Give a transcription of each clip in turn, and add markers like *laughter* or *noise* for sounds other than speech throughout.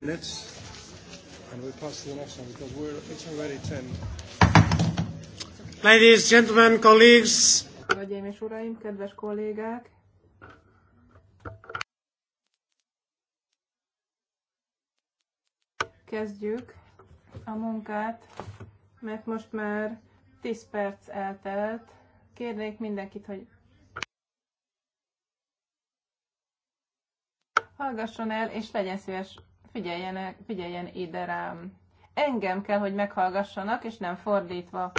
minutes, and we pass to the next one because we're it's already 10. Ladies, gentlemen, colleagues. Hölgyeim és uraim, kedves kollégák! Kezdjük a munkát, mert most már 10 perc eltelt. Kérnék mindenkit, hogy hallgasson el, és legyen szíves figyeljenek, figyeljen ide rám. Engem kell, hogy meghallgassanak, és nem fordítva.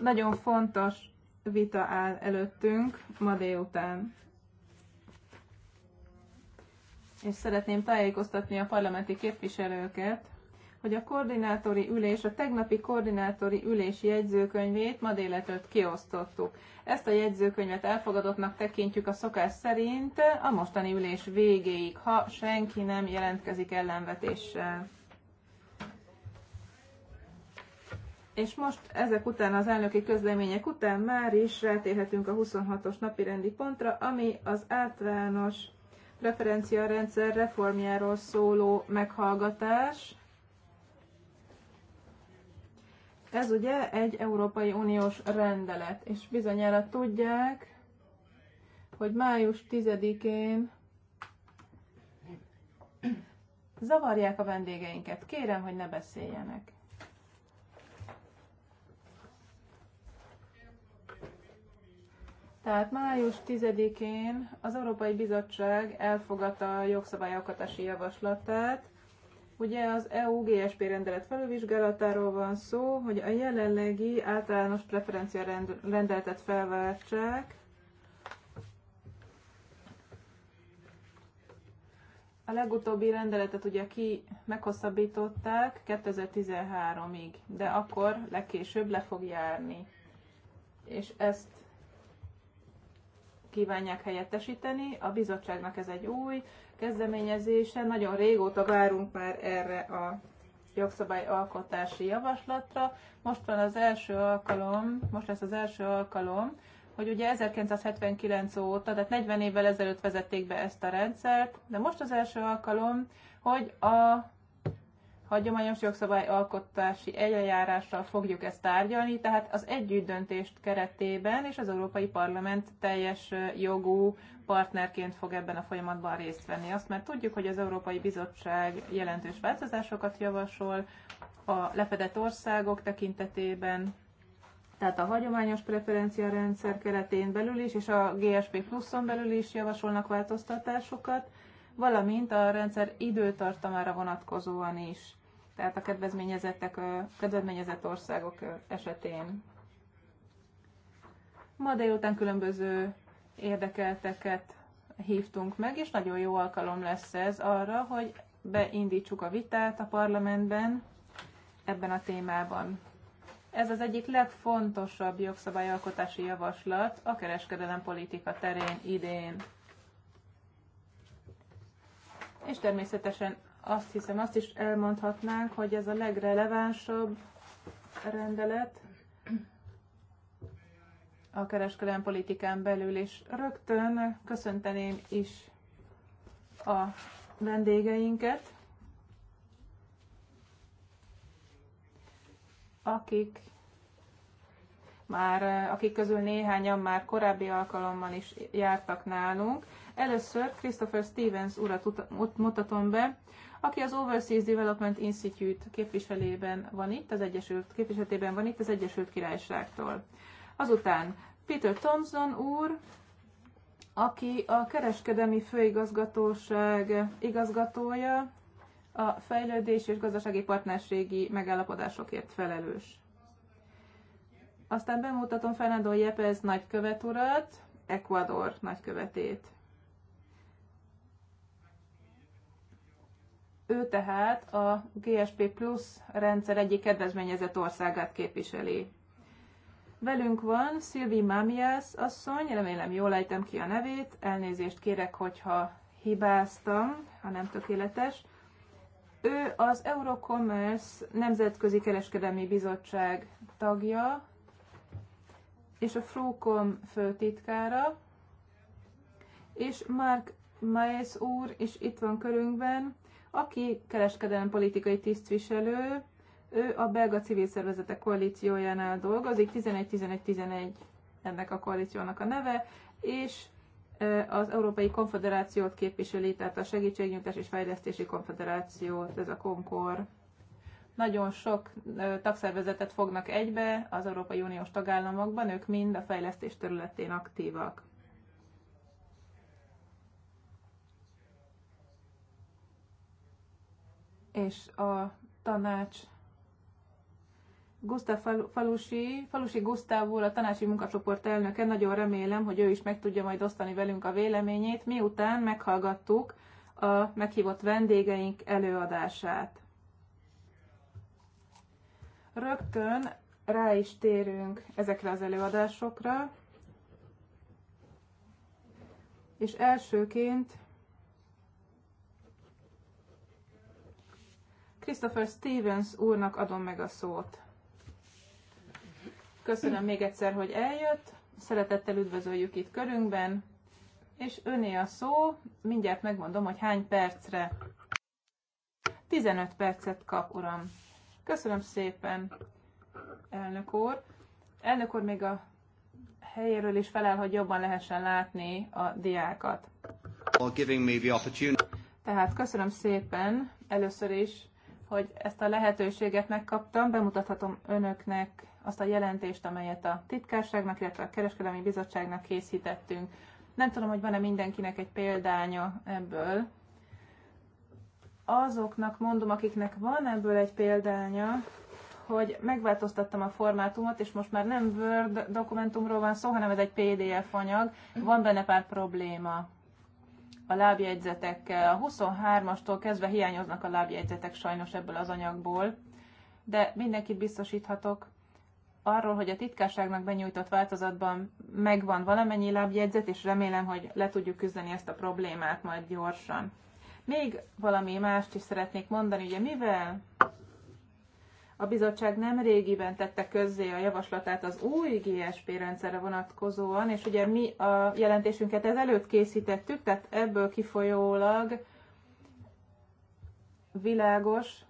Nagyon fontos vita áll előttünk ma délután. És szeretném tájékoztatni a parlamenti képviselőket, hogy a koordinátori ülés, a tegnapi koordinátori ülés jegyzőkönyvét ma délelőtt kiosztottuk. Ezt a jegyzőkönyvet elfogadottnak tekintjük a szokás szerint a mostani ülés végéig, ha senki nem jelentkezik ellenvetéssel. És most ezek után, az elnöki közlemények után már is rátérhetünk a 26-os napi rendi pontra, ami az általános referenciarendszer reformjáról szóló meghallgatás. Ez ugye egy Európai Uniós rendelet, és bizonyára tudják, hogy május 10-én zavarják a vendégeinket. Kérem, hogy ne beszéljenek. Tehát május 10-én az Európai Bizottság elfogadta a jogszabályalkotási javaslatát, Ugye az EU GSP rendelet felülvizsgálatáról van szó, hogy a jelenlegi általános preferencia rendeletet felváltsák, A legutóbbi rendeletet ugye ki meghosszabbították 2013-ig, de akkor legkésőbb le fog járni. És ezt kívánják helyettesíteni. A bizottságnak ez egy új kezdeményezése. Nagyon régóta várunk már erre a jogszabály alkotási javaslatra. Most van az első alkalom, most lesz az első alkalom, hogy ugye 1979 óta, tehát 40 évvel ezelőtt vezették be ezt a rendszert, de most az első alkalom, hogy a hagyományos jogszabályalkotási eljárással fogjuk ezt tárgyalni, tehát az együttdöntést keretében és az Európai Parlament teljes jogú partnerként fog ebben a folyamatban részt venni. Azt már tudjuk, hogy az Európai Bizottság jelentős változásokat javasol a lefedett országok tekintetében, tehát a hagyományos preferenciarendszer keretén belül is, és a GSP pluszon belül is javasolnak változtatásokat, valamint a rendszer időtartamára vonatkozóan is tehát a kedvezményezettek, kedvezményezett országok esetén. Ma délután különböző érdekelteket hívtunk meg, és nagyon jó alkalom lesz ez arra, hogy beindítsuk a vitát a parlamentben ebben a témában. Ez az egyik legfontosabb jogszabályalkotási javaslat a kereskedelem politika terén idén. És természetesen azt hiszem azt is elmondhatnánk, hogy ez a legrelevánsabb rendelet a kereskedelem politikán belül, és rögtön köszönteném is a vendégeinket, akik már, akik közül néhányan már korábbi alkalommal is jártak nálunk. Először Christopher Stevens urat mutatom be, aki az Overseas Development Institute képviselében van itt, az Egyesült, képviseletében van itt az Egyesült Királyságtól. Azután Peter Thompson úr, aki a kereskedelmi főigazgatóság igazgatója, a fejlődés és gazdasági partnerségi megállapodásokért felelős. Aztán bemutatom Fernando Jepez nagykövet urat, Ecuador nagykövetét. Ő tehát a GSP Plus rendszer egyik kedvezményezett országát képviseli. Velünk van Szilvi Mamias asszony, remélem jól ejtem ki a nevét, elnézést kérek, hogyha hibáztam, ha nem tökéletes. Ő az Eurocommerce Nemzetközi Kereskedelmi Bizottság tagja, és a Frucom főtitkára, és Mark Maes úr is itt van körünkben, aki kereskedelmi politikai tisztviselő, ő a belga civil szervezetek koalíciójánál dolgozik, 11-11-11 ennek a koalíciónak a neve, és az Európai Konfederációt képviseli, tehát a Segítségnyújtás és Fejlesztési Konfederációt, ez a Konkor. Nagyon sok tagszervezetet fognak egybe az Európai Uniós tagállamokban, ők mind a fejlesztés területén aktívak. és a tanács Gustav Falusi, Falusi Gustav úr, a tanácsi munkacsoport elnöke, nagyon remélem, hogy ő is meg tudja majd osztani velünk a véleményét, miután meghallgattuk a meghívott vendégeink előadását. Rögtön rá is térünk ezekre az előadásokra, és elsőként Christopher Stevens úrnak adom meg a szót. Köszönöm még egyszer, hogy eljött. Szeretettel üdvözöljük itt körünkben. És öné a szó, mindjárt megmondom, hogy hány percre. 15 percet kap, uram. Köszönöm szépen, elnök úr. Elnök úr még a helyéről is felel, hogy jobban lehessen látni a diákat. Tehát köszönöm szépen először is hogy ezt a lehetőséget megkaptam, bemutathatom önöknek azt a jelentést, amelyet a titkárságnak, illetve a kereskedelmi bizottságnak készítettünk. Nem tudom, hogy van-e mindenkinek egy példánya ebből. Azoknak mondom, akiknek van ebből egy példánya, hogy megváltoztattam a formátumot, és most már nem Word dokumentumról van szó, hanem ez egy PDF anyag, van benne pár probléma a lábjegyzetekkel. A 23-astól kezdve hiányoznak a lábjegyzetek sajnos ebből az anyagból, de mindenkit biztosíthatok arról, hogy a titkárságnak benyújtott változatban megvan valamennyi lábjegyzet, és remélem, hogy le tudjuk küzdeni ezt a problémát majd gyorsan. Még valami mást is szeretnék mondani, ugye mivel a bizottság nem régiben tette közzé a javaslatát az új GSP rendszerre vonatkozóan, és ugye mi a jelentésünket ezelőtt készítettük, tehát ebből kifolyólag világos,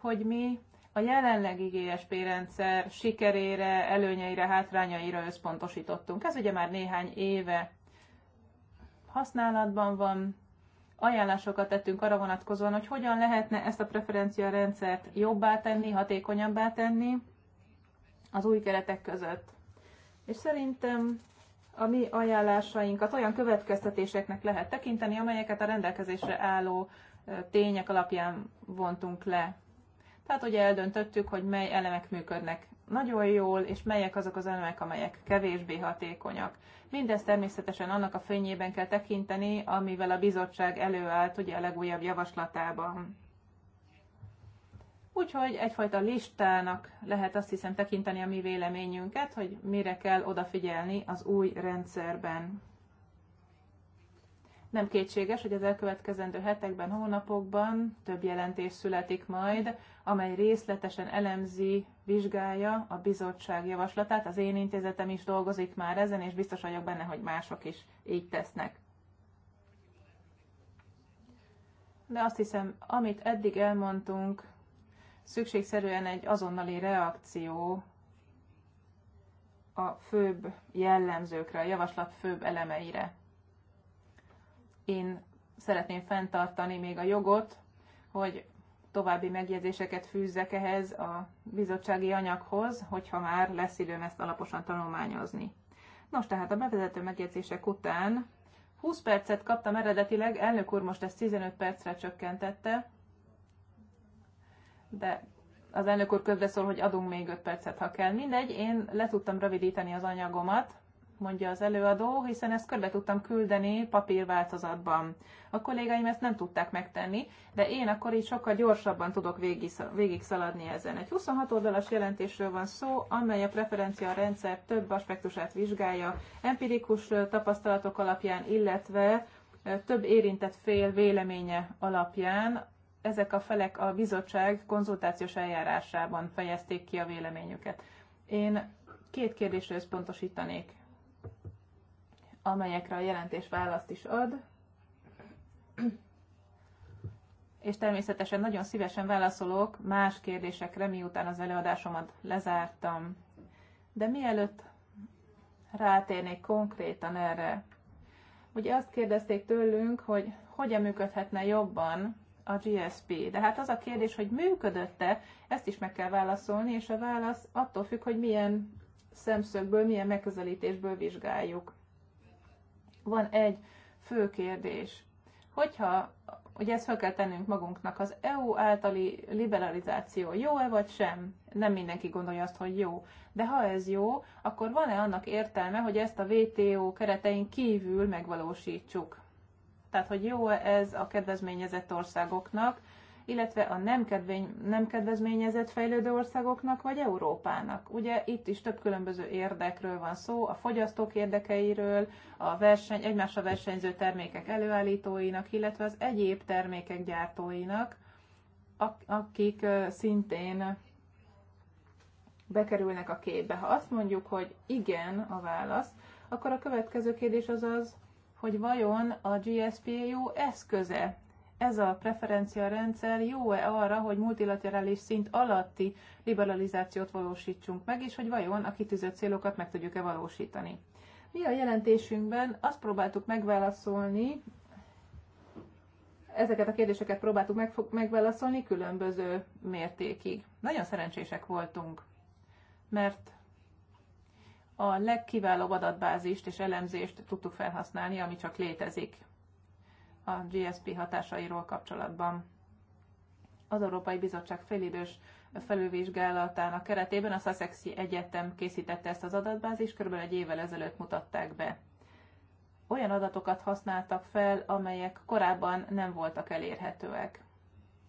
hogy mi a jelenlegi GSP rendszer sikerére, előnyeire, hátrányaira összpontosítottunk. Ez ugye már néhány éve használatban van, ajánlásokat tettünk arra vonatkozóan, hogy hogyan lehetne ezt a preferencia rendszert jobbá tenni, hatékonyabbá tenni az új keretek között. És szerintem a mi ajánlásainkat olyan következtetéseknek lehet tekinteni, amelyeket a rendelkezésre álló tények alapján vontunk le. Tehát ugye eldöntöttük, hogy mely elemek működnek nagyon jól, és melyek azok az elemek, amelyek kevésbé hatékonyak. Mindezt természetesen annak a fényében kell tekinteni, amivel a bizottság előállt ugye a legújabb javaslatában. Úgyhogy egyfajta listának lehet azt hiszem tekinteni a mi véleményünket, hogy mire kell odafigyelni az új rendszerben. Nem kétséges, hogy az elkövetkezendő hetekben, hónapokban több jelentés születik majd, amely részletesen elemzi vizsgálja a bizottság javaslatát. Az én intézetem is dolgozik már ezen, és biztos vagyok benne, hogy mások is így tesznek. De azt hiszem, amit eddig elmondtunk, szükségszerűen egy azonnali reakció a főbb jellemzőkre, a javaslat főbb elemeire. Én szeretném fenntartani még a jogot, hogy további megjegyzéseket fűzzek ehhez a bizottsági anyaghoz, hogyha már lesz időm ezt alaposan tanulmányozni. Nos, tehát a bevezető megjegyzések után 20 percet kaptam eredetileg, elnök úr most ezt 15 percre csökkentette, de az elnök úr közbeszól, hogy adunk még 5 percet, ha kell. Mindegy, én le tudtam rövidíteni az anyagomat, mondja az előadó, hiszen ezt körbe tudtam küldeni papírváltozatban. A kollégáim ezt nem tudták megtenni, de én akkor így sokkal gyorsabban tudok végig szaladni ezen. Egy 26 oldalas jelentésről van szó, amely a preferencia rendszer több aspektusát vizsgálja, empirikus tapasztalatok alapján, illetve több érintett fél véleménye alapján, ezek a felek a bizottság konzultációs eljárásában fejezték ki a véleményüket. Én két kérdésre összpontosítanék amelyekre a jelentés választ is ad, és természetesen nagyon szívesen válaszolok más kérdésekre, miután az előadásomat lezártam. De mielőtt rátérnék konkrétan erre, ugye azt kérdezték tőlünk, hogy hogyan működhetne jobban a GSP. De hát az a kérdés, hogy működötte, ezt is meg kell válaszolni, és a válasz attól függ, hogy milyen szemszögből, milyen megközelítésből vizsgáljuk van egy fő kérdés. Hogyha, ugye ezt fel kell tennünk magunknak, az EU általi liberalizáció jó-e vagy sem? Nem mindenki gondolja azt, hogy jó. De ha ez jó, akkor van-e annak értelme, hogy ezt a WTO keretein kívül megvalósítsuk? Tehát, hogy jó-e ez a kedvezményezett országoknak, illetve a nem, kedvény, nem kedvezményezett fejlődő országoknak vagy Európának. Ugye itt is több különböző érdekről van szó, a fogyasztók érdekeiről, a verseny, egymásra versenyző termékek előállítóinak, illetve az egyéb termékek gyártóinak, akik szintén bekerülnek a képbe. Ha azt mondjuk, hogy igen a válasz, akkor a következő kérdés az az, hogy vajon a GSP jó e eszköze ez a preferencia rendszer jó-e arra, hogy multilaterális szint alatti liberalizációt valósítsunk meg, és hogy vajon a kitűzött célokat meg tudjuk-e valósítani. Mi a jelentésünkben azt próbáltuk megválaszolni, ezeket a kérdéseket próbáltuk meg, megválaszolni különböző mértékig. Nagyon szerencsések voltunk, mert a legkiválóbb adatbázist és elemzést tudtuk felhasználni, ami csak létezik a GSP hatásairól kapcsolatban. Az Európai Bizottság félidős felülvizsgálatának keretében a Sussexi Egyetem készítette ezt az adatbázist, kb. egy évvel ezelőtt mutatták be. Olyan adatokat használtak fel, amelyek korábban nem voltak elérhetőek.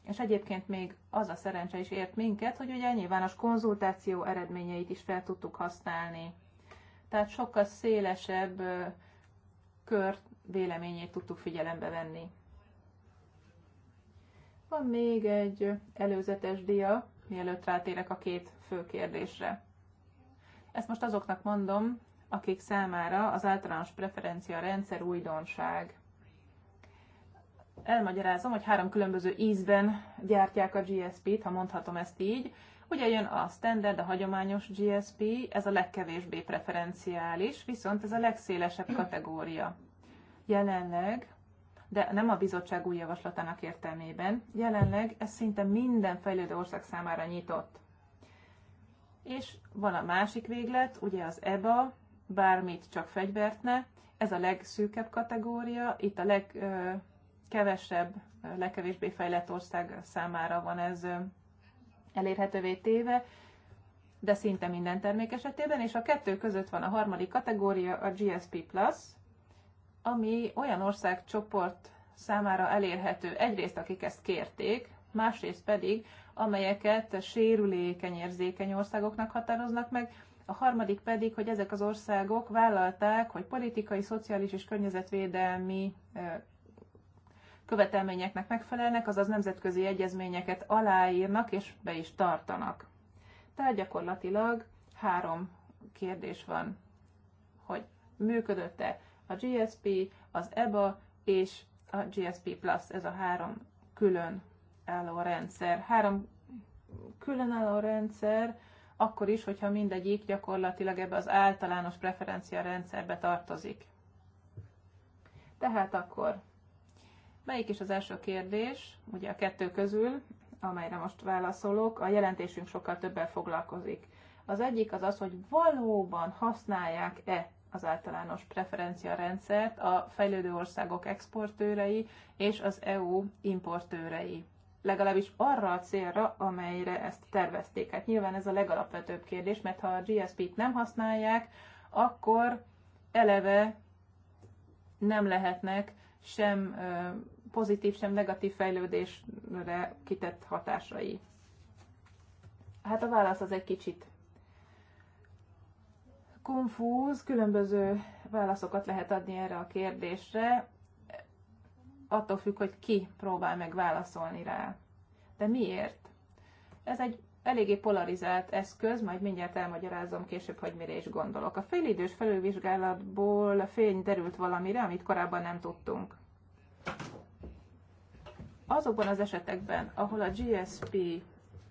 És egyébként még az a szerencse is ért minket, hogy ugye a nyilvános konzultáció eredményeit is fel tudtuk használni. Tehát sokkal szélesebb kört véleményét tudtuk figyelembe venni. Van még egy előzetes dia, mielőtt rátérek a két fő kérdésre. Ezt most azoknak mondom, akik számára az általános preferencia rendszer újdonság. Elmagyarázom, hogy három különböző ízben gyártják a GSP-t, ha mondhatom ezt így. Ugye jön a standard, a hagyományos GSP, ez a legkevésbé preferenciális, viszont ez a legszélesebb kategória. Jelenleg, de nem a bizottság új javaslatának értelmében, jelenleg ez szinte minden fejlődő ország számára nyitott. És van a másik véglet, ugye az EBA, bármit csak fegyvertne, ne, ez a legszűkebb kategória, itt a legkevesebb, legkevésbé fejlett ország számára van ez elérhetővé téve, de szinte minden termék esetében, és a kettő között van a harmadik kategória, a GSP+, ami olyan országcsoport számára elérhető, egyrészt akik ezt kérték, másrészt pedig, amelyeket sérülékeny, érzékeny országoknak határoznak meg, a harmadik pedig, hogy ezek az országok vállalták, hogy politikai, szociális és környezetvédelmi követelményeknek megfelelnek, azaz nemzetközi egyezményeket aláírnak és be is tartanak. Tehát gyakorlatilag három kérdés van, hogy működött-e a GSP, az EBA és a GSP Plus, ez a három külön álló rendszer. Három álló rendszer, akkor is, hogyha mindegyik gyakorlatilag ebbe az általános preferencia rendszerbe tartozik. Tehát akkor, melyik is az első kérdés, ugye a kettő közül, amelyre most válaszolok, a jelentésünk sokkal többel foglalkozik. Az egyik az az, hogy valóban használják-e az általános preferenciarendszert a fejlődő országok exportőrei és az EU importőrei. Legalábbis arra a célra, amelyre ezt tervezték. Hát nyilván ez a legalapvetőbb kérdés, mert ha a GSP-t nem használják, akkor eleve nem lehetnek sem pozitív, sem negatív fejlődésre kitett hatásai. Hát a válasz az egy kicsit konfúz, különböző válaszokat lehet adni erre a kérdésre, attól függ, hogy ki próbál meg válaszolni rá. De miért? Ez egy eléggé polarizált eszköz, majd mindjárt elmagyarázom később, hogy mire is gondolok. A félidős felülvizsgálatból fény derült valamire, amit korábban nem tudtunk. Azokban az esetekben, ahol a GSP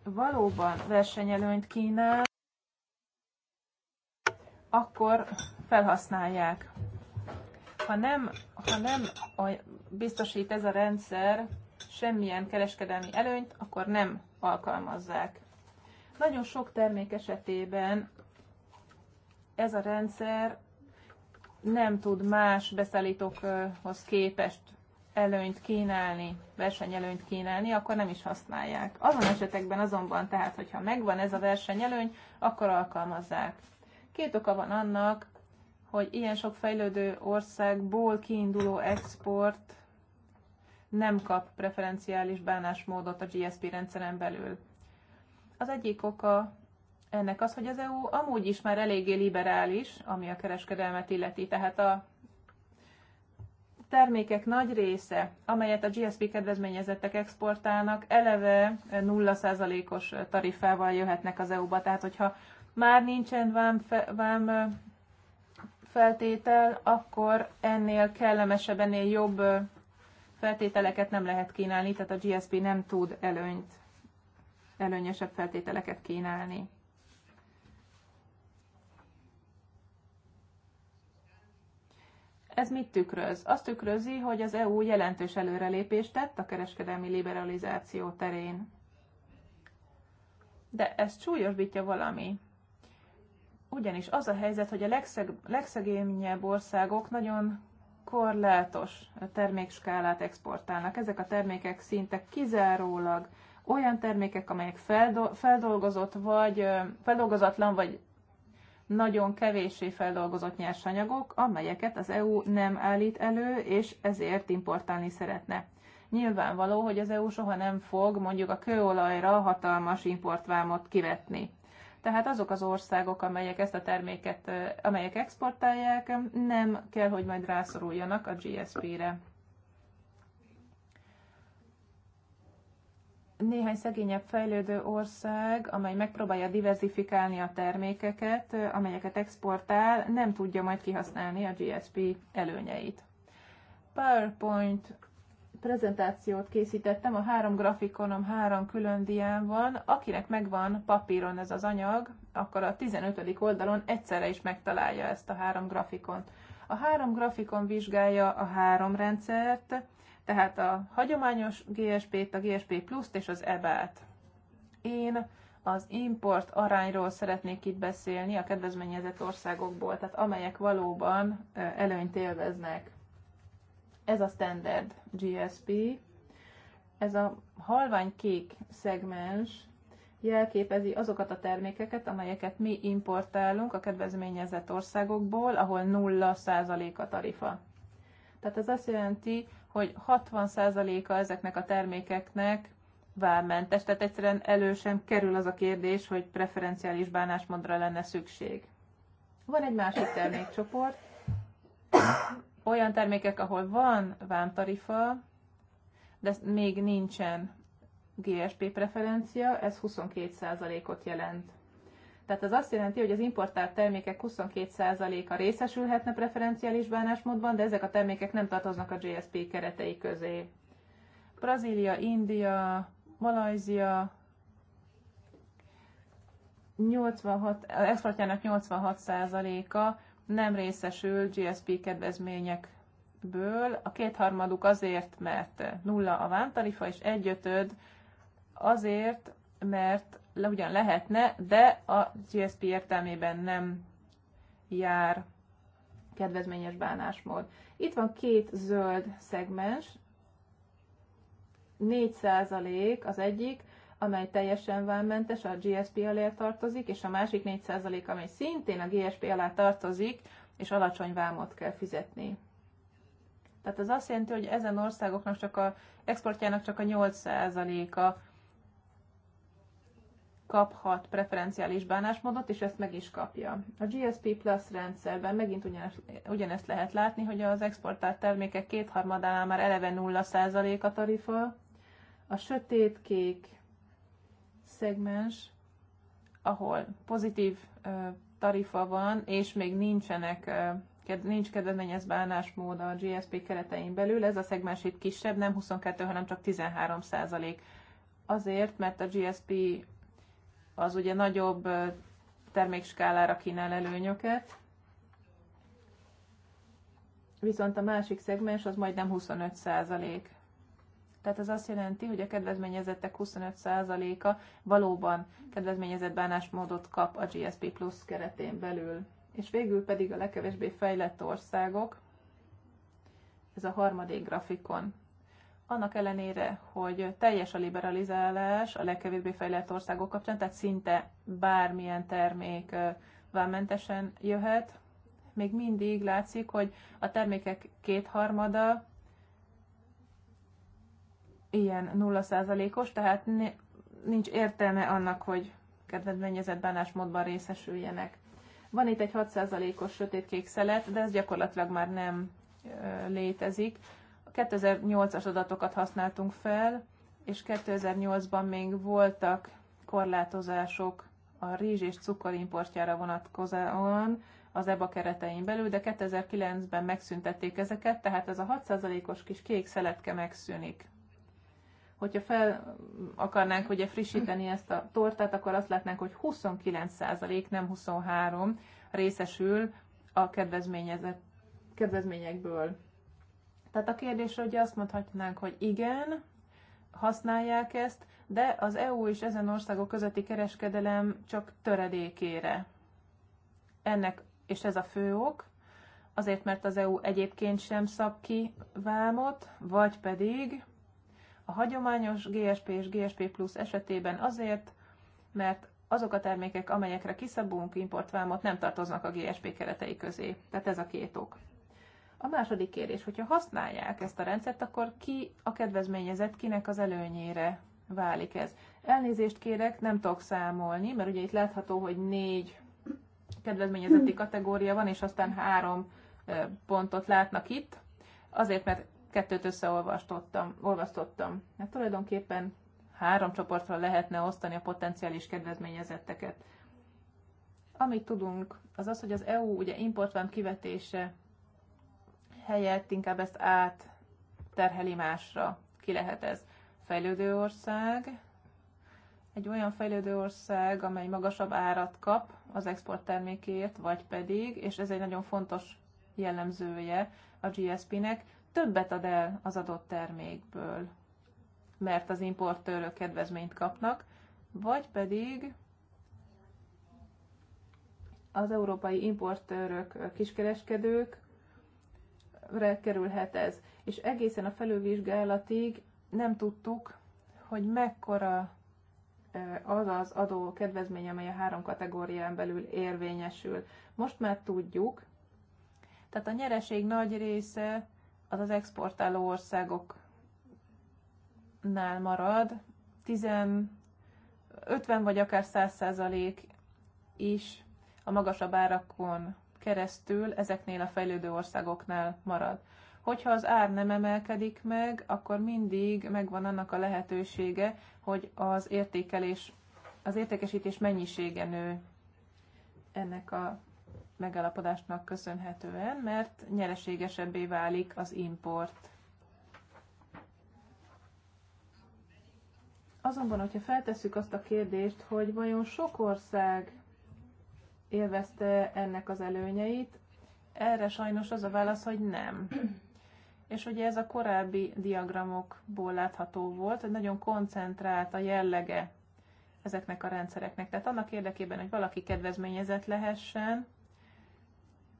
valóban versenyelőnyt kínál, akkor felhasználják. Ha nem, ha nem biztosít ez a rendszer semmilyen kereskedelmi előnyt, akkor nem alkalmazzák. Nagyon sok termék esetében ez a rendszer nem tud más beszállítókhoz képest előnyt kínálni, versenyelőnyt kínálni, akkor nem is használják. Azon esetekben azonban, tehát, hogyha megvan ez a versenyelőny, akkor alkalmazzák. Két oka van annak, hogy ilyen sok fejlődő országból kiinduló export nem kap preferenciális bánásmódot a GSP rendszeren belül. Az egyik oka ennek az, hogy az EU amúgy is már eléggé liberális, ami a kereskedelmet illeti, tehát a termékek nagy része, amelyet a GSP kedvezményezettek exportálnak, eleve 0%-os tarifával jöhetnek az EU-ba. Tehát, hogyha már nincsen vám, fe, vám feltétel, akkor ennél kellemesebb, ennél jobb feltételeket nem lehet kínálni, tehát a GSP nem tud előnyt, előnyesebb feltételeket kínálni. Ez mit tükröz? Azt tükrözi, hogy az EU jelentős előrelépést tett a kereskedelmi liberalizáció terén. De ez súlyosbítja valami. Ugyanis az a helyzet, hogy a legszeg, legszegényebb országok nagyon korlátos termékskálát exportálnak. Ezek a termékek szinte kizárólag olyan termékek, amelyek feldolgozott vagy feldolgozatlan, vagy nagyon kevéssé feldolgozott nyersanyagok, amelyeket az EU nem állít elő, és ezért importálni szeretne. Nyilvánvaló, hogy az EU soha nem fog mondjuk a kőolajra hatalmas importvámot kivetni tehát azok az országok, amelyek ezt a terméket, amelyek exportálják, nem kell, hogy majd rászoruljanak a GSP-re. néhány szegényebb fejlődő ország, amely megpróbálja diversifikálni a termékeket, amelyeket exportál, nem tudja majd kihasználni a GSP előnyeit. PowerPoint prezentációt készítettem, a három grafikonom három külön dián van. Akinek megvan papíron ez az anyag, akkor a 15. oldalon egyszerre is megtalálja ezt a három grafikont. A három grafikon vizsgálja a három rendszert, tehát a hagyományos GSP-t, a GSP pluszt és az EBA-t. Én az import arányról szeretnék itt beszélni a kedvezményezett országokból, tehát amelyek valóban előnyt élveznek. Ez a standard GSP. Ez a halvány kék szegmens jelképezi azokat a termékeket, amelyeket mi importálunk a kedvezményezett országokból, ahol 0% a tarifa. Tehát ez azt jelenti, hogy 60%-a ezeknek a termékeknek vámmentes, tehát egyszerűen elő sem kerül az a kérdés, hogy preferenciális bánásmódra lenne szükség. Van egy másik termékcsoport, olyan termékek, ahol van vámtarifa, de még nincsen GSP preferencia, ez 22%-ot jelent. Tehát ez azt jelenti, hogy az importált termékek 22%-a részesülhetne preferenciális bánásmódban, de ezek a termékek nem tartoznak a GSP keretei közé. Brazília, India, Malajzia 86, exportjának 86%-a nem részesül GSP kedvezményekből, a kétharmaduk azért, mert nulla a vámtarifa, és egyötöd azért, mert le ugyan lehetne, de a GSP értelmében nem jár kedvezményes bánásmód. Itt van két zöld szegmens, 4% az egyik, amely teljesen vámmentes, a GSP alá tartozik, és a másik 4% amely szintén a GSP alá tartozik, és alacsony vámot kell fizetni. Tehát az azt jelenti, hogy ezen országoknak csak a exportjának csak a 8%-a kaphat preferenciális bánásmódot, és ezt meg is kapja. A GSP Plus rendszerben megint ugyanezt, ugyanezt lehet látni, hogy az exportált termékek kétharmadánál már eleve 0% a tarifa, a sötétkék szegmens, ahol pozitív tarifa van, és még nincsenek, nincs kedvezményez bánásmód a GSP keretein belül, ez a szegmens itt kisebb, nem 22, hanem csak 13 százalék. Azért, mert a GSP az ugye nagyobb termékskálára kínál előnyöket, viszont a másik szegmens az majdnem 25 százalék. Tehát ez azt jelenti, hogy a kedvezményezettek 25%-a valóban kedvezményezett bánásmódot kap a GSP Plus keretén belül. És végül pedig a legkevésbé fejlett országok, ez a harmadik grafikon. Annak ellenére, hogy teljes a liberalizálás a legkevésbé fejlett országok kapcsán, tehát szinte bármilyen termék vámmentesen jöhet, még mindig látszik, hogy a termékek kétharmada ilyen 0%-os, tehát nincs értelme annak, hogy kedvezményezett bánásmódban részesüljenek. Van itt egy 6%-os sötétkék szelet, de ez gyakorlatilag már nem létezik. A 2008-as adatokat használtunk fel, és 2008-ban még voltak korlátozások a rizs és cukor importjára vonatkozóan az EBA keretein belül, de 2009-ben megszüntették ezeket, tehát ez a 6%-os kis kék szeletke megszűnik. Hogyha fel akarnánk ugye frissíteni ezt a tortát, akkor azt látnánk, hogy 29% nem 23 részesül a kedvezményezett, kedvezményekből. Tehát a kérdés, hogy azt mondhatnánk, hogy igen, használják ezt, de az EU és ezen országok közötti kereskedelem csak töredékére. Ennek, és ez a fő ok, azért mert az EU egyébként sem szab ki vámot, vagy pedig a hagyományos GSP és GSP Plus esetében azért, mert azok a termékek, amelyekre kiszabunk importvámot, nem tartoznak a GSP keretei közé. Tehát ez a két ok. A második kérdés, hogyha használják ezt a rendszert, akkor ki a kedvezményezett, kinek az előnyére válik ez. Elnézést kérek, nem tudok számolni, mert ugye itt látható, hogy négy kedvezményezetti kategória van, és aztán három pontot látnak itt, azért, mert kettőt összeolvasztottam. Olvasztottam. Hát tulajdonképpen három csoportra lehetne osztani a potenciális kedvezményezetteket. Amit tudunk, az az, hogy az EU ugye importvám kivetése helyett inkább ezt át terheli másra. Ki lehet ez? Fejlődő ország, egy olyan fejlődő ország, amely magasabb árat kap az export termékéért, vagy pedig, és ez egy nagyon fontos jellemzője a GSP-nek, többet ad el az adott termékből, mert az importőrök kedvezményt kapnak, vagy pedig az európai importőrök, kiskereskedők kerülhet ez. És egészen a felülvizsgálatig nem tudtuk, hogy mekkora az az adó kedvezmény, amely a három kategórián belül érvényesül. Most már tudjuk, tehát a nyereség nagy része az az exportáló országoknál marad, 10, 50 vagy akár 100 százalék is a magasabb árakon keresztül ezeknél a fejlődő országoknál marad. Hogyha az ár nem emelkedik meg, akkor mindig megvan annak a lehetősége, hogy az értékelés, az értékesítés mennyisége nő ennek a megállapodásnak köszönhetően, mert nyereségesebbé válik az import. Azonban, hogyha feltesszük azt a kérdést, hogy vajon sok ország élvezte ennek az előnyeit, erre sajnos az a válasz, hogy nem. És ugye ez a korábbi diagramokból látható volt, hogy nagyon koncentrált a jellege ezeknek a rendszereknek. Tehát annak érdekében, hogy valaki kedvezményezett lehessen,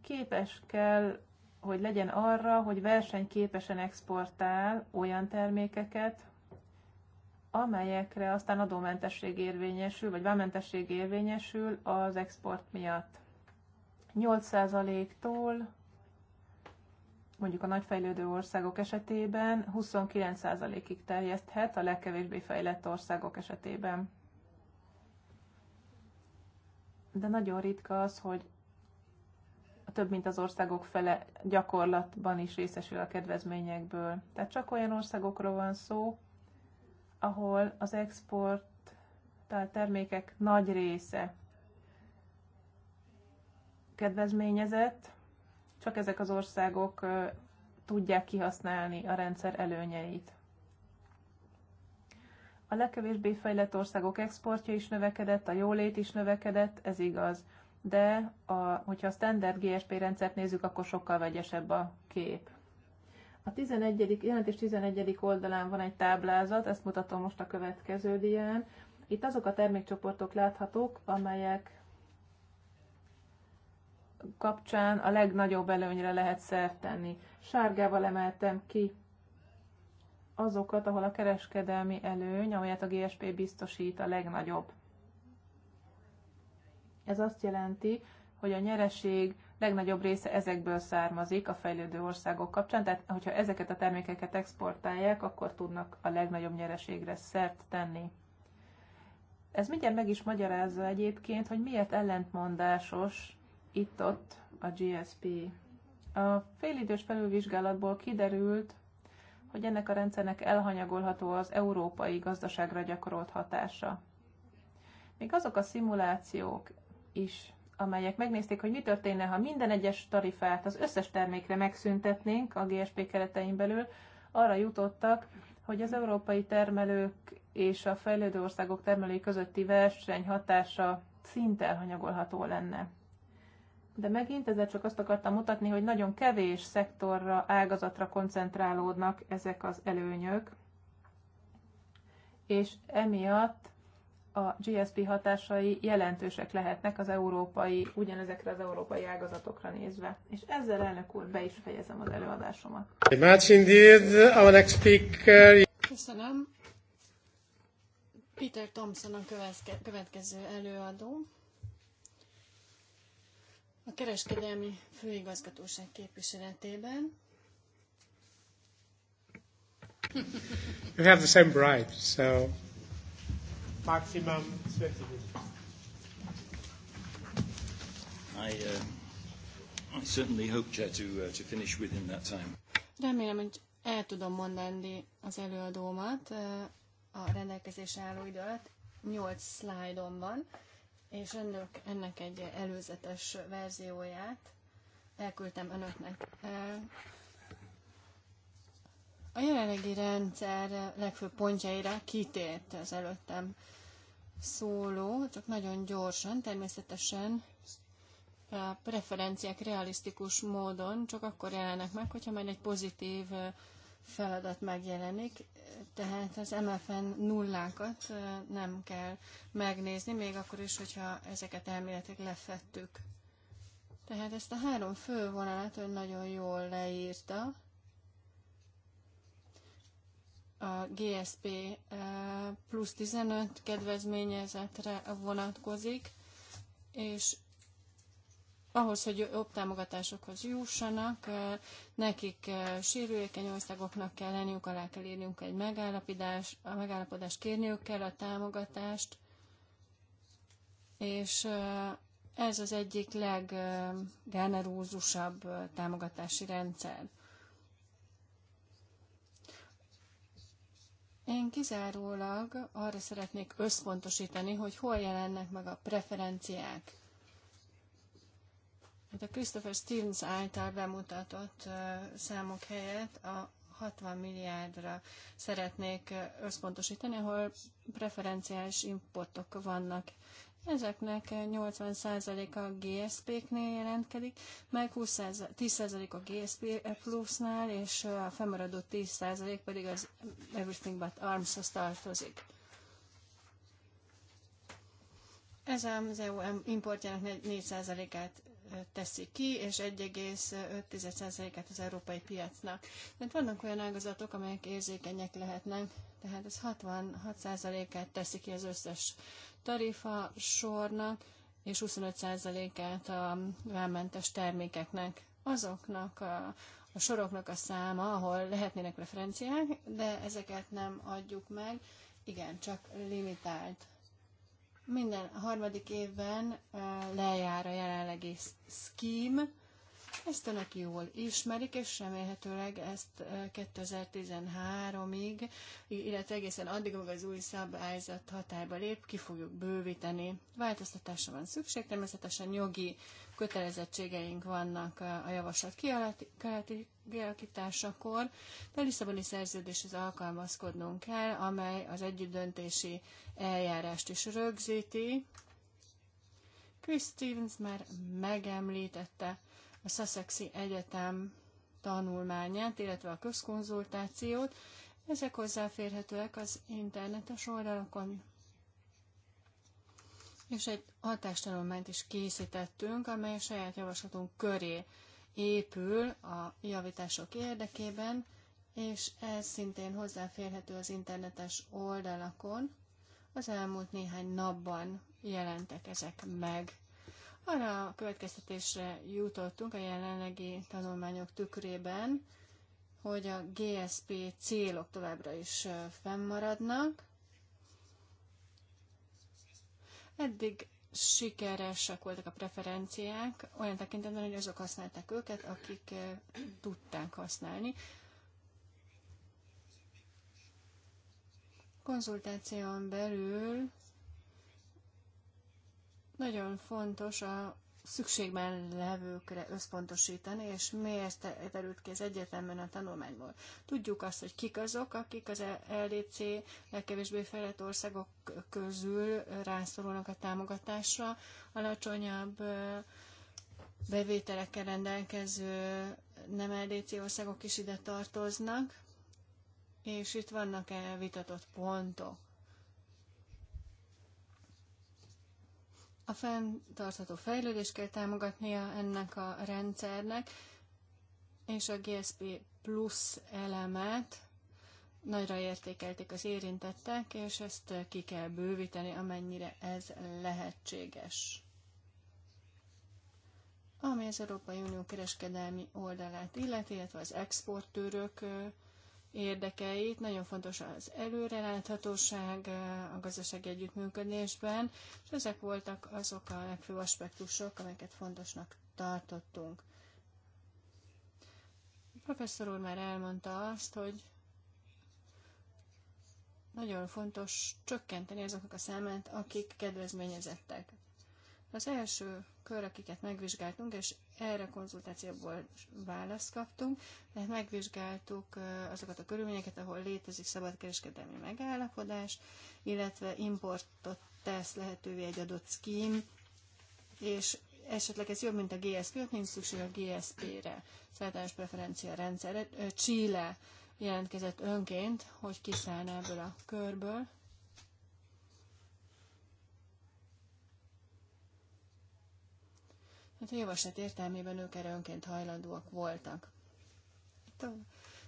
képes kell, hogy legyen arra, hogy versenyképesen exportál olyan termékeket, amelyekre aztán adómentesség érvényesül, vagy vámmentesség érvényesül az export miatt. 8%-tól mondjuk a nagyfejlődő országok esetében 29%-ig terjeszthet a legkevésbé fejlett országok esetében. De nagyon ritka az, hogy több mint az országok fele gyakorlatban is részesül a kedvezményekből. Tehát csak olyan országokról van szó, ahol az export tehát termékek nagy része kedvezményezett, csak ezek az országok tudják kihasználni a rendszer előnyeit. A legkevésbé fejlett országok exportja is növekedett, a jólét is növekedett, ez igaz de a, hogyha a standard GSP rendszert nézzük, akkor sokkal vegyesebb a kép. A 11. jelentés 11. oldalán van egy táblázat, ezt mutatom most a következő dián. Itt azok a termékcsoportok láthatók, amelyek kapcsán a legnagyobb előnyre lehet szert tenni. Sárgával emeltem ki azokat, ahol a kereskedelmi előny, amelyet a GSP biztosít, a legnagyobb. Ez azt jelenti, hogy a nyereség legnagyobb része ezekből származik a fejlődő országok kapcsán, tehát hogyha ezeket a termékeket exportálják, akkor tudnak a legnagyobb nyereségre szert tenni. Ez mindjárt meg is magyarázza egyébként, hogy miért ellentmondásos itt-ott a GSP. A félidős felülvizsgálatból kiderült, hogy ennek a rendszernek elhanyagolható az európai gazdaságra gyakorolt hatása. Még azok a szimulációk, is, amelyek megnézték, hogy mi történne, ha minden egyes tarifát az összes termékre megszüntetnénk a GSP keretein belül, arra jutottak, hogy az európai termelők és a fejlődő országok termelői közötti verseny hatása szinte elhanyagolható lenne. De megint ezzel csak azt akartam mutatni, hogy nagyon kevés szektorra, ágazatra koncentrálódnak ezek az előnyök, és emiatt a GSP hatásai jelentősek lehetnek az európai, ugyanezekre az európai ágazatokra nézve. És ezzel elnök úr be is fejezem az előadásomat. Köszönöm. Peter Thompson a következő előadó. A kereskedelmi főigazgatóság képviseletében. You have the same bride, so maximum 20 minutes. I, uh, I certainly hope, Chair, to, uh, to finish within that time. Remélem, hogy el tudom mondani az előadómat uh, a rendelkezésre álló idő alatt. Nyolc szlájdom van, és önök, ennek egy előzetes verzióját elküldtem önöknek. Uh, a jelenlegi rendszer uh, legfőbb pontjaira kitért az előttem szóló, csak nagyon gyorsan, természetesen a preferenciák realisztikus módon csak akkor jelennek meg, hogyha már egy pozitív feladat megjelenik, tehát az MFN nullákat nem kell megnézni, még akkor is, hogyha ezeket elméletileg lefettük. Tehát ezt a három fő vonalat ön nagyon jól leírta, a GSP eh, plusz 15 kedvezményezetre vonatkozik, és ahhoz, hogy jobb támogatásokhoz jussanak, eh, nekik eh, sérülékeny országoknak kell lenniük, alá kell írniuk egy megállapodás, a megállapodást kérniük kell a támogatást, és ez az egyik leggenerózusabb támogatási rendszer. Én kizárólag arra szeretnék összpontosítani, hogy hol jelennek meg a preferenciák. Itt hát a Christopher Stevens által bemutatott számok helyett a 60 milliárdra szeretnék összpontosítani, ahol preferenciális importok vannak Ezeknek 80%-a a GSP-knél jelentkezik, meg 10% a GSP plusznál, és a fennmaradó 10% pedig az Everything But Arms-hoz tartozik. Ez az EU importjának 4%-át teszi ki, és 1,5%-át az európai piacnak. Mert vannak olyan ágazatok, amelyek érzékenyek lehetnek, tehát ez 66%-át teszi ki az összes tarifa sornak, és 25%-át a vámmentes termékeknek, azoknak a, a soroknak a száma, ahol lehetnének referenciák, de ezeket nem adjuk meg, igen, csak limitált. Minden harmadik évben lejár a jelenlegi scheme, ezt önök jól ismerik, és remélhetőleg ezt 2013-ig, illetve egészen addig, amíg az új szabályzat hatályba lép, ki fogjuk bővíteni. Változtatásra van szükség, természetesen jogi kötelezettségeink vannak a javaslat kialakításakor, de a Lisszaboni szerződéshez alkalmazkodnunk kell, amely az együttdöntési eljárást is rögzíti. Chris Stevens már megemlítette a Sussexi Egyetem tanulmányát, illetve a közkonzultációt. Ezek hozzáférhetőek az internetes oldalakon. És egy hatástanulmányt is készítettünk, amely a saját javaslatunk köré épül a javítások érdekében, és ez szintén hozzáférhető az internetes oldalakon. Az elmúlt néhány napban jelentek ezek meg. Arra a következtetésre jutottunk a jelenlegi tanulmányok tükrében, hogy a GSP célok továbbra is fennmaradnak. Eddig sikeresek voltak a preferenciák, olyan tekintetben, hogy azok használták őket, akik tudták használni. Konzultáción belül nagyon fontos a szükségben levőkre összpontosítani, és miért terült ki ez egyetemben a tanulmányból. Tudjuk azt, hogy kik azok, akik az LDC legkevésbé fejlett országok közül rászorulnak a támogatásra, alacsonyabb bevételekkel rendelkező nem LDC országok is ide tartoznak, és itt vannak elvitatott pontok. A fenntartható fejlődést kell támogatnia ennek a rendszernek, és a GSP plusz elemet nagyra értékelték az érintettek, és ezt ki kell bővíteni, amennyire ez lehetséges. Ami az Európai Unió kereskedelmi oldalát illeti, illetve az exportőrök érdekeit. Nagyon fontos az előreláthatóság eh, a gazdasági együttműködésben, és ezek voltak azok a legfőbb aspektusok, amelyeket fontosnak tartottunk. A professzor úr már elmondta azt, hogy nagyon fontos csökkenteni azoknak a számát, akik kedvezményezettek. Az első kör, akiket megvizsgáltunk, és erre konzultációból választ kaptunk, tehát megvizsgáltuk azokat a körülményeket, ahol létezik szabadkereskedelmi megállapodás, illetve importot tesz lehetővé egy adott scheme, és esetleg ez jobb, mint a GSP, ott nincs szükség a GSP-re, szállítás preferencia rendszerre. Chile jelentkezett önként, hogy kiszállna ebből a körből, Hát a javaslat értelmében ők erre önként hajlandóak voltak.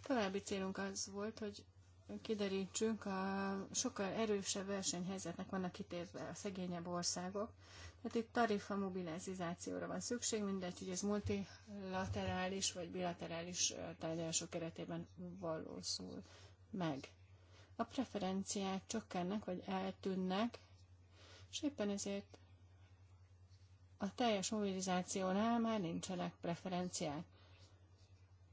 További célunk az volt, hogy kiderítsünk, a sokkal erősebb versenyhelyzetnek vannak kitérve a szegényebb országok. Tehát itt tarifa mobilizációra van szükség, mindegy, hogy ez multilaterális vagy bilaterális tárgyalások keretében valósul meg. A preferenciák csökkennek vagy eltűnnek, és éppen ezért a teljes mobilizációnál már nincsenek preferenciák.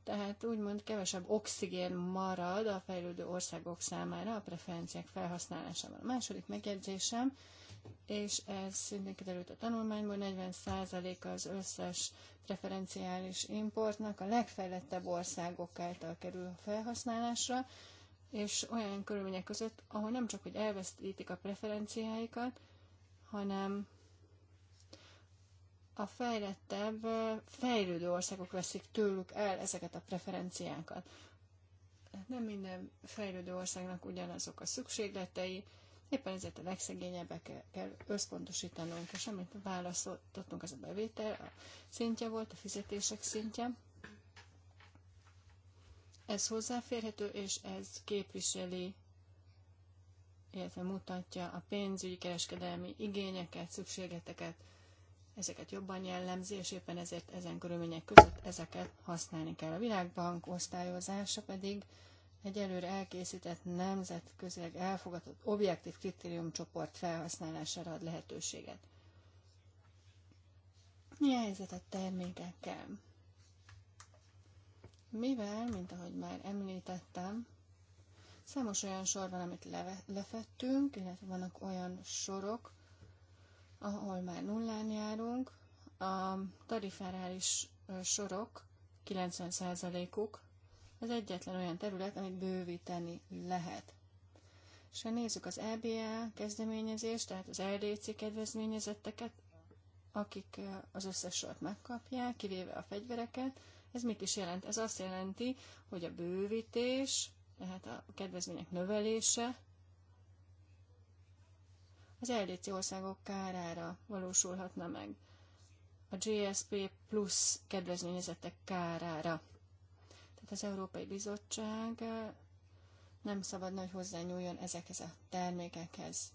Tehát úgymond kevesebb oxigén marad a fejlődő országok számára a preferenciák felhasználásában. A második megjegyzésem, és ez szintén kiderült a tanulmányból, 40% az összes preferenciális importnak a legfejlettebb országok által kerül felhasználásra, és olyan körülmények között, ahol nem csak, hogy elvesztítik a preferenciáikat, hanem a fejlettebb, fejlődő országok veszik tőlük el ezeket a preferenciákat. Nem minden fejlődő országnak ugyanazok a szükségletei, éppen ezért a legszegényebbekre kell összpontosítanunk, és amit választottunk, az a bevétel a szintje volt, a fizetések szintje. Ez hozzáférhető, és ez képviseli illetve mutatja a pénzügyi kereskedelmi igényeket, szükségleteket, ezeket jobban jellemzi, és éppen ezért ezen körülmények között ezeket használni kell. A Világbank osztályozása pedig egy előre elkészített nemzetközileg elfogadott objektív kritériumcsoport felhasználására ad lehetőséget. Mi a helyzet a termékekkel? Mivel, mint ahogy már említettem, számos olyan sor van, amit lefettünk, illetve vannak olyan sorok, ahol már nullán járunk. A tariferális sorok 90%-uk az egyetlen olyan terület, amit bővíteni lehet. És ha nézzük az EBA kezdeményezést, tehát az LDC kedvezményezetteket, akik az összes sort megkapják, kivéve a fegyvereket, ez mit is jelent? Ez azt jelenti, hogy a bővítés, tehát a kedvezmények növelése az LDC országok kárára valósulhatna meg. A GSP plusz kedvezményezetek kárára. Tehát az Európai Bizottság nem szabadna, hogy hozzányúljon ezekhez a termékekhez.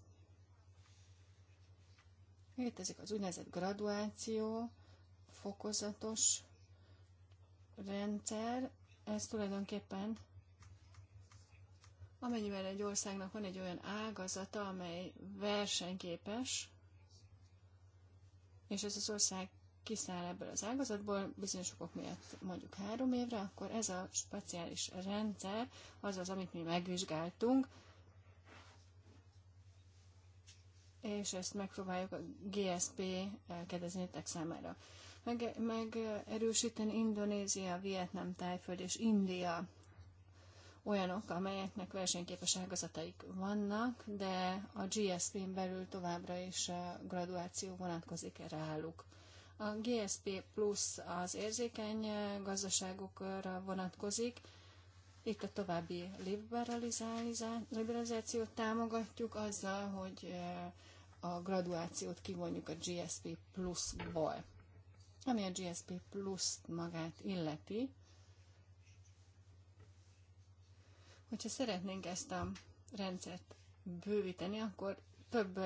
Létezik az úgynevezett graduáció, fokozatos rendszer, ez tulajdonképpen Amennyiben egy országnak van egy olyan ágazata, amely versenyképes, és ez az ország kiszáll ebből az ágazatból, bizonyos okok miatt mondjuk három évre, akkor ez a speciális rendszer, az az, amit mi megvizsgáltunk, és ezt megpróbáljuk a GSP kedvezményetek számára meg, megerősíteni Indonézia, Vietnám, Tájföld és India olyanok, amelyeknek versenyképes ágazataik vannak, de a GSP-n belül továbbra is a graduáció vonatkozik rájuk. A GSP plusz az érzékeny gazdaságokra vonatkozik, itt a további liberalizációt támogatjuk azzal, hogy eh, a graduációt kivonjuk a GSP pluszból. Ami a GSP pluszt magát illeti, Hogyha szeretnénk ezt a rendszert bővíteni, akkor több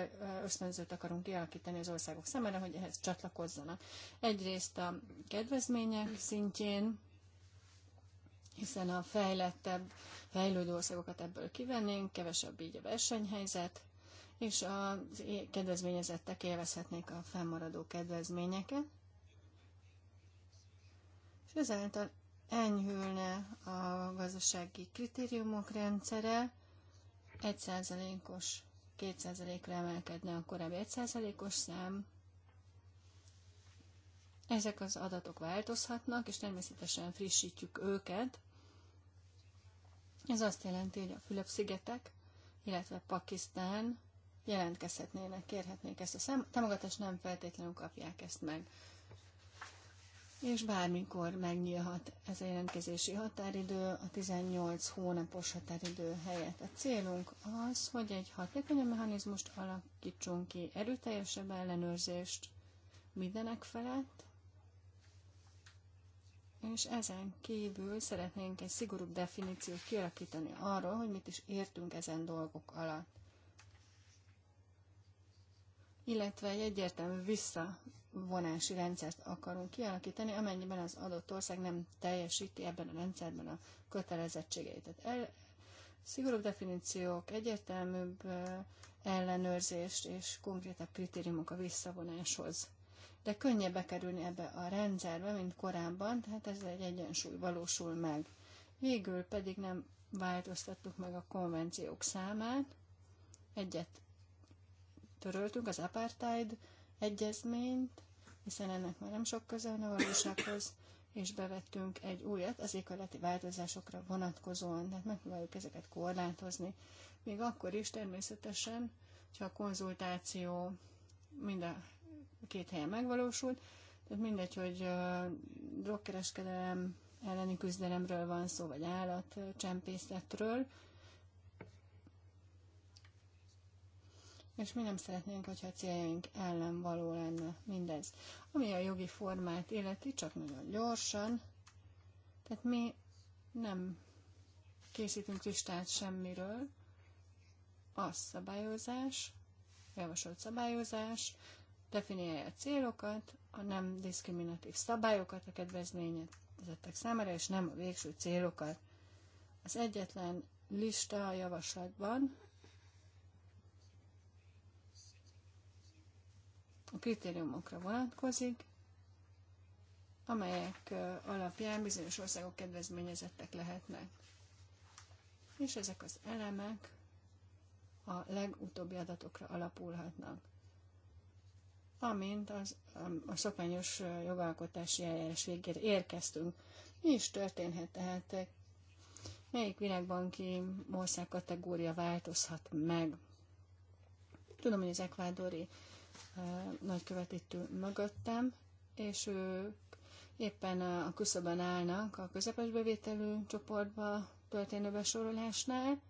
ösztönzőt akarunk kialakítani az országok számára, hogy ehhez csatlakozzanak. Egyrészt a kedvezmények szintjén, hiszen a fejlettebb, fejlődő országokat ebből kivennénk, kevesebb így a versenyhelyzet, és a kedvezményezettek élvezhetnék a fennmaradó kedvezményeket. És ezáltal enyhülne a gazdasági kritériumok rendszere, 1%-os, 2%-ra emelkedne a korábbi 1%-os szám. Ezek az adatok változhatnak, és természetesen frissítjük őket. Ez azt jelenti, hogy a Fülöp-szigetek, illetve Pakisztán jelentkezhetnének, kérhetnék ezt a szám. támogatást, nem feltétlenül kapják ezt meg és bármikor megnyílhat ez a jelentkezési határidő, a 18 hónapos határidő helyett. A célunk az, hogy egy hatékony mechanizmust alakítsunk ki, erőteljesebb ellenőrzést mindenek felett, és ezen kívül szeretnénk egy szigorúbb definíciót kialakítani arról, hogy mit is értünk ezen dolgok alatt illetve egy egyértelmű visszavonási rendszert akarunk kialakítani, amennyiben az adott ország nem teljesíti ebben a rendszerben a kötelezettségeit. Tehát el, szigorúbb definíciók, egyértelműbb ellenőrzést és konkrétabb kritériumok a visszavonáshoz. De könnyebb bekerülni ebbe a rendszerbe, mint korábban, tehát ez egy egyensúly valósul meg. Végül pedig nem változtattuk meg a konvenciók számát, egyet töröltünk, az apartheid egyezményt, hiszen ennek már nem sok köze van a valósághoz, és bevettünk egy újat az éghajlati változásokra vonatkozóan, tehát megpróbáljuk ezeket korlátozni. Még akkor is természetesen, ha a konzultáció mind a két helyen megvalósult, tehát mindegy, hogy drogkereskedelem elleni küzdelemről van szó, vagy állatcsempészetről, és mi nem szeretnénk, hogyha a céljaink ellen való lenne mindez. Ami a jogi formát illeti, csak nagyon gyorsan, tehát mi nem készítünk listát semmiről, a szabályozás, javasolt szabályozás, definiálja a célokat, a nem diszkriminatív szabályokat a kedvezményezettek számára, és nem a végső célokat. Az egyetlen lista a javaslatban, a kritériumokra vonatkozik, amelyek alapján bizonyos országok kedvezményezettek lehetnek. És ezek az elemek a legutóbbi adatokra alapulhatnak, amint az, a szokványos jogalkotási eljárás végére érkeztünk. Mi is történhet tehát, melyik világbanki ország kategória változhat meg. Tudom, hogy az ekvádori ül mögöttem, és ők éppen a küszöbön állnak a közepes bevételű csoportba történő besorolásnál.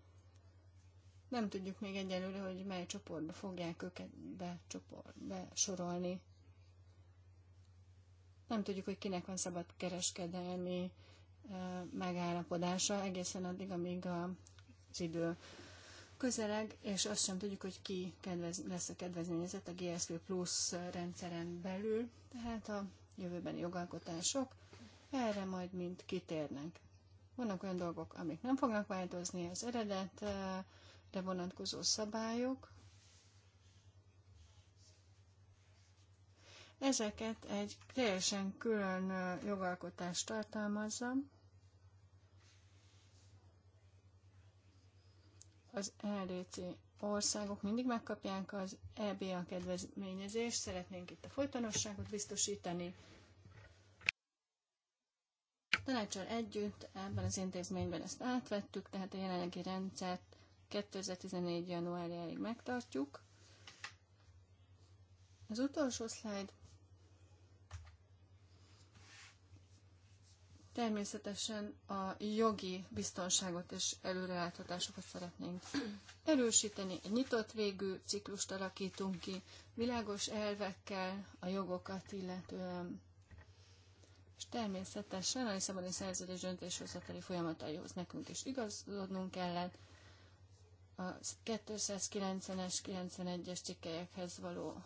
Nem tudjuk még egyelőre, hogy mely csoportba fogják őket besorolni. Nem tudjuk, hogy kinek van szabad kereskedelmi megállapodása egészen addig, amíg az idő közeleg, és azt sem tudjuk, hogy ki kedvez, lesz a kedvezményezett a GSP Plus rendszeren belül, tehát a jövőbeni jogalkotások erre majd mind kitérnek. Vannak olyan dolgok, amik nem fognak változni, az de vonatkozó szabályok, Ezeket egy teljesen külön jogalkotást tartalmazza, az LDC országok mindig megkapják az EBA kedvezményezést, szeretnénk itt a folytonosságot biztosítani. A tanácsal együtt ebben az intézményben ezt átvettük, tehát a jelenlegi rendszert 2014. januárjáig megtartjuk. Az utolsó szlájd Természetesen a jogi biztonságot és előreláthatásokat szeretnénk erősíteni. Egy nyitott végű ciklust alakítunk ki, világos elvekkel a jogokat illetően. És természetesen a Lisszaboni szerződés döntéshozatali folyamataihoz nekünk is igazodnunk kellett. A 290-es, 91-es cikkelyekhez való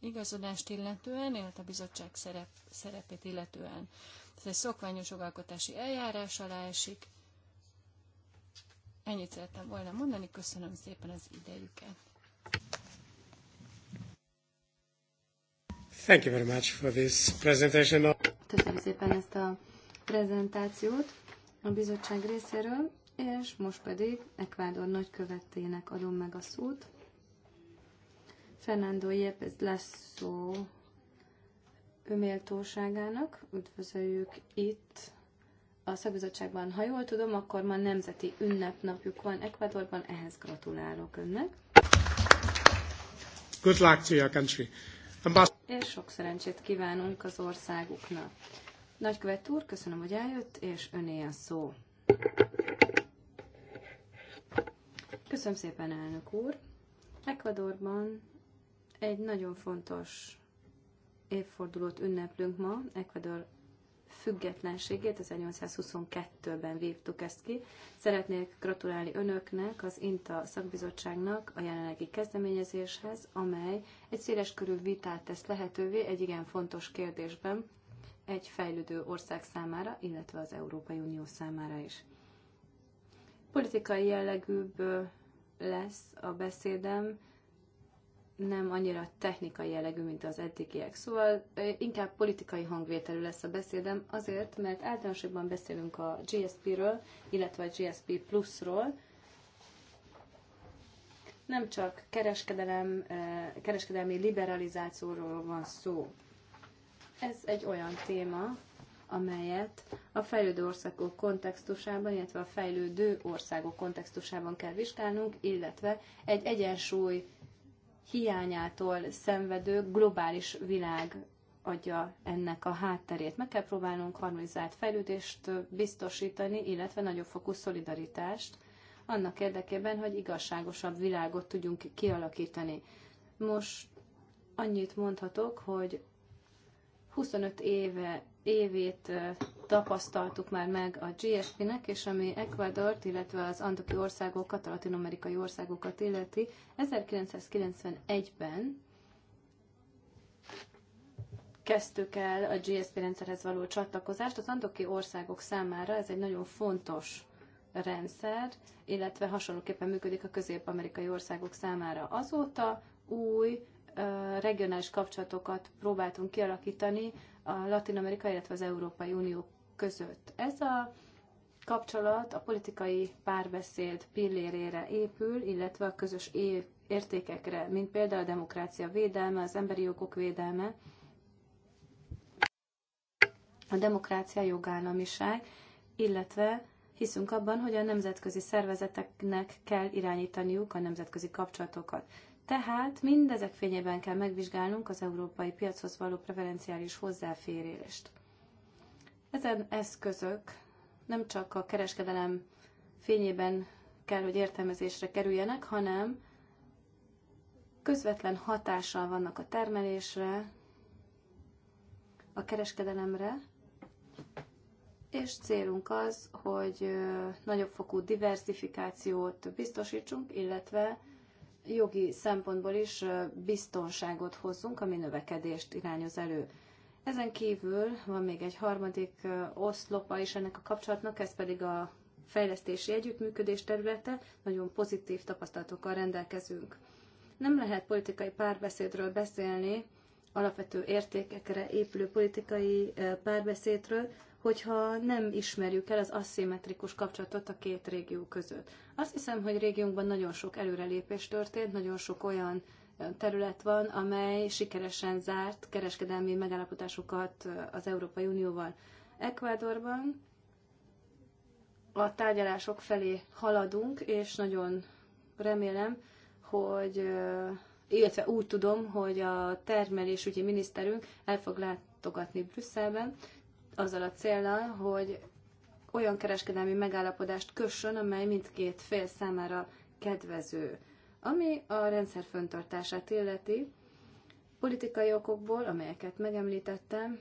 igazodást illetően, illetve a bizottság szerep, szerepét illetően. Ez egy szokványos jogalkotási eljárás alá esik. Ennyit szerettem volna mondani, köszönöm szépen az idejüket. Thank you very much for this presentation. Köszönöm szépen ezt a prezentációt a bizottság részéről, és most pedig Ekvádor nagykövetének adom meg a szót. Fernando Yepes Lasso öméltóságának. Üdvözöljük itt a szakbizottságban. Ha jól tudom, akkor ma nemzeti ünnepnapjuk van Ecuadorban, ehhez gratulálok önnek. Good luck to your country. Ambas- és sok szerencsét kívánunk az országuknak. Nagykövet úr, köszönöm, hogy eljött, és öné a szó. Köszönöm szépen, elnök úr. Ecuadorban egy nagyon fontos évfordulót ünneplünk ma, Ecuador függetlenségét, 1822-ben vívtuk ezt ki. Szeretnék gratulálni önöknek, az INTA szakbizottságnak a jelenlegi kezdeményezéshez, amely egy széles körű vitát tesz lehetővé egy igen fontos kérdésben egy fejlődő ország számára, illetve az Európai Unió számára is. Politikai jellegűbb lesz a beszédem, nem annyira technikai jellegű, mint az eddigiek. Szóval inkább politikai hangvételű lesz a beszédem, azért, mert általánosabban beszélünk a GSP-ről, illetve a GSP Plus-ról, nem csak kereskedelem, kereskedelmi liberalizációról van szó. Ez egy olyan téma, amelyet a fejlődő országok kontextusában, illetve a fejlődő országok kontextusában kell vizsgálnunk, illetve egy egyensúly hiányától szenvedő globális világ adja ennek a hátterét. Meg kell próbálnunk harmonizált fejlődést biztosítani, illetve nagyobb fokú szolidaritást, annak érdekében, hogy igazságosabb világot tudjunk kialakítani. Most annyit mondhatok, hogy 25 éve, évét tapasztaltuk már meg a GSP-nek, és ami Ecuadort, illetve az andoki országokat, a latinamerikai országokat illeti, 1991-ben kezdtük el a GSP rendszerhez való csatlakozást. Az andoki országok számára ez egy nagyon fontos rendszer, illetve hasonlóképpen működik a közép-amerikai országok számára. Azóta új regionális kapcsolatokat próbáltunk kialakítani a Latin Amerika, illetve az Európai Unió között. Ez a kapcsolat a politikai párbeszéd pillérére épül, illetve a közös értékekre, mint például a demokrácia védelme, az emberi jogok védelme, a demokrácia jogállamiság, illetve hiszünk abban, hogy a nemzetközi szervezeteknek kell irányítaniuk a nemzetközi kapcsolatokat. Tehát mindezek fényében kell megvizsgálnunk az európai piachoz való preferenciális hozzáférést. Ezen eszközök nem csak a kereskedelem fényében kell, hogy értelmezésre kerüljenek, hanem közvetlen hatással vannak a termelésre, a kereskedelemre, és célunk az, hogy nagyobb fokú diversifikációt biztosítsunk, illetve jogi szempontból is biztonságot hozzunk, ami növekedést irányoz elő. Ezen kívül van még egy harmadik oszlopa is ennek a kapcsolatnak, ez pedig a fejlesztési együttműködés területe, nagyon pozitív tapasztalatokkal rendelkezünk. Nem lehet politikai párbeszédről beszélni, alapvető értékekre épülő politikai párbeszédről, hogyha nem ismerjük el az aszimmetrikus kapcsolatot a két régió között. Azt hiszem, hogy régiónkban nagyon sok előrelépés történt, nagyon sok olyan terület van, amely sikeresen zárt kereskedelmi megállapotásokat az Európai Unióval. Ekvádorban a tárgyalások felé haladunk, és nagyon remélem, hogy illetve úgy tudom, hogy a termelésügyi miniszterünk el fog látogatni Brüsszelben, azzal a célnal, hogy olyan kereskedelmi megállapodást kössön, amely mindkét fél számára kedvező. Ami a rendszer föntartását illeti, politikai okokból, amelyeket megemlítettem,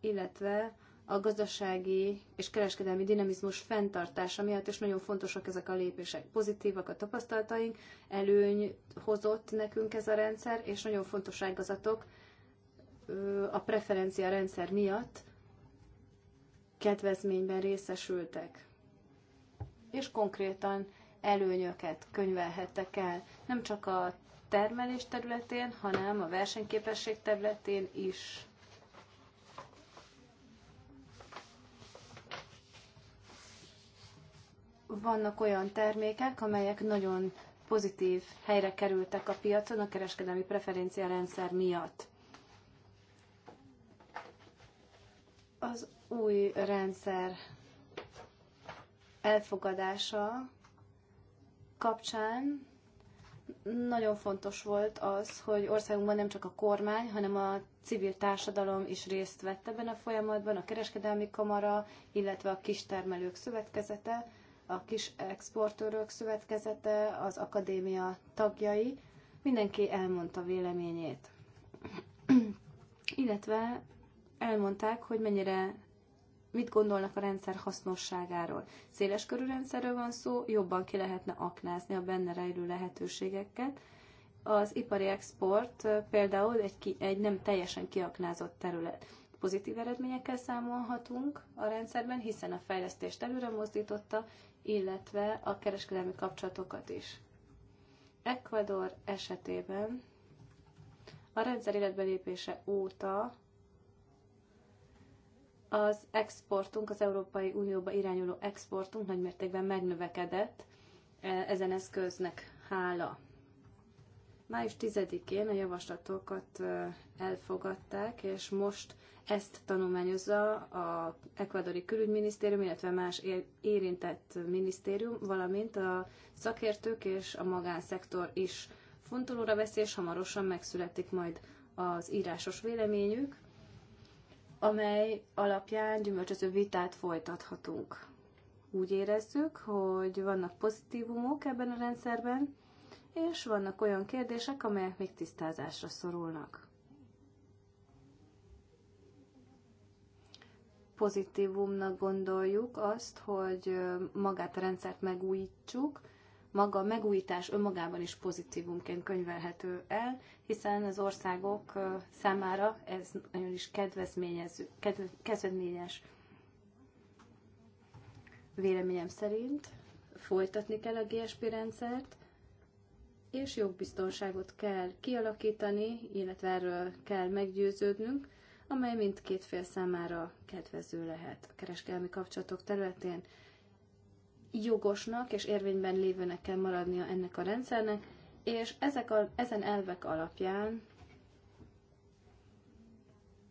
illetve a gazdasági és kereskedelmi dinamizmus fenntartása miatt is nagyon fontosak ezek a lépések. Pozitívak a tapasztalataink, előny hozott nekünk ez a rendszer, és nagyon fontos ágazatok a preferencia rendszer miatt, kedvezményben részesültek, és konkrétan előnyöket könyvelhettek el, nem csak a termelés területén, hanem a versenyképesség területén is. Vannak olyan termékek, amelyek nagyon pozitív helyre kerültek a piacon a kereskedelmi preferencia rendszer miatt. Az új rendszer elfogadása kapcsán nagyon fontos volt az, hogy országunkban nem csak a kormány, hanem a civil társadalom is részt vett ebben a folyamatban, a kereskedelmi kamara, illetve a kistermelők szövetkezete, a kis exportőrök szövetkezete, az akadémia tagjai, mindenki elmondta véleményét. *clears throat* illetve elmondták, hogy mennyire mit gondolnak a rendszer hasznosságáról. Széles körű rendszerről van szó, jobban ki lehetne aknázni a benne rejlő lehetőségeket. Az ipari export például egy, ki, egy nem teljesen kiaknázott terület. Pozitív eredményekkel számolhatunk a rendszerben, hiszen a fejlesztést előre mozdította, illetve a kereskedelmi kapcsolatokat is. Ecuador esetében a rendszer életbelépése óta az exportunk, az Európai Unióba irányuló exportunk nagymértékben megnövekedett e, ezen eszköznek hála. Május 10-én a javaslatokat e, elfogadták, és most ezt tanulmányozza a ekvadori külügyminisztérium, illetve más érintett minisztérium, valamint a szakértők és a magánszektor is fontolóra veszi, és hamarosan megszületik majd az írásos véleményük amely alapján gyümölcsöző vitát folytathatunk. Úgy érezzük, hogy vannak pozitívumok ebben a rendszerben, és vannak olyan kérdések, amelyek még tisztázásra szorulnak. Pozitívumnak gondoljuk azt, hogy magát a rendszert megújítsuk, maga a megújítás önmagában is pozitívumként könyvelhető el, hiszen az országok számára ez nagyon is kedvezményező, kedve, kezdeményes véleményem szerint folytatni kell a GSP rendszert, és jogbiztonságot kell kialakítani, illetve erről kell meggyőződnünk, amely mindkét fél számára kedvező lehet a kereskedelmi kapcsolatok területén jogosnak és érvényben lévőnek kell maradnia ennek a rendszernek, és ezek a, ezen elvek alapján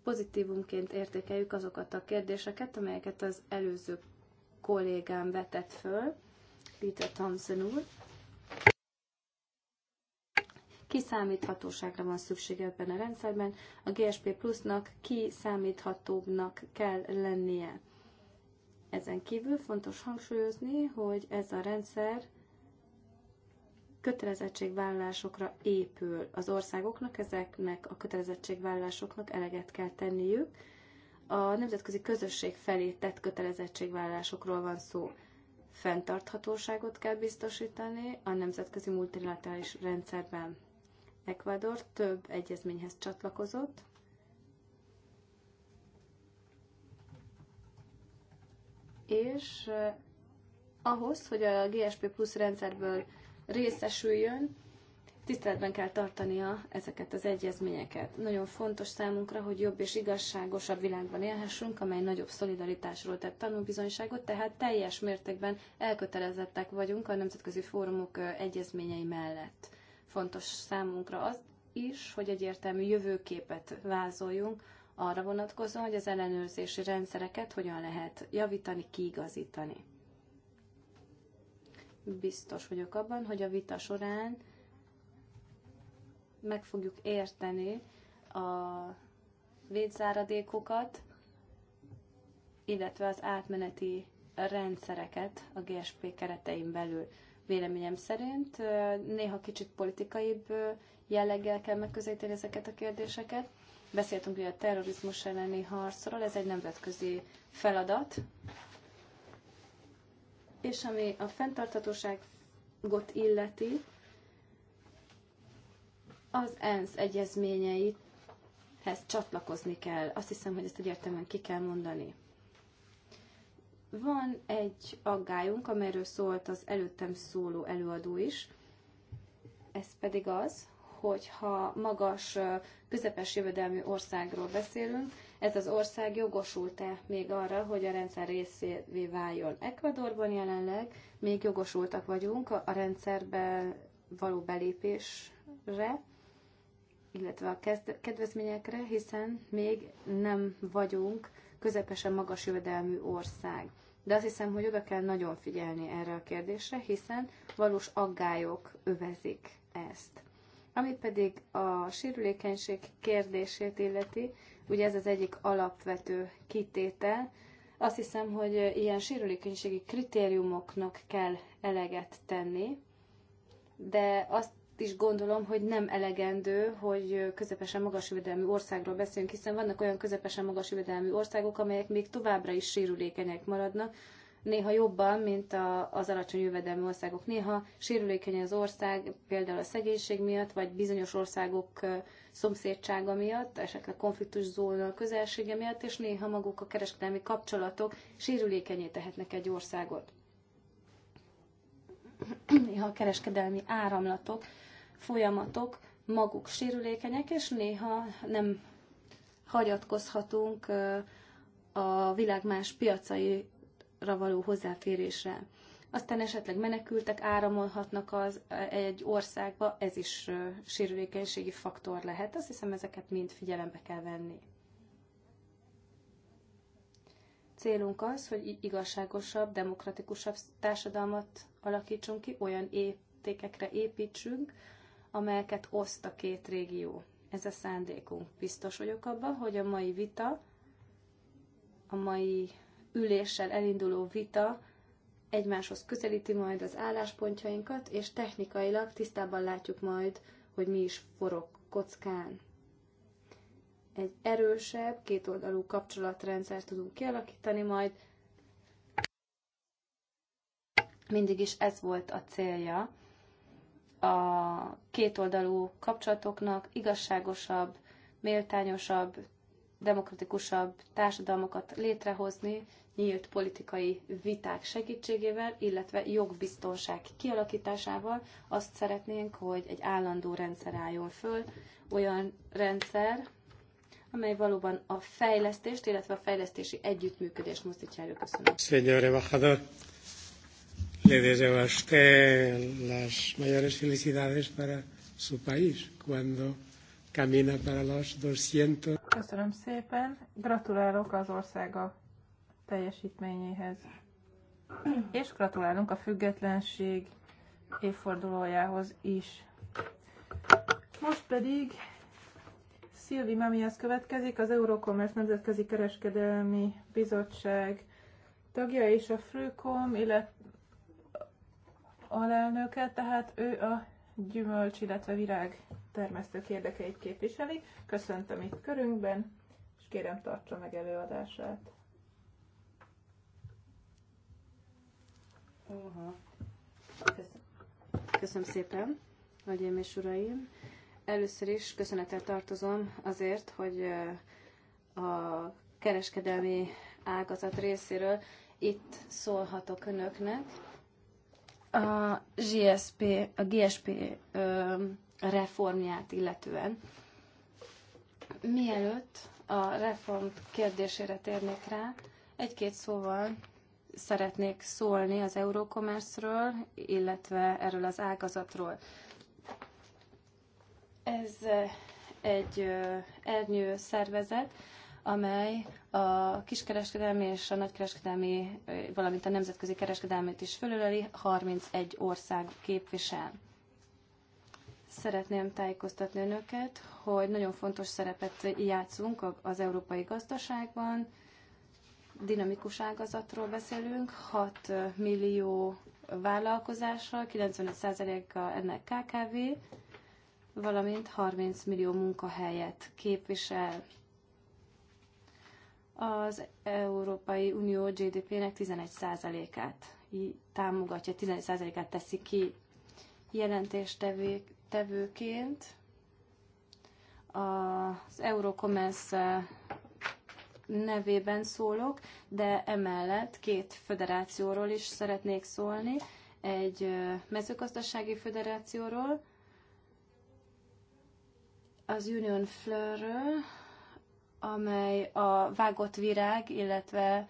pozitívumként értékeljük azokat a kérdéseket, amelyeket az előző kollégám vetett föl, Peter Thompson úr. Kiszámíthatóságra van szükség ebben a rendszerben, a GSP plusznak kiszámíthatóbbnak kell lennie. Ezen kívül fontos hangsúlyozni, hogy ez a rendszer kötelezettségvállalásokra épül. Az országoknak ezeknek a kötelezettségvállalásoknak eleget kell tenniük. A nemzetközi közösség felé tett kötelezettségvállalásokról van szó. Fenntarthatóságot kell biztosítani a nemzetközi multilaterális rendszerben. Ecuador több egyezményhez csatlakozott, és ahhoz, hogy a GSP Plus rendszerből részesüljön, tiszteletben kell tartania ezeket az egyezményeket. Nagyon fontos számunkra, hogy jobb és igazságosabb világban élhessünk, amely nagyobb szolidaritásról tett tanúbizonyságot, tehát teljes mértékben elkötelezettek vagyunk a nemzetközi fórumok egyezményei mellett. Fontos számunkra az is, hogy egyértelmű jövőképet vázoljunk arra vonatkozóan, hogy az ellenőrzési rendszereket hogyan lehet javítani, kiigazítani. Biztos vagyok abban, hogy a vita során meg fogjuk érteni a védzáradékokat, illetve az átmeneti rendszereket a GSP keretein belül. Véleményem szerint néha kicsit politikaibb jelleggel kell megközelíteni ezeket a kérdéseket, Beszéltünk ugye a terrorizmus elleni harcról, ez egy nemzetközi feladat. És ami a fenntartatóságot illeti, az ENSZ egyezményeihez csatlakozni kell. Azt hiszem, hogy ezt egyértelműen ki kell mondani. Van egy aggályunk, amelyről szólt az előttem szóló előadó is, ez pedig az, hogyha magas, közepes jövedelmű országról beszélünk, ez az ország jogosult-e még arra, hogy a rendszer részévé váljon. Ecuadorban jelenleg még jogosultak vagyunk a rendszerbe való belépésre, illetve a kedvezményekre, hiszen még nem vagyunk közepesen magas jövedelmű ország. De azt hiszem, hogy oda kell nagyon figyelni erre a kérdésre, hiszen valós aggályok övezik ezt. Ami pedig a sérülékenység kérdését illeti, ugye ez az egyik alapvető kitétel, azt hiszem, hogy ilyen sérülékenységi kritériumoknak kell eleget tenni, de azt is gondolom, hogy nem elegendő, hogy közepesen magas jövedelmi országról beszélünk, hiszen vannak olyan közepesen magas jövedelmi országok, amelyek még továbbra is sérülékenyek maradnak, néha jobban, mint a, az alacsony jövedelmi országok. Néha sérülékeny az ország, például a szegénység miatt, vagy bizonyos országok szomszédsága miatt, esetleg konfliktus zóna közelsége miatt, és néha maguk a kereskedelmi kapcsolatok sérülékenyé tehetnek egy országot. Néha a kereskedelmi áramlatok, folyamatok maguk sérülékenyek, és néha nem hagyatkozhatunk a világ más piacai való hozzáférésre. Aztán esetleg menekültek áramolhatnak az eh, egy országba, ez is eh, sérülékenységi faktor lehet. Azt hiszem, ezeket mind figyelembe kell venni. Célunk az, hogy igazságosabb, demokratikusabb társadalmat alakítsunk ki, olyan értékekre építsünk, amelyeket oszt a két régió. Ez a szándékunk. Biztos vagyok abban, hogy a mai vita, a mai üléssel elinduló vita egymáshoz közelíti majd az álláspontjainkat, és technikailag tisztában látjuk majd, hogy mi is forog kockán. Egy erősebb, kétoldalú kapcsolatrendszer tudunk kialakítani majd. Mindig is ez volt a célja a kétoldalú kapcsolatoknak igazságosabb, méltányosabb, demokratikusabb társadalmakat létrehozni nyílt politikai viták segítségével, illetve jogbiztonság kialakításával. Azt szeretnénk, hogy egy állandó rendszer álljon föl, olyan rendszer, amely valóban a fejlesztést, illetve a fejlesztési együttműködést mozdítja elő. Köszönöm. Señor embajador, le deseo a usted las mayores felicidades para su país cuando camina para los 200. Köszönöm szépen, gratulálok az országa teljesítményéhez. És gratulálunk a függetlenség évfordulójához is. Most pedig Szilvi Mamihez következik, az Eurocommerce Nemzetközi Kereskedelmi Bizottság tagja és a Frőkom, illetve alelnöke, tehát ő a gyümölcs, illetve virág termesztők érdekeit képviseli. Köszöntöm itt körünkben, és kérem tartsa meg előadását. Oha. Köszönöm. Köszönöm szépen, hölgyeim és uraim. Először is köszönettel tartozom azért, hogy a kereskedelmi ágazat részéről itt szólhatok önöknek, a GSP, a GSP reformját illetően. Mielőtt a reform kérdésére térnék rá, egy-két szóval szeretnék szólni az Eurocommerce-ről, illetve erről az ágazatról. Ez egy ernyő szervezet, amely a kiskereskedelmi és a nagykereskedelmi, valamint a nemzetközi kereskedelmet is fölöleli, 31 ország képvisel. Szeretném tájékoztatni önöket, hogy nagyon fontos szerepet játszunk az európai gazdaságban, dinamikus ágazatról beszélünk, 6 millió vállalkozással, 95%-a ennek KKV, valamint 30 millió munkahelyet képvisel az Európai Unió GDP-nek 11%-át támogatja, 11%-át teszi ki jelentéstevőként. Az Eurocommens nevében szólok, de emellett két föderációról is szeretnék szólni. Egy mezőgazdasági föderációról, az Union Fleurről, amely a vágott virág, illetve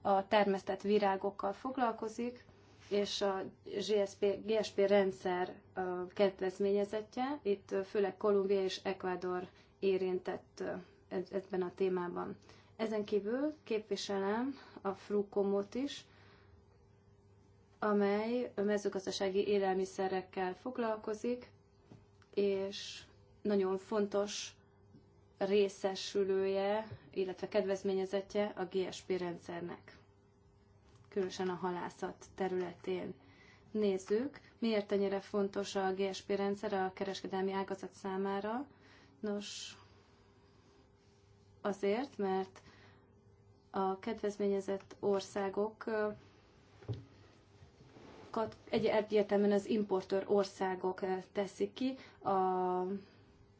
a termesztett virágokkal foglalkozik, és a GSP, GSP rendszer kedvezményezetje, itt főleg Kolumbia és Ecuador érintett ebben a témában. Ezen kívül képviselem a Frukomot is, amely mezőgazdasági élelmiszerekkel foglalkozik, és nagyon fontos részesülője, illetve kedvezményezetje a GSP rendszernek, különösen a halászat területén. Nézzük, miért ennyire fontos a GSP rendszer a kereskedelmi ágazat számára. Nos, azért, mert a kedvezményezett országok egy egyértelműen az importőr országok teszik ki, a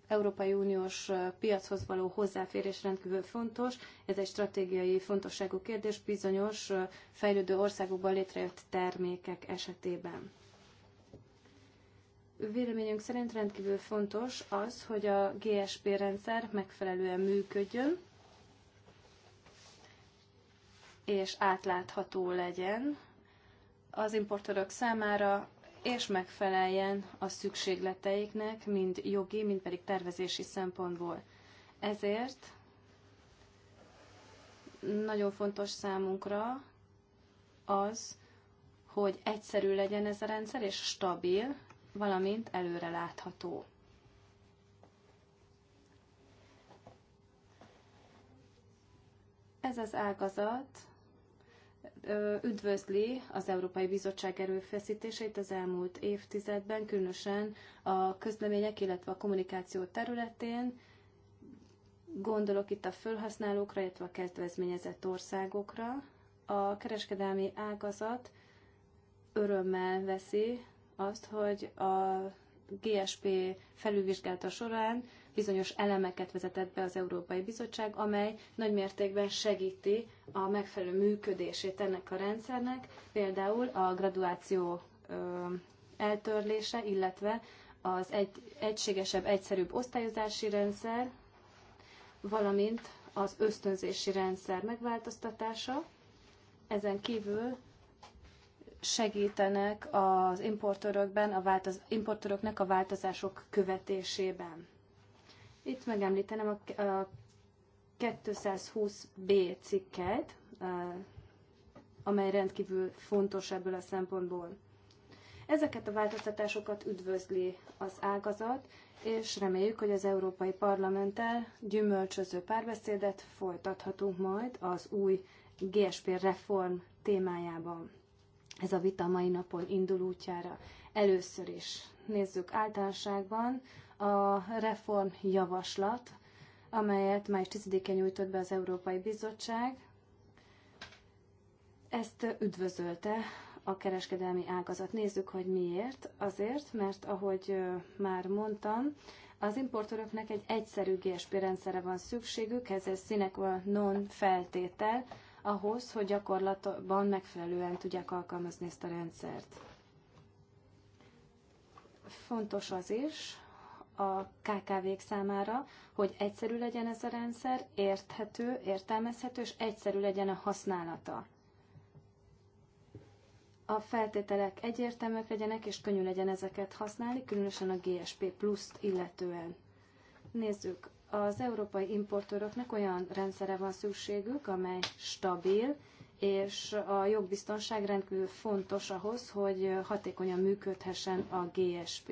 Európai Uniós piachoz való hozzáférés rendkívül fontos. Ez egy stratégiai fontosságú kérdés bizonyos fejlődő országokban létrejött termékek esetében. Véleményünk szerint rendkívül fontos az, hogy a GSP rendszer megfelelően működjön, és átlátható legyen az importőrök számára, és megfeleljen a szükségleteiknek, mind jogi, mind pedig tervezési szempontból. Ezért nagyon fontos számunkra az, hogy egyszerű legyen ez a rendszer, és stabil, valamint előre látható. Ez az ágazat üdvözli az Európai Bizottság erőfeszítéseit az elmúlt évtizedben, különösen a közlemények, illetve a kommunikáció területén. Gondolok itt a felhasználókra, illetve a kedvezményezett országokra. A kereskedelmi ágazat örömmel veszi azt, hogy a GSP felülvizsgálata során bizonyos elemeket vezetett be az Európai Bizottság, amely nagy mértékben segíti a megfelelő működését ennek a rendszernek, például a graduáció eltörlése, illetve az egy, egységesebb, egyszerűbb osztályozási rendszer, valamint az ösztönzési rendszer megváltoztatása. Ezen kívül segítenek az importőrökben, a változ, importőröknek a változások követésében. Itt megemlítenem a, 220b cikket, amely rendkívül fontos ebből a szempontból. Ezeket a változtatásokat üdvözli az ágazat, és reméljük, hogy az Európai Parlamenttel gyümölcsöző párbeszédet folytathatunk majd az új GSP reform témájában. Ez a vita mai napon indul útjára először is. Nézzük általánosságban a reform javaslat, amelyet május 10-én nyújtott be az Európai Bizottság. Ezt üdvözölte a kereskedelmi ágazat. Nézzük, hogy miért. Azért, mert ahogy már mondtam, az importőröknek egy egyszerű GSP rendszere van szükségük, ez egy színek non feltétel ahhoz, hogy gyakorlatban megfelelően tudják alkalmazni ezt a rendszert. Fontos az is, a KKV-k számára, hogy egyszerű legyen ez a rendszer, érthető, értelmezhető, és egyszerű legyen a használata. A feltételek egyértelműek legyenek, és könnyű legyen ezeket használni, különösen a GSP pluszt illetően. Nézzük, az európai importőröknek olyan rendszere van szükségük, amely stabil, és a jogbiztonság rendkívül fontos ahhoz, hogy hatékonyan működhessen a GSP.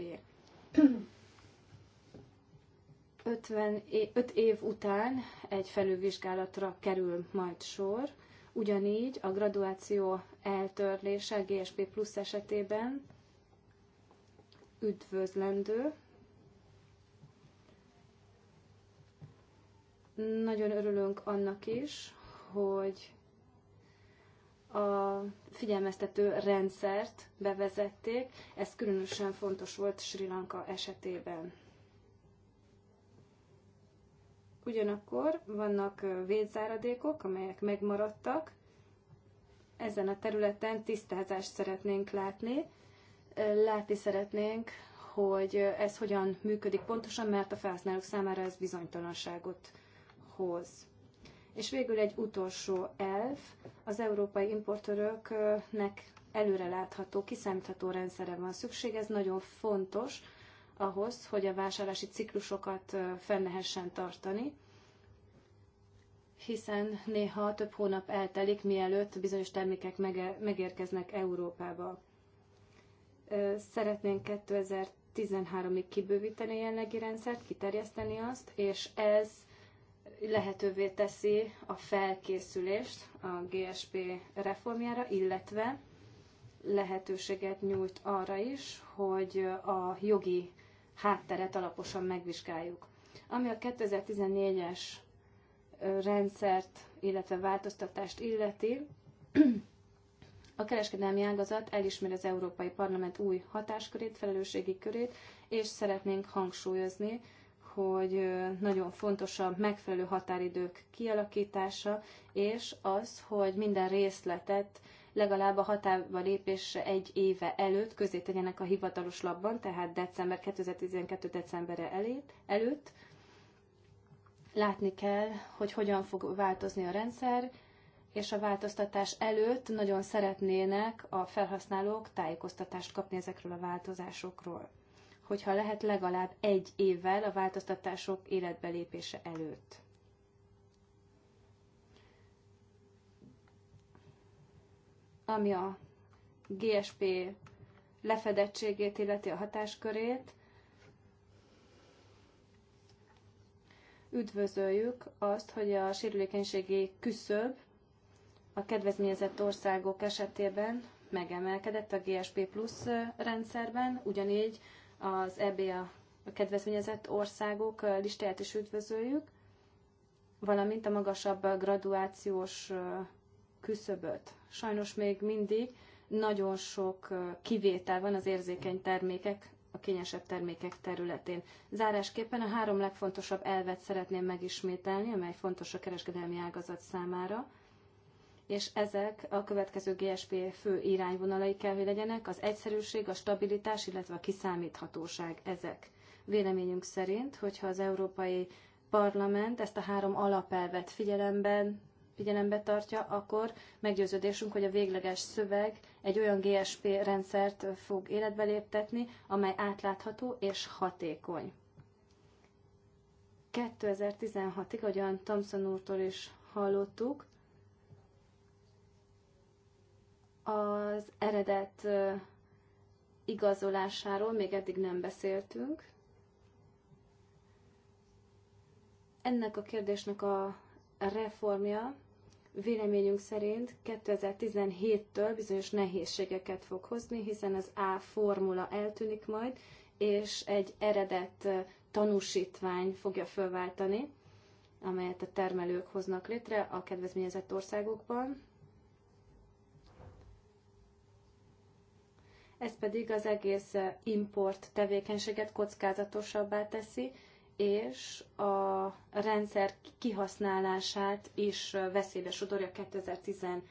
50 év, 5 év után egy felülvizsgálatra kerül majd sor, ugyanígy a graduáció eltörlése GSP plusz esetében üdvözlendő. Nagyon örülünk annak is, hogy a figyelmeztető rendszert bevezették. Ez különösen fontos volt Sri Lanka esetében. Ugyanakkor vannak védzáradékok, amelyek megmaradtak. Ezen a területen tisztázást szeretnénk látni. Látni szeretnénk, hogy ez hogyan működik pontosan, mert a felhasználók számára ez bizonytalanságot hoz. És végül egy utolsó elf: az európai importőröknek előreláthatók, kiszámítható rendszere van szükség, ez nagyon fontos, ahhoz, hogy a vásárlási ciklusokat fenn lehessen tartani, hiszen néha több hónap eltelik, mielőtt bizonyos termékek megérkeznek Európába. Szeretnénk 2013-ig kibővíteni a jelenlegi rendszert, kiterjeszteni azt, és ez lehetővé teszi a felkészülést a GSP reformjára, illetve lehetőséget nyújt arra is, hogy a jogi hátteret alaposan megvizsgáljuk. Ami a 2014-es rendszert, illetve változtatást illeti, *clears throat* a kereskedelmi ágazat elismeri az Európai Parlament új hatáskörét, felelősségi körét, és szeretnénk hangsúlyozni, hogy nagyon fontos a megfelelő határidők kialakítása, és az, hogy minden részletet legalább a hatályba lépés egy éve előtt közé tegyenek a hivatalos labban, tehát december 2012. decemberre előtt. Látni kell, hogy hogyan fog változni a rendszer, és a változtatás előtt nagyon szeretnének a felhasználók tájékoztatást kapni ezekről a változásokról. Hogyha lehet legalább egy évvel a változtatások életbelépése előtt. ami a GSP lefedettségét illeti a hatáskörét. Üdvözöljük azt, hogy a sérülékenységi küszöb a kedvezményezett országok esetében megemelkedett a GSP plusz rendszerben, ugyanígy az EBA a kedvezményezett országok listáját is üdvözöljük, valamint a magasabb graduációs küszöböt. Sajnos még mindig nagyon sok kivétel van az érzékeny termékek, a kényesebb termékek területén. Zárásképpen a három legfontosabb elvet szeretném megismételni, amely fontos a kereskedelmi ágazat számára, és ezek a következő GSP fő irányvonalai kell, hogy legyenek, az egyszerűség, a stabilitás, illetve a kiszámíthatóság ezek. Véleményünk szerint, hogyha az Európai Parlament ezt a három alapelvet figyelemben figyelembe tartja, akkor meggyőződésünk, hogy a végleges szöveg egy olyan GSP rendszert fog életbe léptetni, amely átlátható és hatékony. 2016-ig, ahogyan Thompson úrtól is hallottuk, az eredet igazolásáról még eddig nem beszéltünk. Ennek a kérdésnek a reformja véleményünk szerint 2017-től bizonyos nehézségeket fog hozni, hiszen az A formula eltűnik majd, és egy eredet tanúsítvány fogja fölváltani, amelyet a termelők hoznak létre a kedvezményezett országokban. Ez pedig az egész import tevékenységet kockázatosabbá teszi, és a rendszer kihasználását is veszélybe sodorja 2017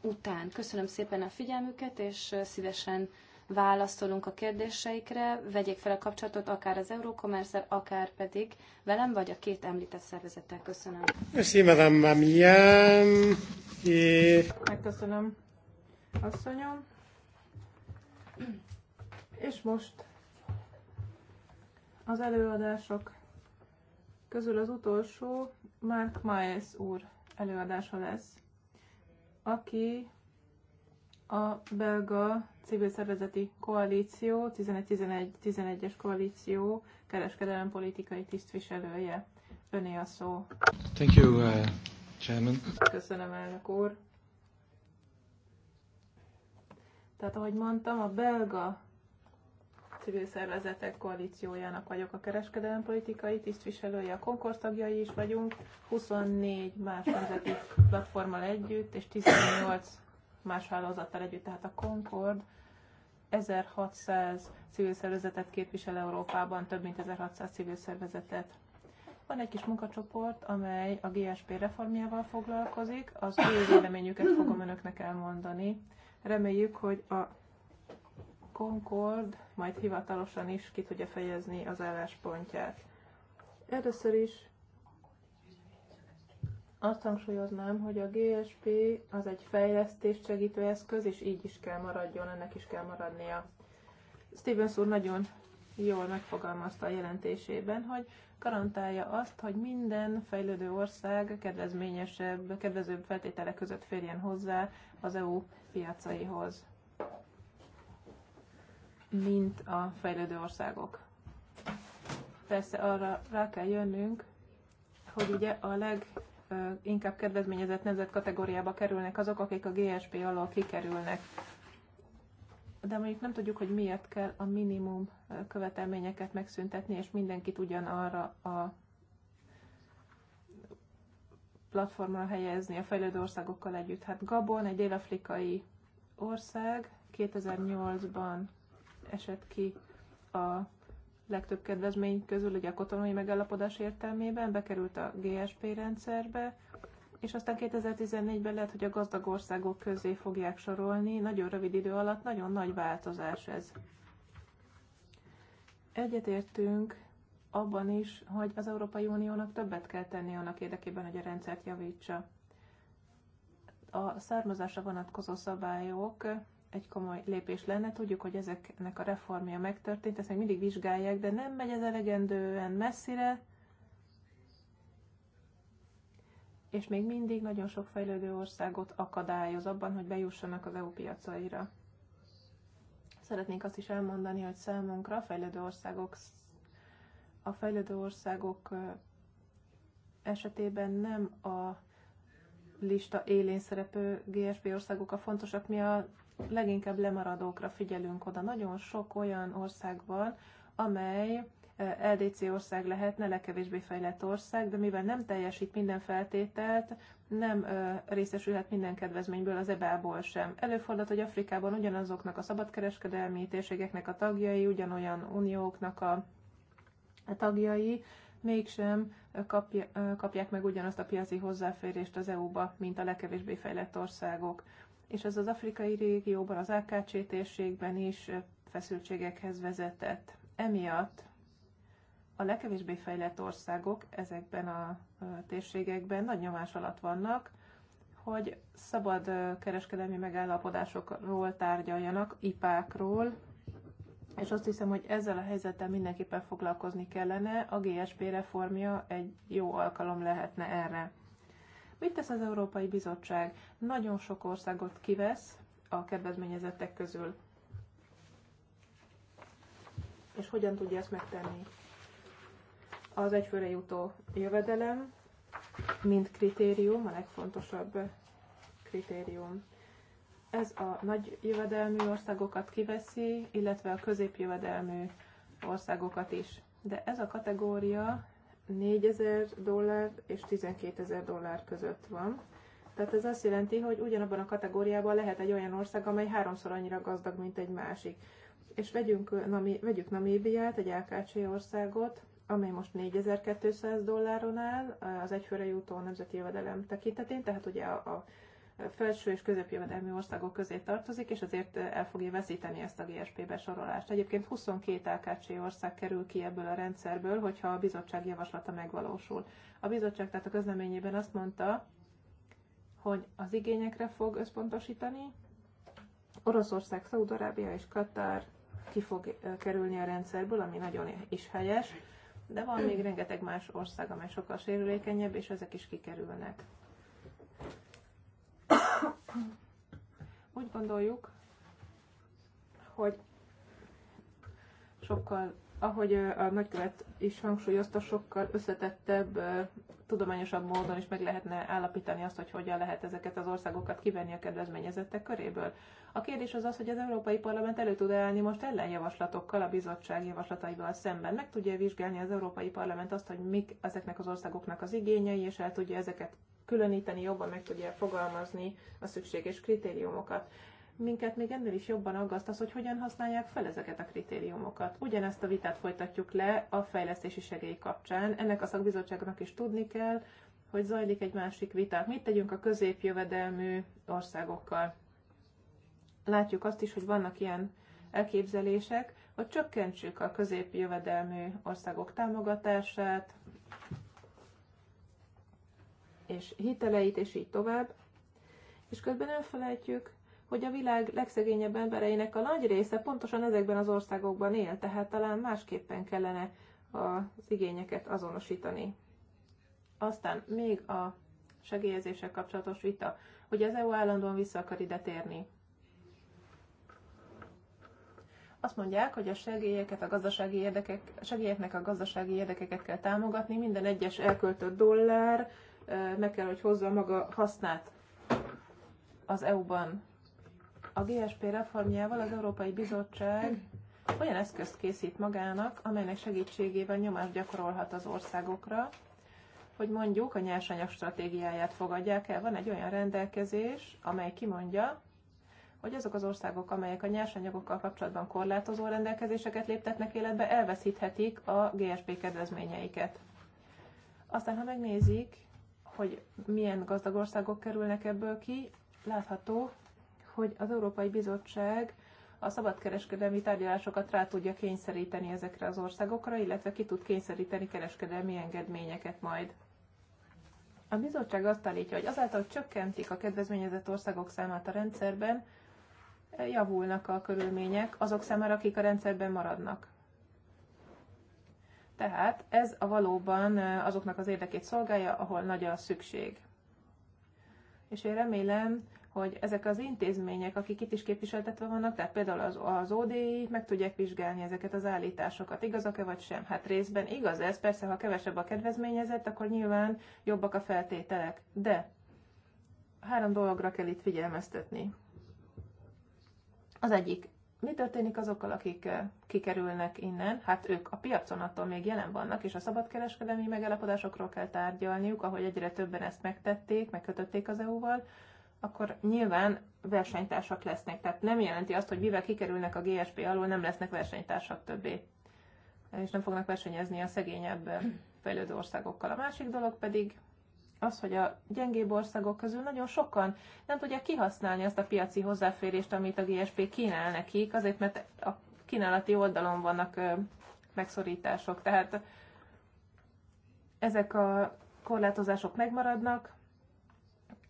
után. Köszönöm szépen a figyelmüket, és szívesen válaszolunk a kérdéseikre. Vegyék fel a kapcsolatot akár az Eurocommerce, akár pedig velem, vagy a két említett szervezettel. Köszönöm. Megköszönöm, asszonyom. És most az előadások közül az utolsó Mark Maes úr előadása lesz, aki a belga civil szervezeti koalíció, 11-11-11-es koalíció kereskedelem politikai tisztviselője. Öné a szó. Thank you, uh, Chairman. Köszönöm, elnök úr. Tehát, ahogy mondtam, a belga civil szervezetek koalíciójának vagyok a kereskedelmi politikai tisztviselője, a Concord tagjai is vagyunk, 24 más nemzeti platformmal együtt, és 18 más hálózattal együtt, tehát a Concord 1600 civil szervezetet képvisel Európában, több mint 1600 civil szervezetet. Van egy kis munkacsoport, amely a GSP reformjával foglalkozik, az ő véleményüket fogom önöknek elmondani. Reméljük, hogy a Concord majd hivatalosan is ki tudja fejezni az álláspontját. Először is azt hangsúlyoznám, hogy a GSP az egy fejlesztést segítő eszköz, és így is kell maradjon, ennek is kell maradnia. Stevens úr nagyon jól megfogalmazta a jelentésében, hogy garantálja azt, hogy minden fejlődő ország kedvezményesebb, kedvezőbb feltételek között férjen hozzá az EU piacaihoz mint a fejlődő országok. Persze arra rá kell jönnünk, hogy ugye a leginkább kedvezményezett nemzet kategóriába kerülnek azok, akik a GSP alól kikerülnek. De mondjuk nem tudjuk, hogy miért kell a minimum követelményeket megszüntetni, és mindenkit ugyanarra a platformra helyezni a fejlődő országokkal együtt. Hát Gabon egy dél-afrikai ország, 2008-ban esett ki a legtöbb kedvezmény közül, ugye a kotonai megállapodás értelmében, bekerült a GSP rendszerbe, és aztán 2014-ben lehet, hogy a gazdag országok közé fogják sorolni. Nagyon rövid idő alatt nagyon nagy változás ez. Egyetértünk abban is, hogy az Európai Uniónak többet kell tenni annak érdekében, hogy a rendszert javítsa. A származásra vonatkozó szabályok egy komoly lépés lenne. Tudjuk, hogy ezeknek a reformja megtörtént, ezt még mindig vizsgálják, de nem megy ez elegendően messzire, és még mindig nagyon sok fejlődő országot akadályoz abban, hogy bejussanak az EU piacaira. Szeretnénk azt is elmondani, hogy számunkra a fejlődő országok, a fejlődő országok esetében nem a lista élén szereplő GSP országok a fontosak, mi a leginkább lemaradókra figyelünk oda. Nagyon sok olyan ország van, amely eh, LDC ország lehetne, legkevésbé fejlett ország, de mivel nem teljesít minden feltételt, nem eh, részesülhet minden kedvezményből az EBA-ból sem. Előfordult, hogy Afrikában ugyanazoknak a szabadkereskedelmi térségeknek a tagjai, ugyanolyan unióknak a tagjai, mégsem eh, kapja, kapják meg ugyanazt a piaci hozzáférést az EU-ba, mint a legkevésbé fejlett országok és ez az afrikai régióban, az AKC térségben is feszültségekhez vezetett. Emiatt a legkevésbé fejlett országok ezekben a térségekben nagy nyomás alatt vannak, hogy szabad kereskedelmi megállapodásokról tárgyaljanak, ipákról, és azt hiszem, hogy ezzel a helyzettel mindenképpen foglalkozni kellene, a GSP reformja egy jó alkalom lehetne erre. Mit tesz az Európai Bizottság? Nagyon sok országot kivesz a kedvezményezettek közül. És hogyan tudja ezt megtenni? Az egyfőre jutó jövedelem, mint kritérium, a legfontosabb kritérium. Ez a nagy jövedelmű országokat kiveszi, illetve a középjövedelmű országokat is. De ez a kategória 4000 dollár és 12000 dollár között van. Tehát ez azt jelenti, hogy ugyanabban a kategóriában lehet egy olyan ország, amely háromszor annyira gazdag, mint egy másik. És vegyünk, nami, vegyük Namíbiát, egy AKC országot, amely most 4200 dolláron áll az egyfőre jutó nemzeti jövedelem tekintetén, tehát ugye a, a felső és középjövedelmi országok közé tartozik, és azért el fogja veszíteni ezt a GSP besorolást. Egyébként 22 AKC ország kerül ki ebből a rendszerből, hogyha a bizottság javaslata megvalósul. A bizottság tehát a közleményében azt mondta, hogy az igényekre fog összpontosítani, Oroszország, Szaudarábia és Katar ki fog kerülni a rendszerből, ami nagyon is helyes, de van még rengeteg más ország, amely sokkal sérülékenyebb, és ezek is kikerülnek. Úgy gondoljuk, hogy sokkal, ahogy a nagykövet is hangsúlyozta, sokkal összetettebb, tudományosabb módon is meg lehetne állapítani azt, hogy hogyan lehet ezeket az országokat kivenni a kedvezményezettek köréből. A kérdés az az, hogy az Európai Parlament elő tud állni most ellenjavaslatokkal, a bizottság javaslataival szemben. Meg tudja vizsgálni az Európai Parlament azt, hogy mik ezeknek az országoknak az igényei, és el tudja ezeket különíteni, jobban meg tudja fogalmazni a szükséges kritériumokat. Minket még ennél is jobban aggaszt az, hogy hogyan használják fel ezeket a kritériumokat. Ugyanezt a vitát folytatjuk le a fejlesztési segély kapcsán. Ennek a szakbizottságnak is tudni kell, hogy zajlik egy másik vita. Mit tegyünk a középjövedelmű országokkal? Látjuk azt is, hogy vannak ilyen elképzelések, hogy csökkentsük a középjövedelmű országok támogatását, és hiteleit, és így tovább. És közben elfelejtjük, hogy a világ legszegényebb embereinek a nagy része pontosan ezekben az országokban él, tehát talán másképpen kellene az igényeket azonosítani. Aztán még a segélyezéssel kapcsolatos vita, hogy az EU állandóan vissza akar ide térni. Azt mondják, hogy a segélyeket, a gazdasági érdekek, segélyeknek a gazdasági érdekeket kell támogatni, minden egyes elköltött dollár meg kell, hogy hozza maga hasznát az EU-ban. A GSP reformjával az Európai Bizottság olyan eszközt készít magának, amelynek segítségével nyomást gyakorolhat az országokra, hogy mondjuk a nyersanyag stratégiáját fogadják el. Van egy olyan rendelkezés, amely kimondja, hogy azok az országok, amelyek a nyersanyagokkal kapcsolatban korlátozó rendelkezéseket léptetnek életbe, elveszíthetik a GSP kedvezményeiket. Aztán, ha megnézik hogy milyen gazdag országok kerülnek ebből ki, látható, hogy az Európai Bizottság a szabadkereskedelmi tárgyalásokat rá tudja kényszeríteni ezekre az országokra, illetve ki tud kényszeríteni kereskedelmi engedményeket majd. A bizottság azt állítja, hogy azáltal, hogy csökkentik a kedvezményezett országok számát a rendszerben, javulnak a körülmények azok számára, akik a rendszerben maradnak. Tehát ez a valóban azoknak az érdekét szolgálja, ahol nagy a szükség. És én remélem, hogy ezek az intézmények, akik itt is képviseltetve vannak, tehát például az, az ODI, meg tudják vizsgálni ezeket az állításokat, igazak-e vagy sem? Hát részben igaz ez, persze, ha kevesebb a kedvezményezett, akkor nyilván jobbak a feltételek. De három dologra kell itt figyelmeztetni. Az egyik, mi történik azokkal, akik eh, kikerülnek innen? Hát ők a piacon attól még jelen vannak, és a szabadkereskedelmi megállapodásokról kell tárgyalniuk, ahogy egyre többen ezt megtették, megkötötték az EU-val, akkor nyilván versenytársak lesznek. Tehát nem jelenti azt, hogy mivel kikerülnek a GSP alól, nem lesznek versenytársak többé, és nem fognak versenyezni a szegényebb eh, fejlődő országokkal. A másik dolog pedig az, hogy a gyengébb országok közül nagyon sokan nem tudják kihasználni azt a piaci hozzáférést, amit a GSP kínál nekik, azért mert a kínálati oldalon vannak megszorítások. Tehát ezek a korlátozások megmaradnak,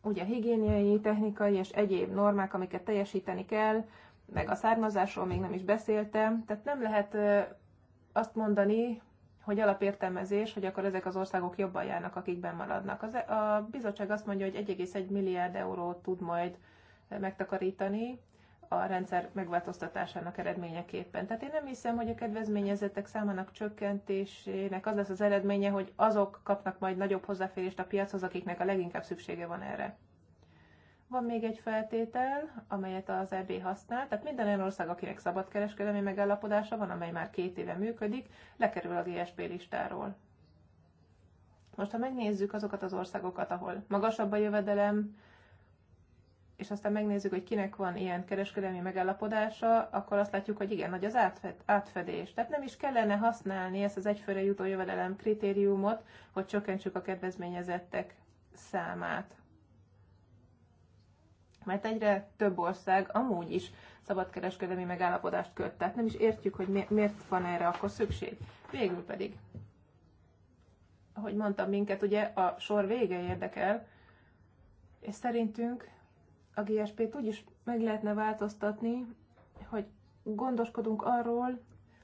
ugye higiéniai, technikai és egyéb normák, amiket teljesíteni kell, meg a származásról még nem is beszéltem, tehát nem lehet azt mondani, hogy alapértelmezés, hogy akkor ezek az országok jobban járnak, akikben maradnak. Az, e- a bizottság azt mondja, hogy 1,1 milliárd eurót tud majd megtakarítani a rendszer megváltoztatásának eredményeképpen. Tehát én nem hiszem, hogy a kedvezményezettek számának csökkentésének az lesz az eredménye, hogy azok kapnak majd nagyobb hozzáférést a piachoz, akiknek a leginkább szüksége van erre. Van még egy feltétel, amelyet az EB használ, tehát minden olyan ország, akinek szabadkereskedelmi megállapodása van, amely már két éve működik, lekerül a GSP listáról. Most, ha megnézzük azokat az országokat, ahol magasabb a jövedelem, és aztán megnézzük, hogy kinek van ilyen kereskedelmi megállapodása, akkor azt látjuk, hogy igen, nagy az átfed, átfedés. Tehát nem is kellene használni ezt az egyfőre jutó jövedelem kritériumot, hogy csökkentsük a kedvezményezettek számát mert egyre több ország amúgy is szabadkereskedelmi megállapodást köt. Tehát nem is értjük, hogy miért van erre akkor szükség. Végül pedig, ahogy mondtam, minket ugye a sor vége érdekel, és szerintünk a GSP-t úgy is meg lehetne változtatni, hogy gondoskodunk arról,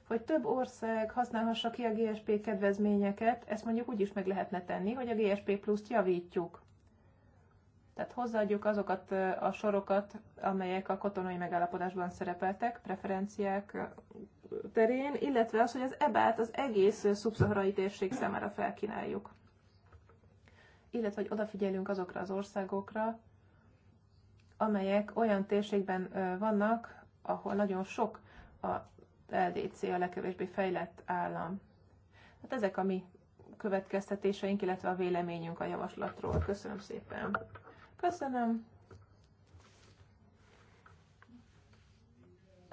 hogy több ország használhassa ki a GSP kedvezményeket, ezt mondjuk úgy is meg lehetne tenni, hogy a GSP pluszt javítjuk tehát hozzáadjuk azokat a sorokat, amelyek a katonai megállapodásban szerepeltek, preferenciák terén, illetve az, hogy az EBÁT az egész szubszaharai térség számára felkínáljuk. Illetve, hogy odafigyelünk azokra az országokra, amelyek olyan térségben vannak, ahol nagyon sok a LDC, a legkevésbé fejlett állam. Hát ezek a mi következtetéseink, illetve a véleményünk a javaslatról. Köszönöm szépen! Köszönöm.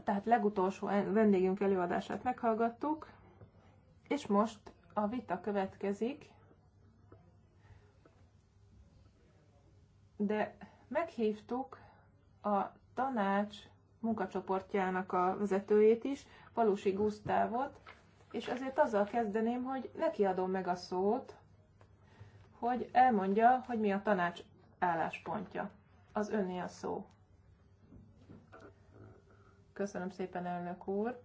Tehát legutolsó vendégünk előadását meghallgattuk, és most a vita következik. De meghívtuk a tanács munkacsoportjának a vezetőjét is, Palusi Gusztávot, és azért azzal kezdeném, hogy neki adom meg a szót, hogy elmondja, hogy mi a tanács álláspontja. Az önné a szó. Köszönöm szépen, elnök úr.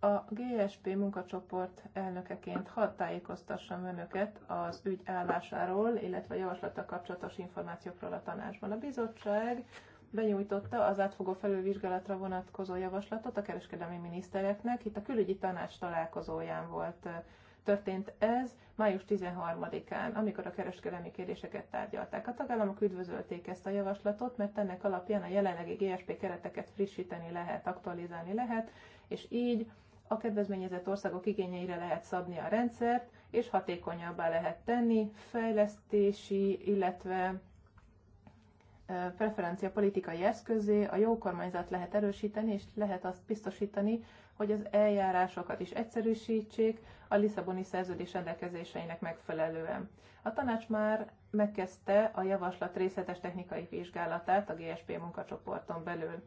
A GSP munkacsoport elnökeként hadd tájékoztassam önöket az ügy állásáról, illetve javaslata kapcsolatos információkról a tanácsban. A bizottság benyújtotta az átfogó felülvizsgálatra vonatkozó javaslatot a kereskedelmi minisztereknek. Itt a külügyi tanács találkozóján volt történt ez május 13-án, amikor a kereskedelmi kérdéseket tárgyalták. A tagállamok üdvözölték ezt a javaslatot, mert ennek alapján a jelenlegi GSP kereteket frissíteni lehet, aktualizálni lehet, és így a kedvezményezett országok igényeire lehet szabni a rendszert, és hatékonyabbá lehet tenni fejlesztési, illetve preferencia politikai eszközé, a jó kormányzat lehet erősíteni, és lehet azt biztosítani, hogy az eljárásokat is egyszerűsítsék a Lisszaboni szerződés rendelkezéseinek megfelelően. A tanács már megkezdte a javaslat részletes technikai vizsgálatát a GSP munkacsoporton belül.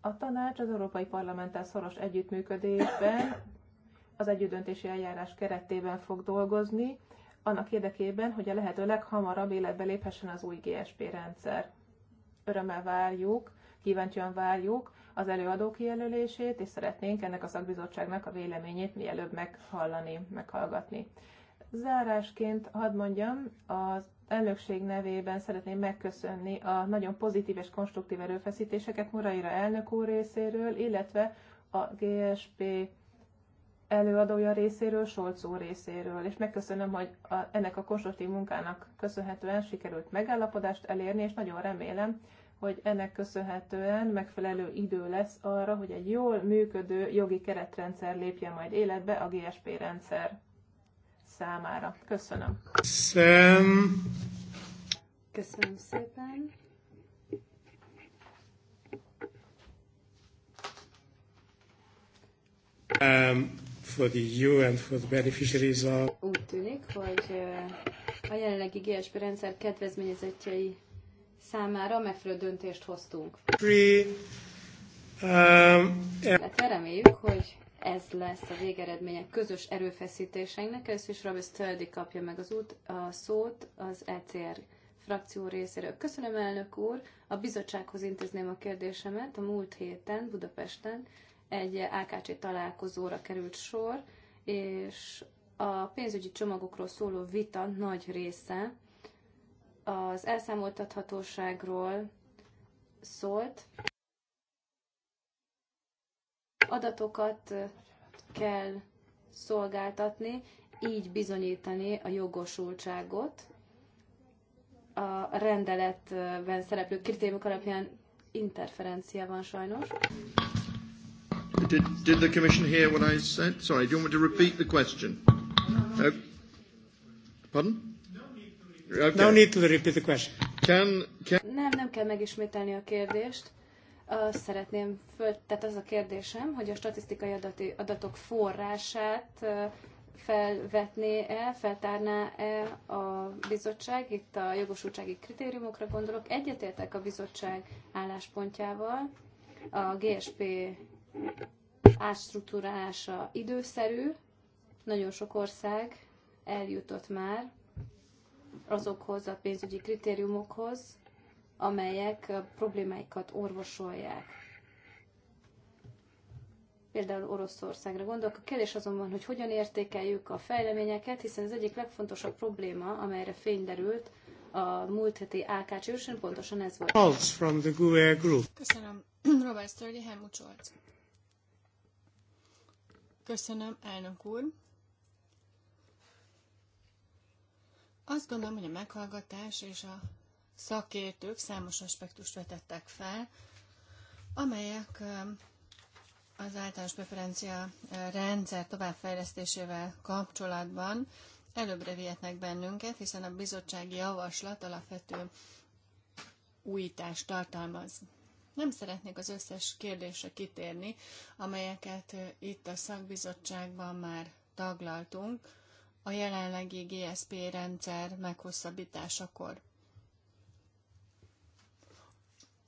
A tanács az Európai Parlamenttel szoros együttműködésben az együttdöntési eljárás keretében fog dolgozni, annak érdekében, hogy a lehető leghamarabb életbe léphessen az új GSP rendszer. Örömmel várjuk, kíváncsian várjuk az előadók jelölését, és szeretnénk ennek a szakbizottságnak a véleményét mielőbb meghallani, meghallgatni. Zárásként hadd mondjam, az elnökség nevében szeretném megköszönni a nagyon pozitív és konstruktív erőfeszítéseket Muraira elnök úr részéről, illetve a GSP előadója részéről, Solc úr részéről, és megköszönöm, hogy a, ennek a konstruktív munkának köszönhetően sikerült megállapodást elérni, és nagyon remélem, hogy ennek köszönhetően megfelelő idő lesz arra, hogy egy jól működő jogi keretrendszer lépje majd életbe a GSP rendszer számára. Köszönöm. Köszönöm. Köszönöm szépen. Um, for the EU and for the beneficiaries of... Úgy tűnik, hogy uh, a jelenlegi GSP rendszer kedvezményezettjei számára megfelelő döntést hoztunk. Hát reméljük, hogy ez lesz a végeredmények közös erőfeszítéseinknek. Először is Robert Stöldi kapja meg az út, a szót az ECR frakció részéről. Köszönöm, elnök úr! A bizottsághoz intézném a kérdésemet. A múlt héten Budapesten egy AKC találkozóra került sor, és a pénzügyi csomagokról szóló vita nagy része az elszámoltathatóságról szólt. Adatokat kell szolgáltatni, így bizonyítani a jogosultságot. A rendeletben szereplő kritériumok alapján interferencia van sajnos. Did, did the commission hear what I said? Sorry, do you want me to repeat the question? No. Uh, pardon? Okay. No need to repeat the question. Can, can... Nem, nem kell megismételni a kérdést. Azt szeretném föl, tehát az a kérdésem, hogy a statisztikai adati, adatok forrását felvetné-e, feltárná-e a bizottság, itt a jogosultsági kritériumokra gondolok, egyetértek a bizottság álláspontjával, a GSP átstruktúrálása időszerű, nagyon sok ország eljutott már azokhoz a pénzügyi kritériumokhoz, amelyek problémáikat orvosolják. Például Oroszországra gondolok. A kérdés azonban, hogy hogyan értékeljük a fejleményeket, hiszen az egyik legfontosabb probléma, amelyre fény derült a múlt heti AKC ősön, pontosan ez volt. From the group. Köszönöm. *clears throat* Robert Sturdy, Helmut Scholz. Köszönöm, elnök úr. Azt gondolom, hogy a meghallgatás és a szakértők számos aspektust vetettek fel, amelyek um, az általános preferencia uh, rendszer továbbfejlesztésével kapcsolatban előbbre vihetnek bennünket, hiszen a bizottsági javaslat alapvető újítást tartalmaz. Nem szeretnék az összes kérdésre kitérni, amelyeket uh, itt a szakbizottságban már taglaltunk, a jelenlegi GSP rendszer meghosszabbításakor.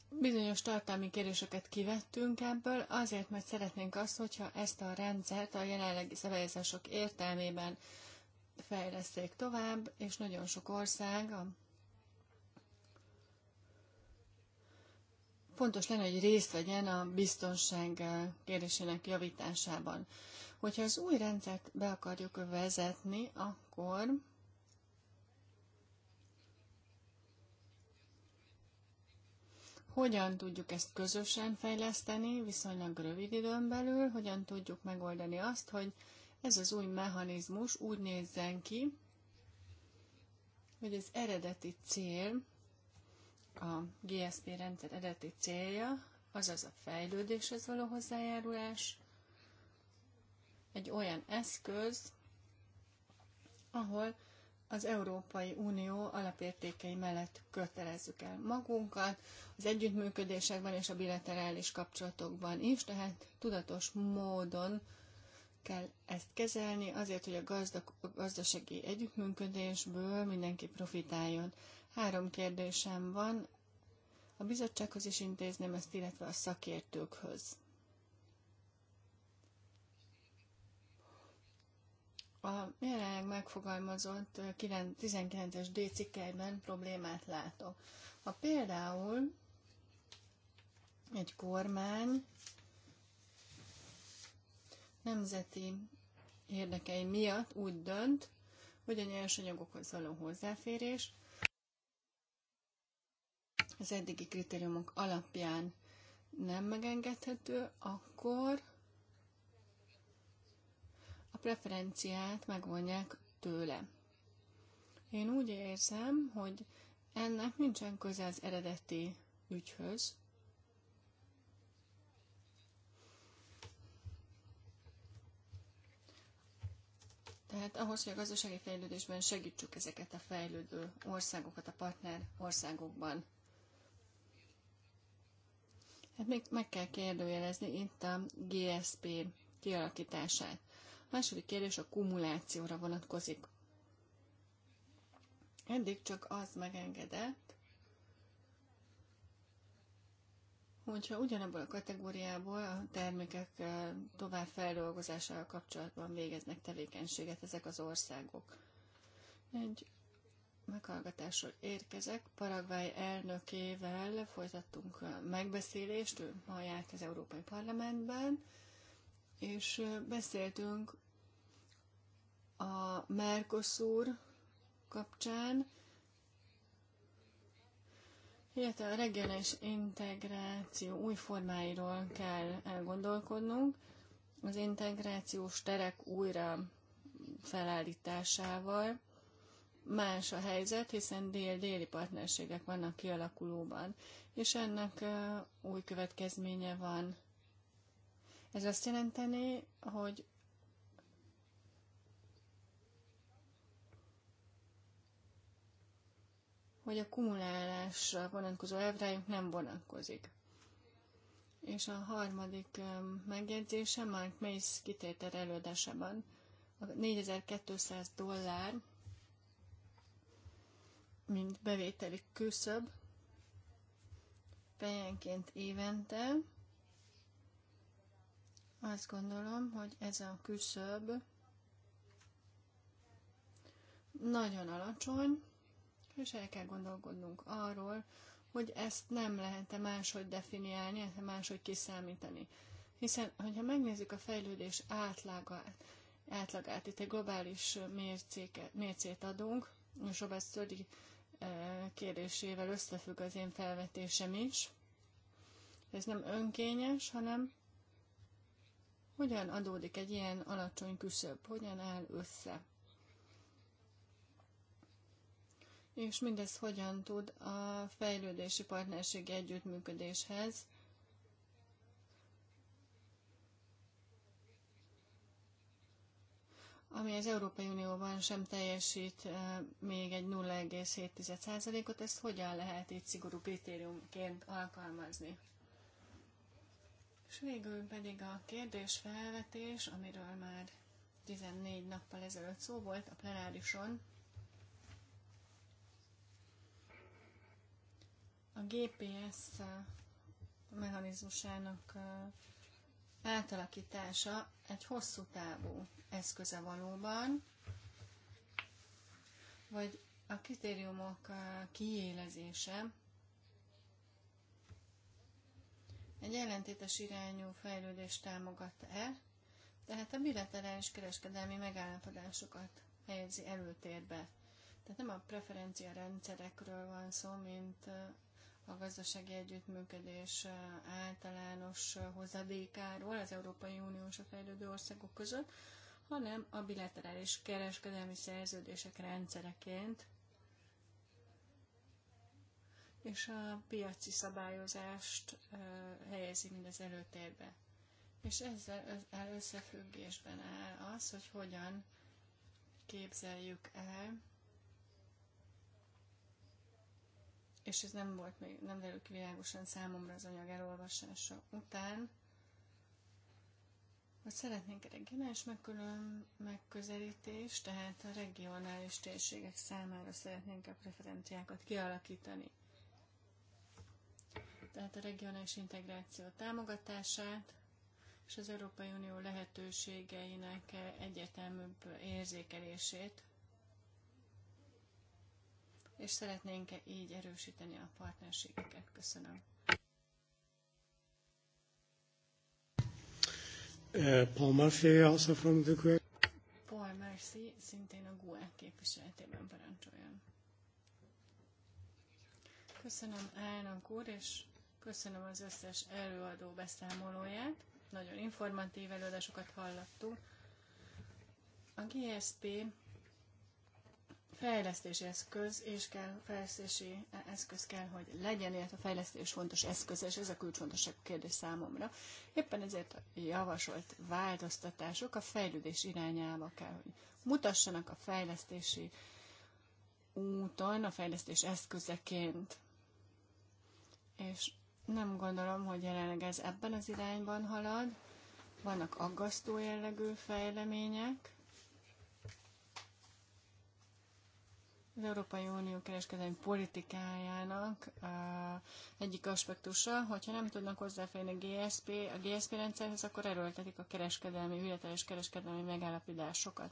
Bizonyos tartalmi kérdéseket kivettünk ebből, azért, mert szeretnénk azt, hogyha ezt a rendszert a jelenlegi szabályozások értelmében fejleszték tovább, és nagyon sok ország a fontos lenne, hogy részt vegyen a biztonság kérdésének javításában. Hogyha az új rendszert be akarjuk vezetni, akkor hogyan tudjuk ezt közösen fejleszteni viszonylag rövid időn belül, hogyan tudjuk megoldani azt, hogy ez az új mechanizmus úgy nézzen ki, hogy az eredeti cél, a GSP rendszer eredeti célja, azaz a fejlődéshez való hozzájárulás, egy olyan eszköz, ahol az Európai Unió alapértékei mellett kötelezzük el magunkat, az együttműködésekben és a bilaterális kapcsolatokban is, tehát tudatos módon kell ezt kezelni, azért, hogy a, gazdag, a gazdasági együttműködésből mindenki profitáljon. Három kérdésem van, a bizottsághoz is intézném ezt, illetve a szakértőkhöz. A jelenleg megfogalmazott 19-es D cikkelyben problémát látok. Ha például egy kormány nemzeti érdekei miatt úgy dönt, hogy a nyersanyagokhoz való hozzáférés az eddigi kritériumok alapján nem megengedhető, akkor preferenciát megvonják tőle. Én úgy érzem, hogy ennek nincsen köze az eredeti ügyhöz. Tehát ahhoz, hogy a gazdasági fejlődésben segítsük ezeket a fejlődő országokat a partner országokban. Hát még meg kell kérdőjelezni itt a GSP kialakítását. Második kérdés a kumulációra vonatkozik. Eddig csak az megengedett, hogyha ugyanabból a kategóriából a termékek eh, feldolgozásával kapcsolatban végeznek tevékenységet ezek az országok. Egy meghallgatásról érkezek. Paraguay elnökével folytattunk eh, megbeszélést, ő ma járt az Európai Parlamentben, és eh, beszéltünk a Mercosur kapcsán, illetve a regionális integráció új formáiról kell elgondolkodnunk, az integrációs terek újra felállításával. Más a helyzet, hiszen dél-déli partnerségek vannak kialakulóban, és ennek új következménye van. Ez azt jelenteni, hogy hogy a kumulálásra vonatkozó elvrájuk nem vonatkozik. És a harmadik megjegyzése Mark Mays kitétel előadásában a 4200 dollár, mint bevételi küszöb, fejenként évente. Azt gondolom, hogy ez a küszöb nagyon alacsony, és el kell gondolkodnunk arról, hogy ezt nem lehet-e máshogy definiálni, lehet-e máshogy kiszámítani. Hiszen, hogyha megnézzük a fejlődés átlagát, átlagát itt egy globális mércéke, mércét adunk, és Robert Sturdy e, kérdésével összefügg az én felvetésem is. Ez nem önkényes, hanem hogyan adódik egy ilyen alacsony küszöb, hogyan áll össze. és mindez hogyan tud a fejlődési partnerség együttműködéshez ami az Európai Unióban sem teljesít eh, még egy 0,7%-ot, ezt hogyan lehet itt szigorú kritériumként alkalmazni? És végül pedig a kérdésfelvetés, amiről már 14 nappal ezelőtt szó volt a plenárison, A GPS mechanizmusának átalakítása egy hosszú távú eszköze valóban, vagy a kritériumok kiélezése egy ellentétes irányú fejlődést támogat-e, tehát a bilaterális kereskedelmi megállapodásokat helyezi előtérbe. Tehát nem a preferencia rendszerekről van szó, mint a gazdasági együttműködés általános hozadékáról az Európai Unió és a fejlődő országok között, hanem a bilaterális kereskedelmi szerződések rendszereként és a piaci szabályozást helyezi mindez előtérbe. És ezzel összefüggésben áll az, hogy hogyan képzeljük el és ez nem volt még, nem derült ki világosan számomra az anyag elolvasása után, hogy szeretnénk egy regionális megkülön megközelítést, tehát a regionális térségek számára szeretnénk a preferenciákat kialakítani. Tehát a regionális integráció támogatását és az Európai Unió lehetőségeinek egyértelműbb érzékelését és szeretnénk -e így erősíteni a partnerségeket. Köszönöm. Uh, Paul Murphy, also from the GUE. Paul Murphy, szintén a GUE képviseletében parancsoljon. Köszönöm elnök úr, és köszönöm az összes előadó beszámolóját. Nagyon informatív előadásokat hallottunk. A GSP fejlesztési eszköz, és kell, fejlesztési eszköz kell, hogy legyen, illetve a fejlesztés fontos eszköz, és ez a kulcsfontosság kérdés számomra. Éppen ezért a javasolt változtatások a fejlődés irányába kell, hogy mutassanak a fejlesztési úton, a fejlesztés eszközeként. És nem gondolom, hogy jelenleg ez ebben az irányban halad. Vannak aggasztó jellegű fejlemények, Az Európai Unió kereskedelmi politikájának uh, egyik aspektusa, hogyha nem tudnak hozzáférni a GSP, a GSP rendszerhez, akkor erőltetik a kereskedelmi, ületeles kereskedelmi megállapodásokat.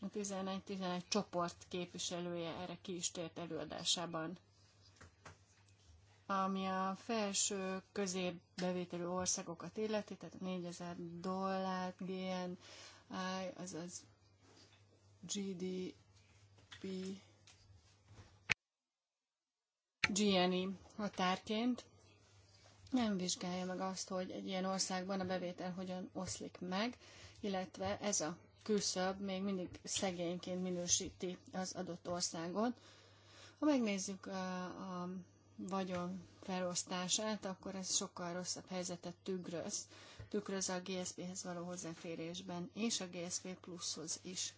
A 11-11 csoport képviselője erre ki is tért előadásában ami a felső középbevételű országokat illeti, tehát 4000 dollárt GN, az az GDP GSP GNI határként nem vizsgálja meg azt, hogy egy ilyen országban a bevétel hogyan oszlik meg, illetve ez a külszöbb még mindig szegényként minősíti az adott országot. Ha megnézzük a, a vagyon felosztását, akkor ez sokkal rosszabb helyzetet tükröz. Tükröz a GSP-hez való hozzáférésben és a GSP pluszhoz is.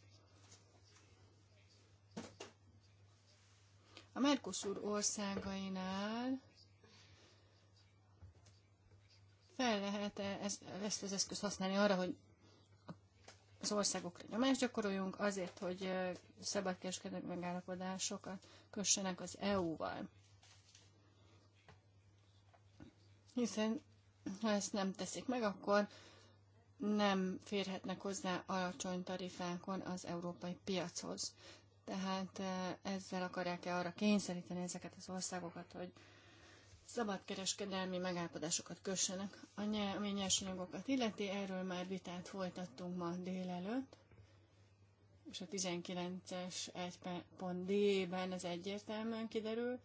A Mercosur országainál fel lehet -e ezt az eszközt használni arra, hogy az országokra nyomást gyakoroljunk azért, hogy szabadkereskedelmi megállapodásokat kössenek az EU-val. Hiszen ha ezt nem teszik meg, akkor nem férhetnek hozzá alacsony tarifákon az európai piachoz. Tehát ezzel akarják-e arra kényszeríteni ezeket az országokat, hogy szabadkereskedelmi megállapodásokat kössenek. A nyersanyagokat illeti, erről már vitát folytattunk ma délelőtt, és a 19-es 1.d-ben ez egyértelműen kiderül.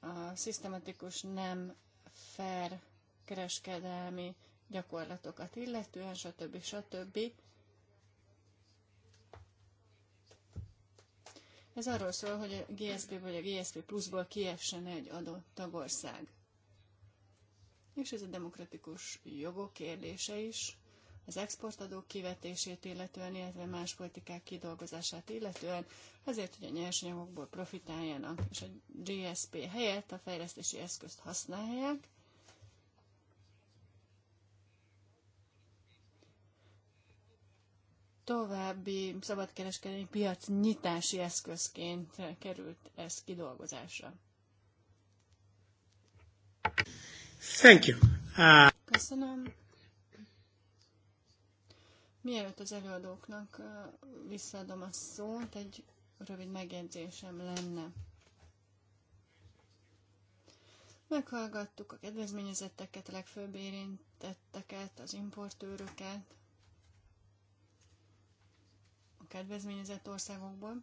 A szisztematikus nem fair kereskedelmi gyakorlatokat illetően, stb. stb. stb Ez arról szól, hogy a GSP vagy a GSP pluszból kiessen egy adott tagország. És ez a demokratikus jogok kérdése is, az exportadók kivetését illetően, illetve más politikák kidolgozását illetően, azért, hogy a nyersanyagokból profitáljanak, és a GSP helyett a fejlesztési eszközt használják, további szabadkereskedelmi piac nyitási eszközként került ez kidolgozásra. Thank you. Uh... Köszönöm. Mielőtt az előadóknak uh, visszaadom a szót, egy rövid megjegyzésem lenne. Meghallgattuk a kedvezményezetteket, a legfőbb érintetteket, az importőröket, kedvezményezett országokból.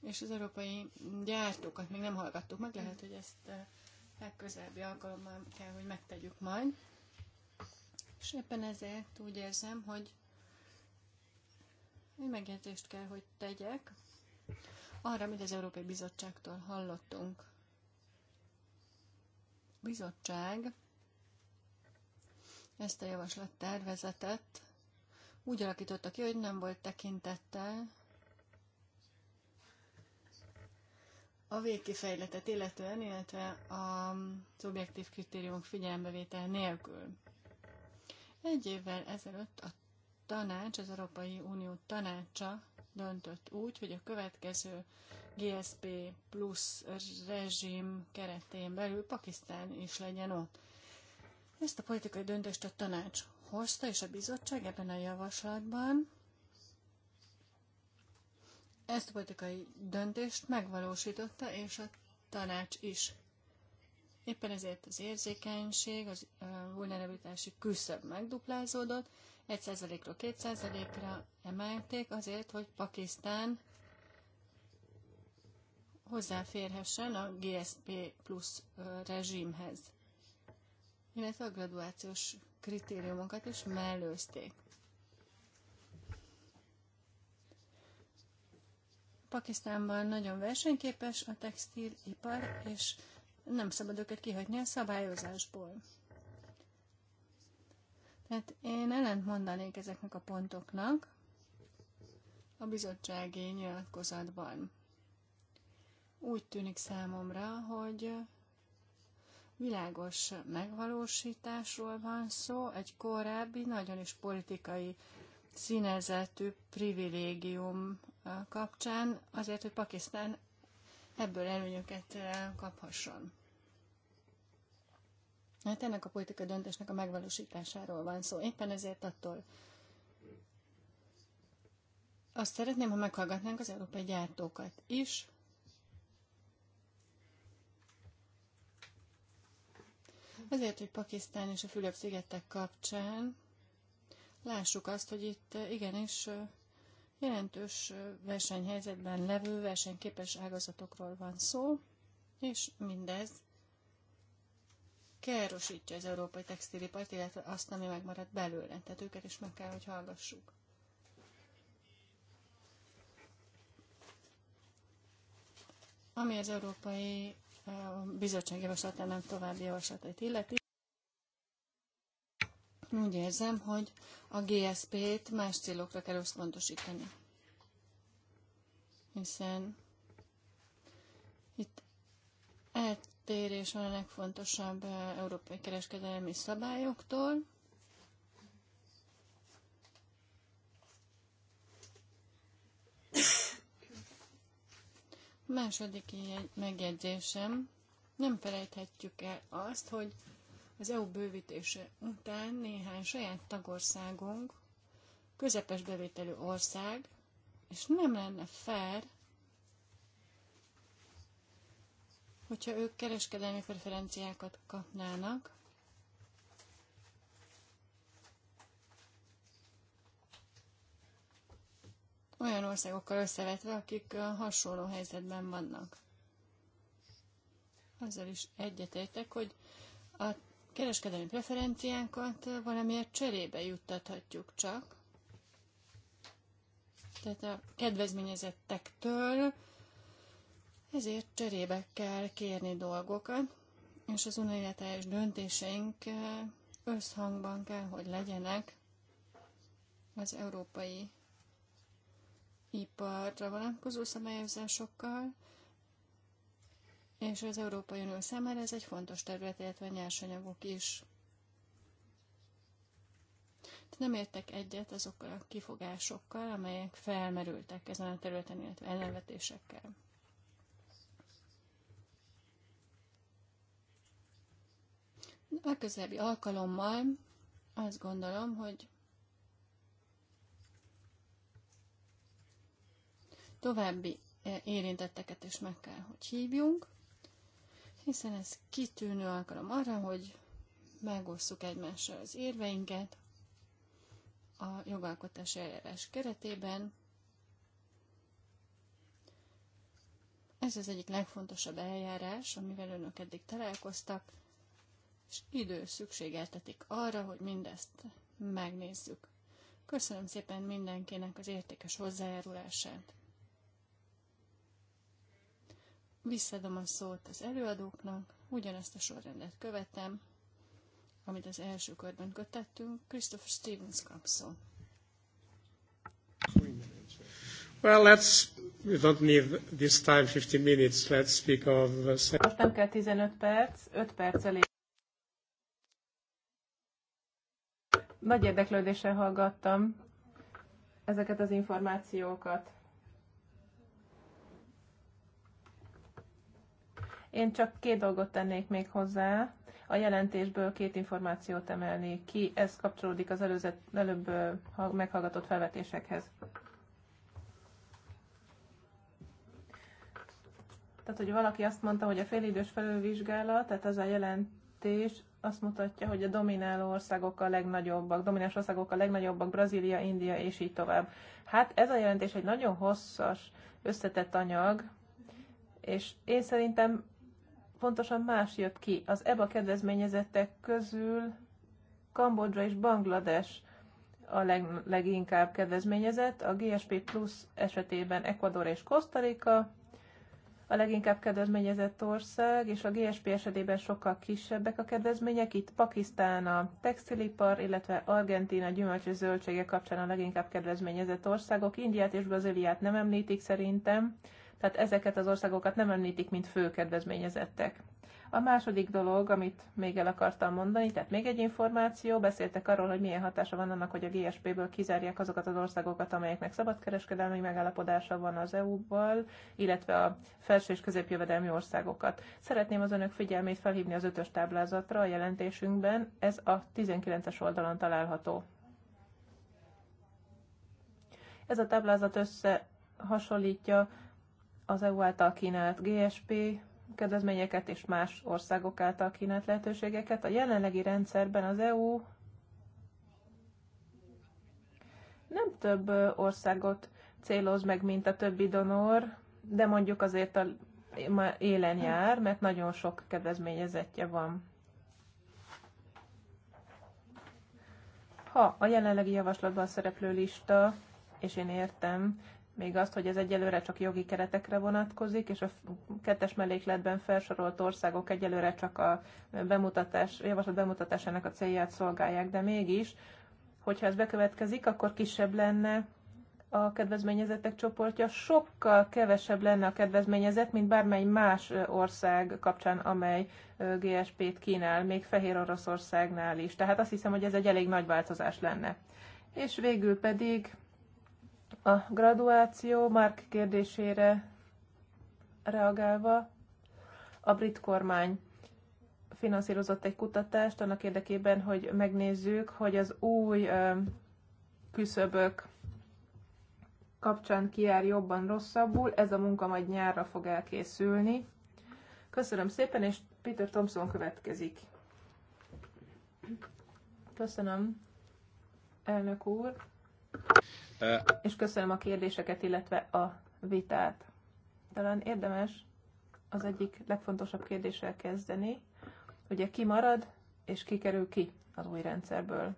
És az európai gyártókat még nem hallgattuk meg, lehet, hogy ezt eh, legközelebbi alkalommal kell, hogy megtegyük majd. És éppen ezért úgy érzem, hogy egy megjegyzést kell, hogy tegyek arra, amit az Európai Bizottságtól hallottunk. bizottság ezt a javaslat tervezetet úgy alakította ki, hogy nem volt tekintettel a végkifejletet illetően, illetve a objektív kritériumok figyelembevétel nélkül. Egy évvel ezelőtt a tanács, az Európai Unió tanácsa döntött úgy, hogy a következő GSP plusz rezsim keretén belül Pakisztán is legyen ott. Ezt a politikai döntést a tanács hozta, és a bizottság ebben a javaslatban ezt a politikai döntést megvalósította, és a tanács is. Éppen ezért az érzékenység, az vulnerabilitási küszöb megduplázódott, 1%-ról 2%-ra emelték azért, hogy Pakisztán hozzáférhessen a GSP plusz rezsimhez illetve a graduációs kritériumokat is mellőzték. Pakisztánban nagyon versenyképes a textilipar, és nem szabad őket kihagyni a szabályozásból. Tehát én ellent mondanék ezeknek a pontoknak a bizottsági nyilatkozatban. Úgy tűnik számomra, hogy Világos megvalósításról van szó, egy korábbi, nagyon is politikai színezetű privilégium kapcsán, azért, hogy Pakisztán ebből előnyöket kaphasson. Hát ennek a politikai döntésnek a megvalósításáról van szó. Éppen ezért attól azt szeretném, ha meghallgatnánk az európai gyártókat is, Ezért, hogy Pakisztán és a Fülöp-szigetek kapcsán lássuk azt, hogy itt eh, igenis eh, jelentős eh, versenyhelyzetben levő versenyképes ágazatokról van szó, és mindez károsítja az európai textilipart, illetve azt, ami megmaradt belőle. Tehát őket is meg kell, hogy hallgassuk. Ami az európai a bizottság javaslatának további javaslatait illeti. Úgy érzem, hogy a GSP-t más célokra kell összpontosítani. Hiszen itt eltérés van a legfontosabb eh, európai kereskedelmi szabályoktól, Második megjegyzésem, nem felejthetjük el azt, hogy az EU bővítése után néhány saját tagországunk, közepes bevételű ország, és nem lenne fair, hogyha ők kereskedelmi preferenciákat kapnának, olyan országokkal összevetve, akik hasonló helyzetben vannak. Azzal is egyetértek, hogy a kereskedelmi preferenciánkat valamiért cserébe juttathatjuk csak. Tehát a kedvezményezettektől ezért cserébe kell kérni dolgokat, és az unilaterális döntéseink összhangban kell, hogy legyenek az európai iparra vonatkozó szabályozásokkal, és az Európai Unió számára ez egy fontos terület, illetve nyersanyagok is. de Nem értek egyet azokkal a kifogásokkal, amelyek felmerültek ezen a területen, illetve ellenvetésekkel. A közelebbi alkalommal azt gondolom, hogy további e, érintetteket is meg kell, hogy hívjunk, hiszen ez kitűnő alkalom arra, hogy megosszuk egymással az érveinket a jogalkotási eljárás keretében. Ez az egyik legfontosabb eljárás, amivel önök eddig találkoztak, és idő szükségeltetik arra, hogy mindezt megnézzük. Köszönöm szépen mindenkinek az értékes hozzájárulását. Visszadom a szót az előadóknak, ugyanezt a sorrendet követem, amit az első körben kötettünk. Christopher Stevens kap szó. Well, let's We don't need this time 15 minutes. Let's speak of... Uh, Most nem kell 15 perc, 5 perc elég. Nagy érdeklődéssel hallgattam ezeket az információkat. Én csak két dolgot tennék még hozzá. A jelentésből két információt emelnék ki, ez kapcsolódik az előzet, előbb meghallgatott felvetésekhez. Tehát, hogy valaki azt mondta, hogy a félidős felülvizsgálat, tehát az a jelentés azt mutatja, hogy a domináló országok a legnagyobbak, domináns országok a legnagyobbak, Brazília, India és így tovább. Hát ez a jelentés egy nagyon hosszas, összetett anyag, és én szerintem pontosan más jött ki. Az EBA kedvezményezettek közül Kambodzsa és Banglades a leg, leginkább kedvezményezett, a GSP Plus esetében Ecuador és Rica a leginkább kedvezményezett ország, és a GSP esetében sokkal kisebbek a kedvezmények. Itt Pakisztán a textilipar, illetve Argentina gyümölcs és zöldsége kapcsán a leginkább kedvezményezett országok. Indiát és Brazíliát nem említik szerintem, tehát ezeket az országokat nem említik, mint fő kedvezményezettek. A második dolog, amit még el akartam mondani, tehát még egy információ, beszéltek arról, hogy milyen hatása van annak, hogy a GSP-ből kizárják azokat az országokat, amelyeknek szabadkereskedelmi megállapodása van az EU-val, illetve a felső és középjövedelmi országokat. Szeretném az önök figyelmét felhívni az ötös táblázatra a jelentésünkben, ez a 19-es oldalon található. Ez a táblázat összehasonlítja az EU által kínált GSP kedvezményeket és más országok által kínált lehetőségeket. A jelenlegi rendszerben az EU nem több országot céloz meg, mint a többi donor, de mondjuk azért a élen jár, mert nagyon sok kedvezményezetje van. Ha a jelenlegi javaslatban szereplő lista, és én értem, még azt, hogy ez egyelőre csak jogi keretekre vonatkozik, és a kettes mellékletben felsorolt országok egyelőre csak a bemutatás, javaslat bemutatásának a célját szolgálják, de mégis, hogyha ez bekövetkezik, akkor kisebb lenne a kedvezményezettek csoportja, sokkal kevesebb lenne a kedvezményezett, mint bármely más ország kapcsán, amely GSP-t kínál, még Fehér Oroszországnál is. Tehát azt hiszem, hogy ez egy elég nagy változás lenne. És végül pedig a graduáció Mark kérdésére reagálva a brit kormány finanszírozott egy kutatást annak érdekében, hogy megnézzük, hogy az új küszöbök kapcsán kijár jobban, rosszabbul. Ez a munka majd nyárra fog elkészülni. Köszönöm szépen, és Peter Thompson következik. Köszönöm, elnök úr. És köszönöm a kérdéseket, illetve a vitát. Talán érdemes az egyik legfontosabb kérdéssel kezdeni, ugye ki marad és ki kerül ki az új rendszerből.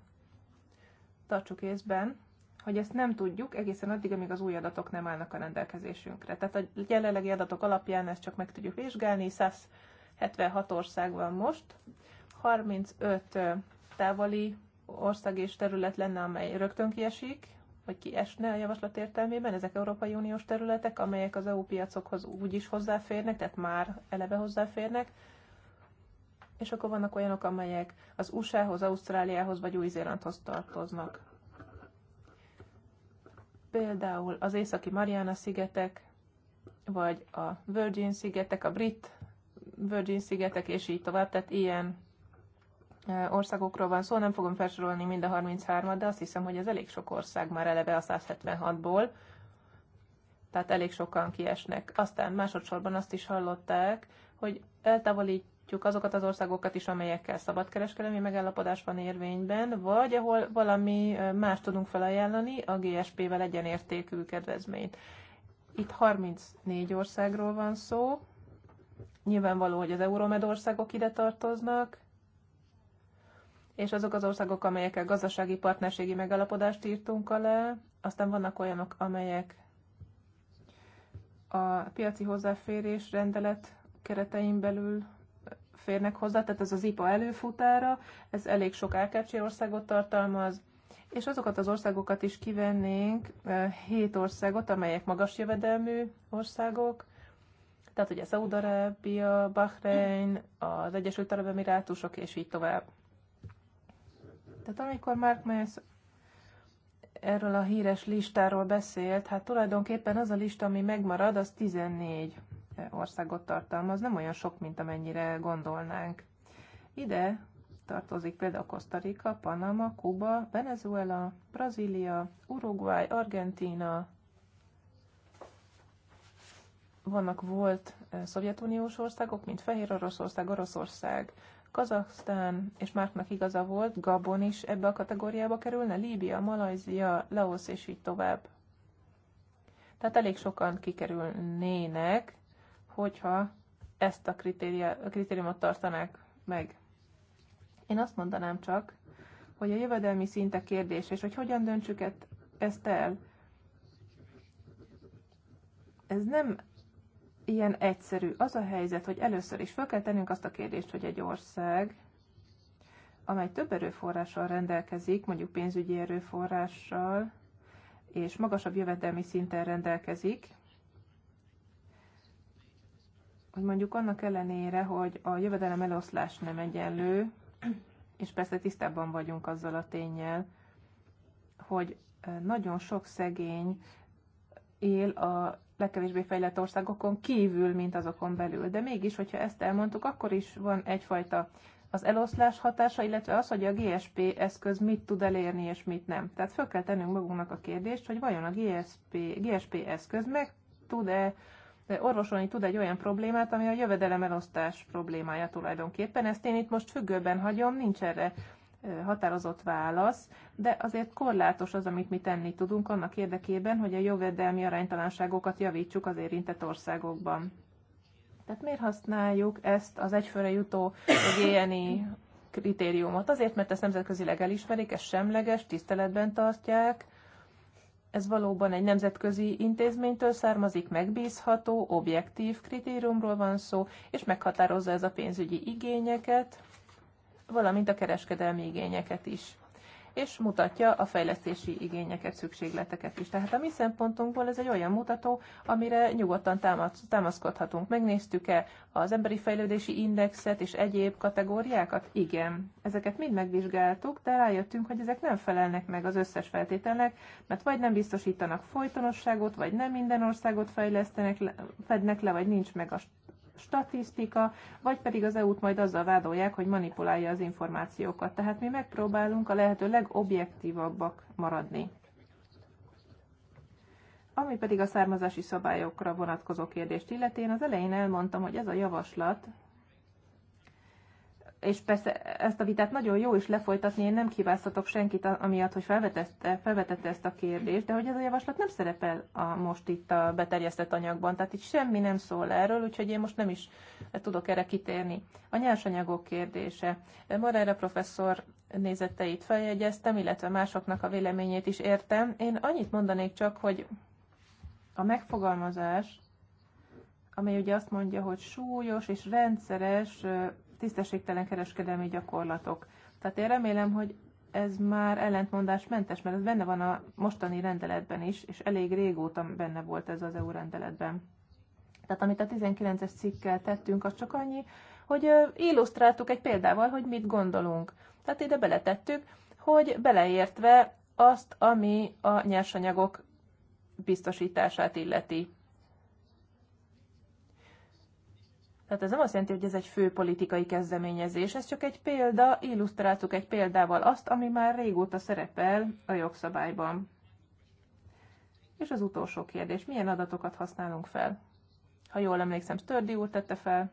Tartsuk észben, hogy ezt nem tudjuk egészen addig, amíg az új adatok nem állnak a rendelkezésünkre. Tehát a jelenlegi adatok alapján ezt csak meg tudjuk vizsgálni. 176 ország van most, 35 távoli ország és terület lenne, amely rögtön kiesik vagy kiesne a javaslat értelmében, ezek Európai Uniós területek, amelyek az EU piacokhoz úgy is hozzáférnek, tehát már eleve hozzáférnek, és akkor vannak olyanok, amelyek az USA-hoz, Ausztráliához vagy Új-Zélandhoz tartoznak. Például az északi Mariana-szigetek, vagy a Virgin-szigetek, a brit Virgin-szigetek, és így tovább, tehát ilyen országokról van szó, nem fogom felsorolni mind a 33-at, de azt hiszem, hogy ez elég sok ország már eleve a 176-ból, tehát elég sokan kiesnek. Aztán másodszorban azt is hallották, hogy eltávolítjuk azokat az országokat is, amelyekkel szabadkereskedelmi megállapodás van érvényben, vagy ahol valami más tudunk felajánlani, a GSP-vel egyenértékű kedvezményt. Itt 34 országról van szó, nyilvánvaló, hogy az Euromed országok ide tartoznak, és azok az országok, amelyekkel gazdasági partnerségi megalapodást írtunk alá, aztán vannak olyanok, amelyek a piaci hozzáférés rendelet keretein belül férnek hozzá, tehát ez az IPA előfutára, ez elég sok AKC országot tartalmaz, és azokat az országokat is kivennénk, hét országot, amelyek magas jövedelmű országok, tehát ugye Szaudarábia, Bahrein, az Egyesült Arab Emirátusok, és így tovább. Tehát amikor Mark Mayes erről a híres listáról beszélt, hát tulajdonképpen az a lista, ami megmarad, az 14 országot tartalmaz, nem olyan sok, mint amennyire gondolnánk. Ide tartozik például Costa Rica, Panama, Kuba, Venezuela, Brazília, Uruguay, Argentína, vannak volt eh, szovjetuniós országok, mint Fehér Oroszország, Oroszország, Kazaksztán, és Márknak igaza volt, Gabon is ebbe a kategóriába kerülne, Líbia, Malajzia, Laosz és így tovább. Tehát elég sokan kikerülnének, hogyha ezt a, a kritériumot tartanák meg. Én azt mondanám csak, hogy a jövedelmi szinte kérdés, és hogy hogyan döntsük ezt el, ez nem ilyen egyszerű. Az a helyzet, hogy először is fel kell tennünk azt a kérdést, hogy egy ország, amely több erőforrással rendelkezik, mondjuk pénzügyi erőforrással, és magasabb jövedelmi szinten rendelkezik, hogy mondjuk annak ellenére, hogy a jövedelem eloszlás nem egyenlő, és persze tisztában vagyunk azzal a tényel, hogy nagyon sok szegény él a legkevésbé fejlett országokon kívül, mint azokon belül. De mégis, hogyha ezt elmondtuk, akkor is van egyfajta az eloszlás hatása, illetve az, hogy a GSP eszköz mit tud elérni és mit nem. Tehát fel kell tennünk magunknak a kérdést, hogy vajon a GSP, GSP eszköz meg tud-e orvosolni tud egy olyan problémát, ami a jövedelem elosztás problémája tulajdonképpen. Ezt én itt most függőben hagyom, nincs erre határozott válasz, de azért korlátos az, amit mi tenni tudunk annak érdekében, hogy a jövedelmi aránytalanságokat javítsuk az érintett országokban. Tehát miért használjuk ezt az egyfőre jutó GNI kritériumot? Azért, mert ezt nemzetközileg elismerik, ez semleges, tiszteletben tartják, ez valóban egy nemzetközi intézménytől származik, megbízható, objektív kritériumról van szó, és meghatározza ez a pénzügyi igényeket, valamint a kereskedelmi igényeket is és mutatja a fejlesztési igényeket, szükségleteket is. Tehát a mi szempontunkból ez egy olyan mutató, amire nyugodtan támaszkodhatunk. Megnéztük-e az emberi fejlődési indexet és egyéb kategóriákat? Igen. Ezeket mind megvizsgáltuk, de rájöttünk, hogy ezek nem felelnek meg az összes feltételnek, mert vagy nem biztosítanak folytonosságot, vagy nem minden országot fejlesztenek, fednek le, vagy nincs meg a statisztika, vagy pedig az EU-t majd azzal vádolják, hogy manipulálja az információkat. Tehát mi megpróbálunk a lehető legobjektívabbak maradni. Ami pedig a származási szabályokra vonatkozó kérdést illeti, én az elején elmondtam, hogy ez a javaslat és persze ezt a vitát nagyon jó is lefolytatni, én nem hibáztatok senkit amiatt, hogy felvetette, felvetette ezt a kérdést, de hogy ez a javaslat nem szerepel a, most itt a beterjesztett anyagban, tehát itt semmi nem szól erről, úgyhogy én most nem is tudok erre kitérni. A nyersanyagok kérdése. Morera professzor nézeteit feljegyeztem, illetve másoknak a véleményét is értem. Én annyit mondanék csak, hogy a megfogalmazás, amely ugye azt mondja, hogy súlyos és rendszeres tisztességtelen kereskedelmi gyakorlatok. Tehát én remélem, hogy ez már ellentmondásmentes, mert ez benne van a mostani rendeletben is, és elég régóta benne volt ez az EU rendeletben. Tehát amit a 19-es cikkkel tettünk, az csak annyi, hogy illusztráltuk egy példával, hogy mit gondolunk. Tehát ide beletettük, hogy beleértve azt, ami a nyersanyagok biztosítását illeti. Tehát ez nem azt jelenti, hogy ez egy fő politikai kezdeményezés, ez csak egy példa, illusztráltuk egy példával azt, ami már régóta szerepel a jogszabályban. És az utolsó kérdés, milyen adatokat használunk fel? Ha jól emlékszem, Stördi úr tette fel.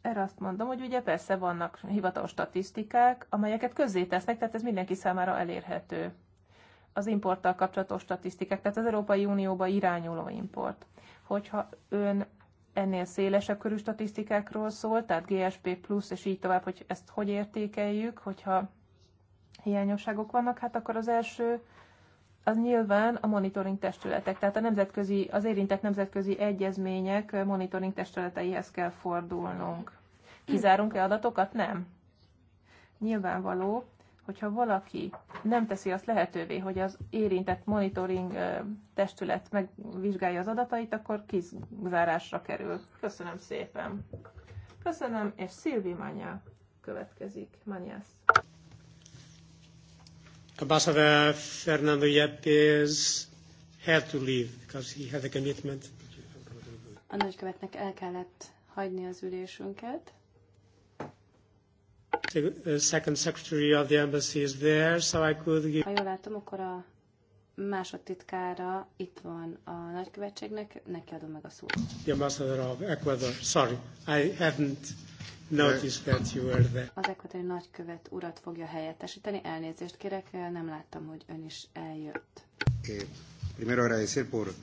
Erre azt mondom, hogy ugye persze vannak hivatalos statisztikák, amelyeket közzétesznek, tehát ez mindenki számára elérhető. Az importtal kapcsolatos statisztikák, tehát az Európai Unióba irányuló import. Hogyha ön ennél szélesebb körű statisztikákról szól, tehát GSP plusz, és így tovább, hogy ezt hogy értékeljük, hogyha hiányosságok vannak, hát akkor az első az nyilván a monitoring testületek, tehát a nemzetközi, az érintett nemzetközi egyezmények monitoring testületeihez kell fordulnunk. Kizárunk-e adatokat? Nem. Nyilvánvaló, hogyha valaki nem teszi azt lehetővé, hogy az érintett monitoring testület megvizsgálja az adatait, akkor kizárásra kerül. Köszönöm szépen. Köszönöm, és Szilvi Manya következik. Manyász. Ambassador Fernando Yepes had to leave because he had a commitment. A nagykövetnek el kellett hagyni az ülésünket. Uh, second secretary of the embassy is there, so I could give... Ha jól látom, akkor a másodtitkára itt van a nagykövetségnek, neki adom meg a szót. The ambassador of Ecuador, sorry, I haven't noticed that you were there. Az ekvadori nagykövet urat fogja helyettesíteni, elnézést kérek, nem láttam, hogy ön is eljött. Eh, primero agradecer por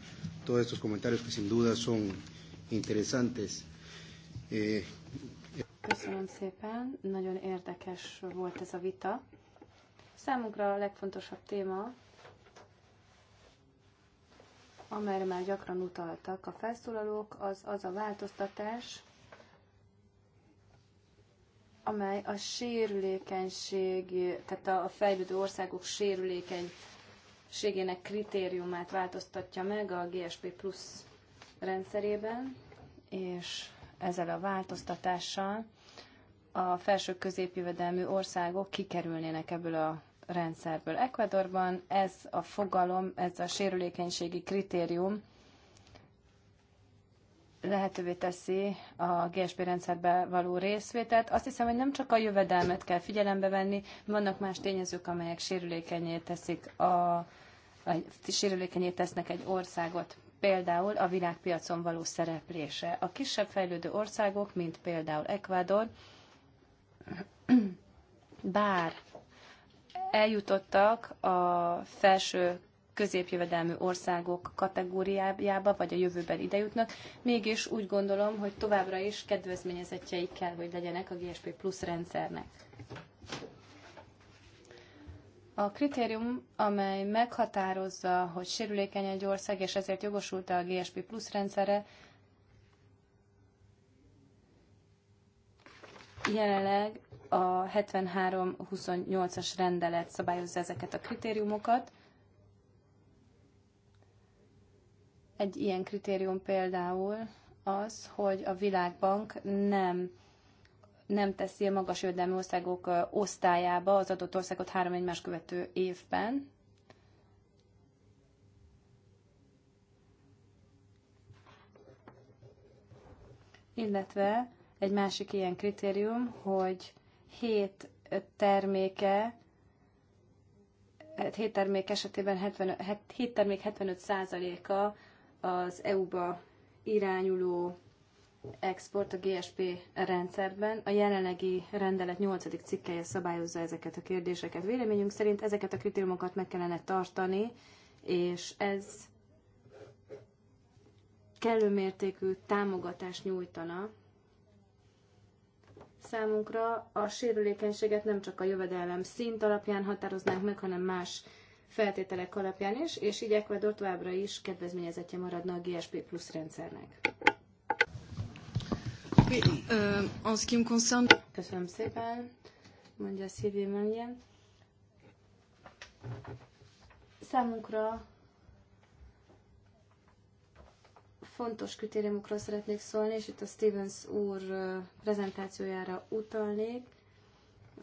todos estos comentarios que sin duda son interesantes. Eh, Köszönöm szépen, nagyon érdekes volt ez a vita. Számunkra a legfontosabb téma, amelyre már gyakran utaltak a felszólalók, az az a változtatás, amely a sérülékenység, tehát a fejlődő országok sérülékenységének kritériumát változtatja meg a GSP Plus rendszerében, és ezzel a változtatással a felső középjövedelmű országok kikerülnének ebből a rendszerből. Ecuadorban ez a fogalom, ez a sérülékenységi kritérium lehetővé teszi a GSP rendszerbe való részvételt. Azt hiszem, hogy nem csak a jövedelmet kell figyelembe venni, vannak más tényezők, amelyek sérülékenyé teszik a, a sérülékenyé tesznek egy országot. Például a világpiacon való szereplése. A kisebb fejlődő országok, mint például Ecuador, bár eljutottak a felső középjövedelmű országok kategóriájába, vagy a jövőben idejutnak, mégis úgy gondolom, hogy továbbra is kedvezményezettjeik kell, hogy legyenek a GSP Plus rendszernek. A kritérium, amely meghatározza, hogy sérülékeny egy ország, és ezért jogosult a GSP Plus rendszere, Jelenleg a 73-28-as rendelet szabályozza ezeket a kritériumokat. Egy ilyen kritérium például az, hogy a Világbank nem nem teszi a magas jövedelmi országok osztályába az adott országot három egymás követő évben. Illetve egy másik ilyen kritérium, hogy hét terméke, hát hét termék esetében 70, 7 termék 75%-a az EU-ba irányuló export a GSP rendszerben. A jelenlegi rendelet 8. cikkeje szabályozza ezeket a kérdéseket. Véleményünk szerint ezeket a kritériumokat meg kellene tartani, és ez kellő mértékű támogatást nyújtana Számunkra a sérülékenységet nem csak a jövedelem szint alapján határoznánk meg, hanem más feltételek alapján is, és így Ecuador továbbra is kedvezményezetje maradna a GSP plusz rendszernek. Euh, Köszönöm szépen, mondja Szilvi Mönjen. Számunkra fontos kritériumokról szeretnék szólni, és itt a Stevens úr prezentációjára utalnék.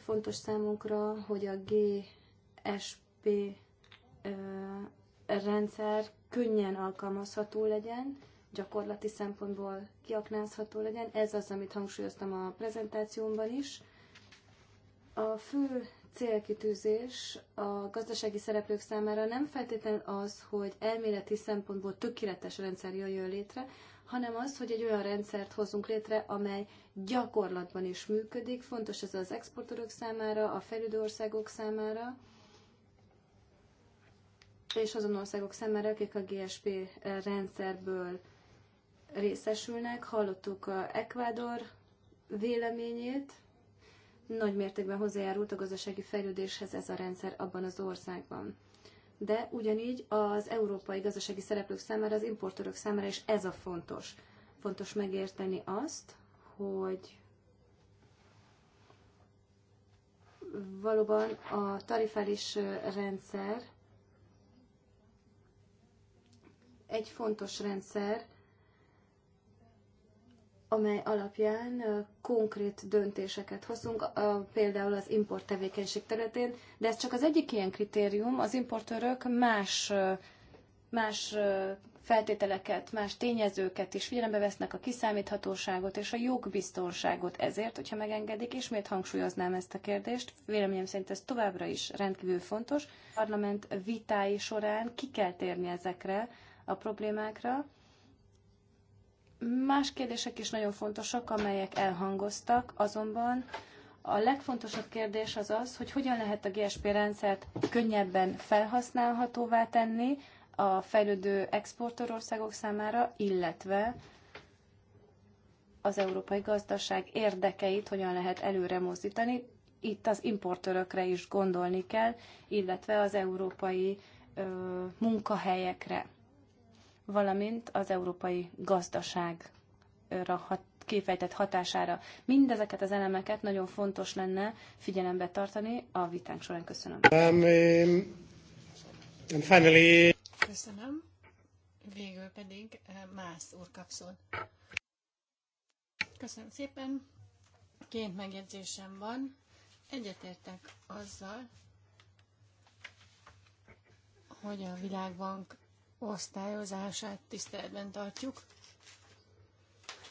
Fontos számunkra, hogy a GSP rendszer könnyen alkalmazható legyen, gyakorlati szempontból kiaknázható legyen. Ez az, amit hangsúlyoztam a prezentációmban is. A fő célkitűzés a gazdasági szereplők számára nem feltétlenül az, hogy elméleti szempontból tökéletes rendszer jöjjön létre, hanem az, hogy egy olyan rendszert hozunk létre, amely gyakorlatban is működik. Fontos ez az exportőrök számára, a fejlődő országok számára, és azon országok számára, akik a GSP rendszerből részesülnek. Hallottuk a Ecuador véleményét, nagy mértékben hozzájárult a gazdasági fejlődéshez ez a rendszer abban az országban. De ugyanígy az európai gazdasági szereplők számára, az importőrök számára is ez a fontos. Fontos megérteni azt, hogy valóban a tarifális rendszer egy fontos rendszer, amely alapján konkrét döntéseket hozunk, például az import tevékenység területén, de ez csak az egyik ilyen kritérium, az importőrök más, más feltételeket, más tényezőket is figyelembe vesznek a kiszámíthatóságot és a jogbiztonságot. Ezért, hogyha megengedik, ismét hangsúlyoznám ezt a kérdést. Véleményem szerint ez továbbra is rendkívül fontos. A parlament vitái során ki kell térni ezekre a problémákra, Más kérdések is nagyon fontosak, amelyek elhangoztak, azonban a legfontosabb kérdés az az, hogy hogyan lehet a GSP rendszert könnyebben felhasználhatóvá tenni a fejlődő exportorországok számára, illetve az európai gazdaság érdekeit hogyan lehet előre mozdítani. Itt az importőrökre is gondolni kell, illetve az európai ö, munkahelyekre valamint az európai gazdaságra hat, kifejtett hatására. Mindezeket az elemeket nagyon fontos lenne figyelembe tartani a vitánk során. Köszönöm. Um, um and finally... Köszönöm. Végül pedig eh, Mász úr kapszol. Köszönöm szépen. Ként megjegyzésem van. Egyetértek azzal, hogy a Világbank osztályozását tiszteletben tartjuk.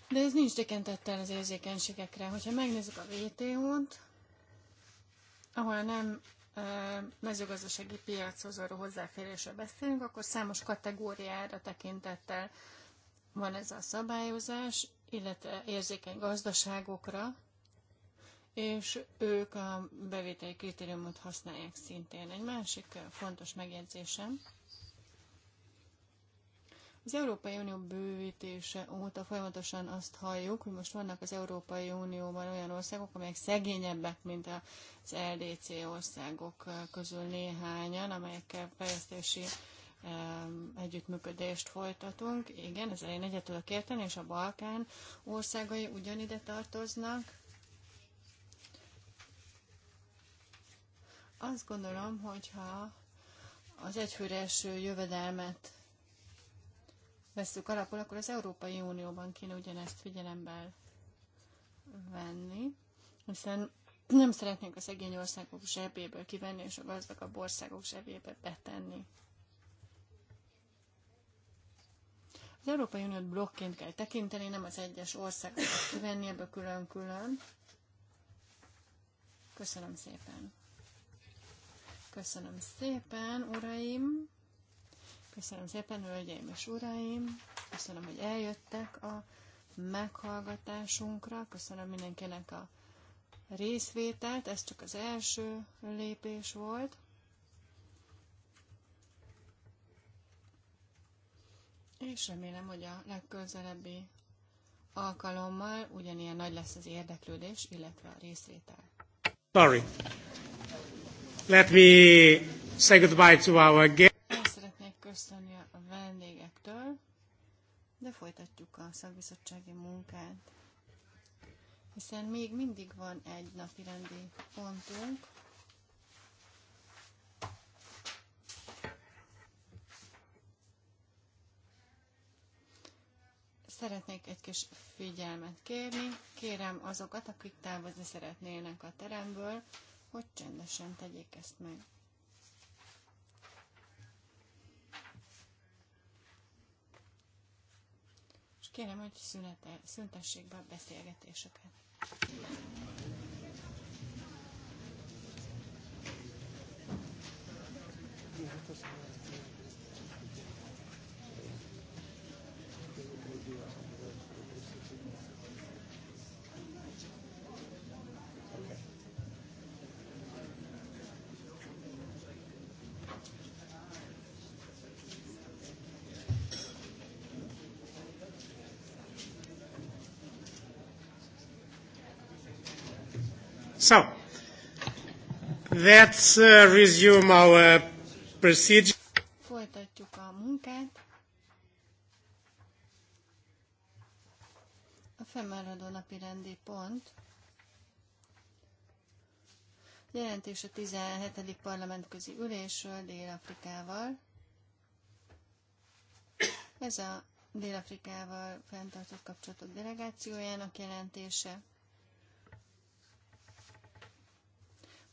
De ez nincs tekintettel az érzékenységekre. Hogyha megnézzük a VTO-t, ahol nem mezőgazdasági piachoz való hozzáférésre beszélünk, akkor számos kategóriára tekintettel van ez a szabályozás, illetve érzékeny gazdaságokra, és ők a bevételi kritériumot használják szintén. Egy másik fontos megjegyzésem, az Európai Unió bővítése óta folyamatosan azt halljuk, hogy most vannak az Európai Unióban olyan országok, amelyek szegényebbek, mint az LDC országok közül néhányan, amelyekkel fejlesztési együttműködést folytatunk. Igen, ez én egyet a kérteni, és a Balkán országai ugyanide tartoznak. Azt gondolom, hogyha az egyfőre eső jövedelmet veszük alapul, akkor az Európai Unióban kéne ugyanezt figyelembe venni, hiszen nem szeretnénk a szegény országok zsebéből kivenni, és a gazdagabb országok zsebébe betenni. Az Európai Uniót blokként kell tekinteni, nem az egyes országokat kivenni ebből külön-külön. Köszönöm szépen. Köszönöm szépen, uraim. Köszönöm szépen, hölgyeim és uraim! Köszönöm, hogy eljöttek a meghallgatásunkra. Köszönöm mindenkinek a részvételt. Ez csak az első lépés volt. És remélem, hogy a legközelebbi alkalommal ugyanilyen nagy lesz az érdeklődés, illetve a részvétel. Sorry. Let me say goodbye to our guest. de folytatjuk a szakbizottsági munkát, hiszen még mindig van egy napi rendi pontunk, Szeretnék egy kis figyelmet kérni. Kérem azokat, akik távozni szeretnének a teremből, hogy csendesen tegyék ezt meg. Kérem, hogy szünetel, szüntessék be a beszélgetéseket. Hát yeah, So, let's uh, resume our procedure. Folytatjuk a munkát. A fennmaradó napi rendi pont. Jelentés a 17. parlamentközi ülésről Dél-Afrikával. Ez a Dél-Afrikával fenntartott kapcsolatok delegációjának jelentése.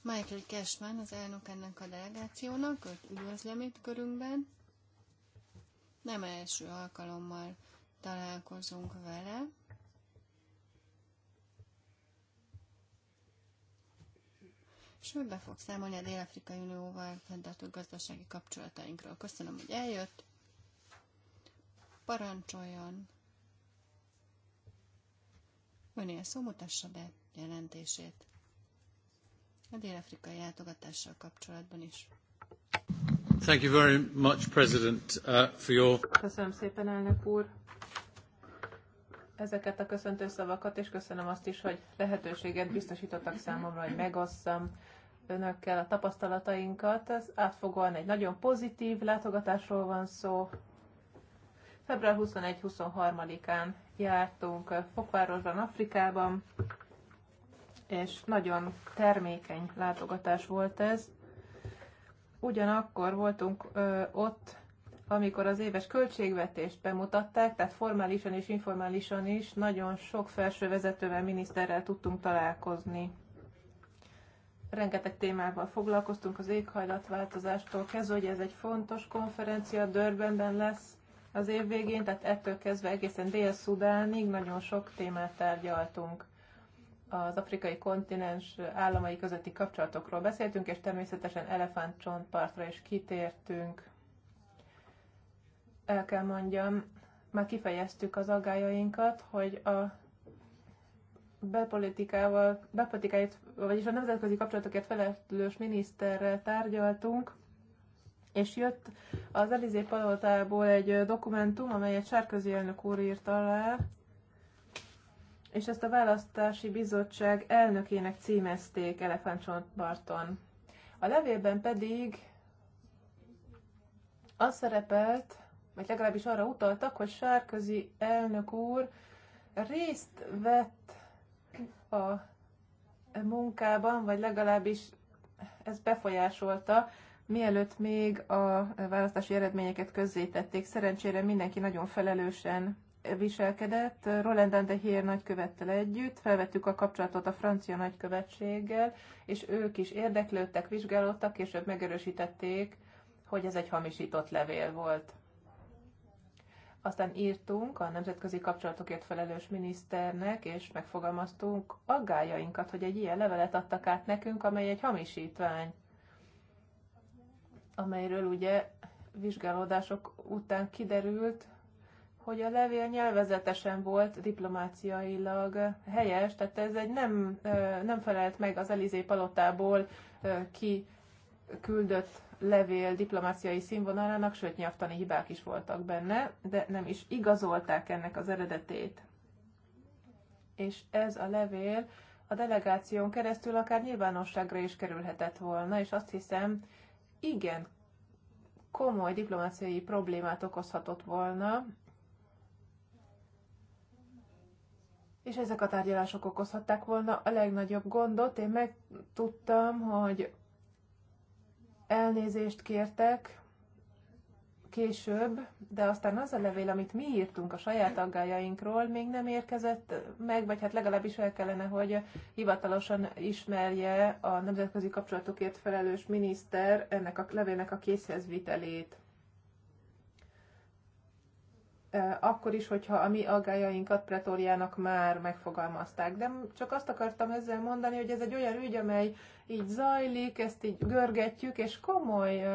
Michael Cashman, az elnök ennek a delegációnak, őt üdvözlöm itt körünkben. Nem első alkalommal találkozunk vele. És be fog számolni a Dél-Afrikai Unióval fenntartó gazdasági kapcsolatainkról. Köszönöm, hogy eljött. Parancsoljon! Önél szó mutassa be jelentését a dél-afrikai látogatással kapcsolatban is. Thank you very much, President, uh, for your... Köszönöm szépen, elnök úr, ezeket a köszöntő szavakat, és köszönöm azt is, hogy lehetőséget biztosítottak számomra, hogy megosszam önökkel a tapasztalatainkat. Ez átfogóan egy nagyon pozitív látogatásról van szó. Február 21-23-án jártunk Fokvárosban, Afrikában, és nagyon termékeny látogatás volt ez. Ugyanakkor voltunk ö, ott, amikor az éves költségvetést bemutatták, tehát formálisan és informálisan is nagyon sok felső vezetővel, miniszterrel tudtunk találkozni. Rengeteg témával foglalkoztunk, az éghajlatváltozástól kezdve, hogy ez egy fontos konferencia, Dörbenben lesz az év végén, tehát ettől kezdve egészen Dél-Szudánig nagyon sok témát tárgyaltunk az afrikai kontinens államai közötti kapcsolatokról beszéltünk, és természetesen elefántcsontpartra is kitértünk. El kell mondjam, már kifejeztük az aggájainkat, hogy a belpolitikával, belpolitikáit, vagyis a nemzetközi kapcsolatokért felelős miniszterrel tárgyaltunk, és jött az Elizé palotából egy dokumentum, amelyet Sárközi elnök úr írt alá, és ezt a választási bizottság elnökének címezték Elefántcsontparton. A levélben pedig az szerepelt, vagy legalábbis arra utaltak, hogy Sárközi elnök úr részt vett a munkában, vagy legalábbis ez befolyásolta, mielőtt még a választási eredményeket közzétették. Szerencsére mindenki nagyon felelősen viselkedett. Roland Dandehier nagykövettel együtt felvettük a kapcsolatot a francia nagykövetséggel, és ők is érdeklődtek, vizsgálódtak, később megerősítették, hogy ez egy hamisított levél volt. Aztán írtunk a nemzetközi kapcsolatokért felelős miniszternek, és megfogalmaztunk aggájainkat, hogy egy ilyen levelet adtak át nekünk, amely egy hamisítvány, amelyről ugye vizsgálódások után kiderült, hogy a levél nyelvezetesen volt diplomáciailag helyes, tehát ez egy nem, nem felelt meg az Elizé palotából ki küldött levél diplomáciai színvonalának, sőt nyelvtani hibák is voltak benne, de nem is igazolták ennek az eredetét. És ez a levél a delegáción keresztül akár nyilvánosságra is kerülhetett volna, és azt hiszem, igen komoly diplomáciai problémát okozhatott volna, és ezek a tárgyalások okozhatták volna a legnagyobb gondot. Én megtudtam, hogy elnézést kértek később, de aztán az a levél, amit mi írtunk a saját aggájainkról, még nem érkezett meg, vagy hát legalábbis el kellene, hogy hivatalosan ismerje a nemzetközi kapcsolatokért felelős miniszter ennek a levélnek a készhezvitelét akkor is, hogyha a mi aggájainkat pretóriának már megfogalmazták. De csak azt akartam ezzel mondani, hogy ez egy olyan ügy, amely így zajlik, ezt így görgetjük, és komoly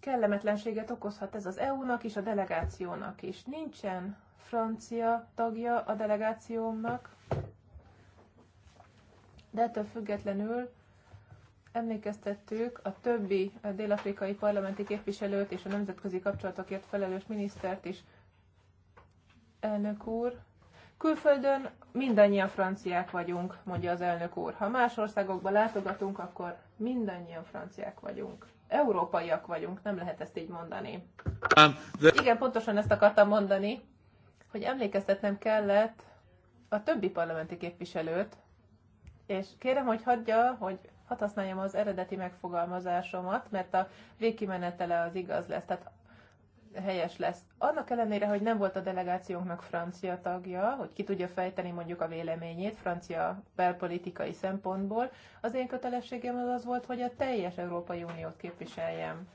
kellemetlenséget okozhat ez az EU-nak is, a delegációnak is. Nincsen francia tagja a delegációmnak, de ettől függetlenül emlékeztettük a többi dél-afrikai parlamenti képviselőt és a nemzetközi kapcsolatokért felelős minisztert is. Elnök úr, külföldön mindannyian franciák vagyunk, mondja az elnök úr. Ha más országokba látogatunk, akkor mindannyian franciák vagyunk. Európaiak vagyunk, nem lehet ezt így mondani. Um, Igen, pontosan ezt akartam mondani, hogy emlékeztetnem kellett a többi parlamenti képviselőt, és kérem, hogy hagyja, hogy hadd használjam az eredeti megfogalmazásomat, mert a végkimenetele az igaz lesz, tehát helyes lesz. Annak ellenére, hogy nem volt a delegációnknak francia tagja, hogy ki tudja fejteni mondjuk a véleményét francia belpolitikai szempontból, az én kötelességem az az volt, hogy a teljes Európai Uniót képviseljem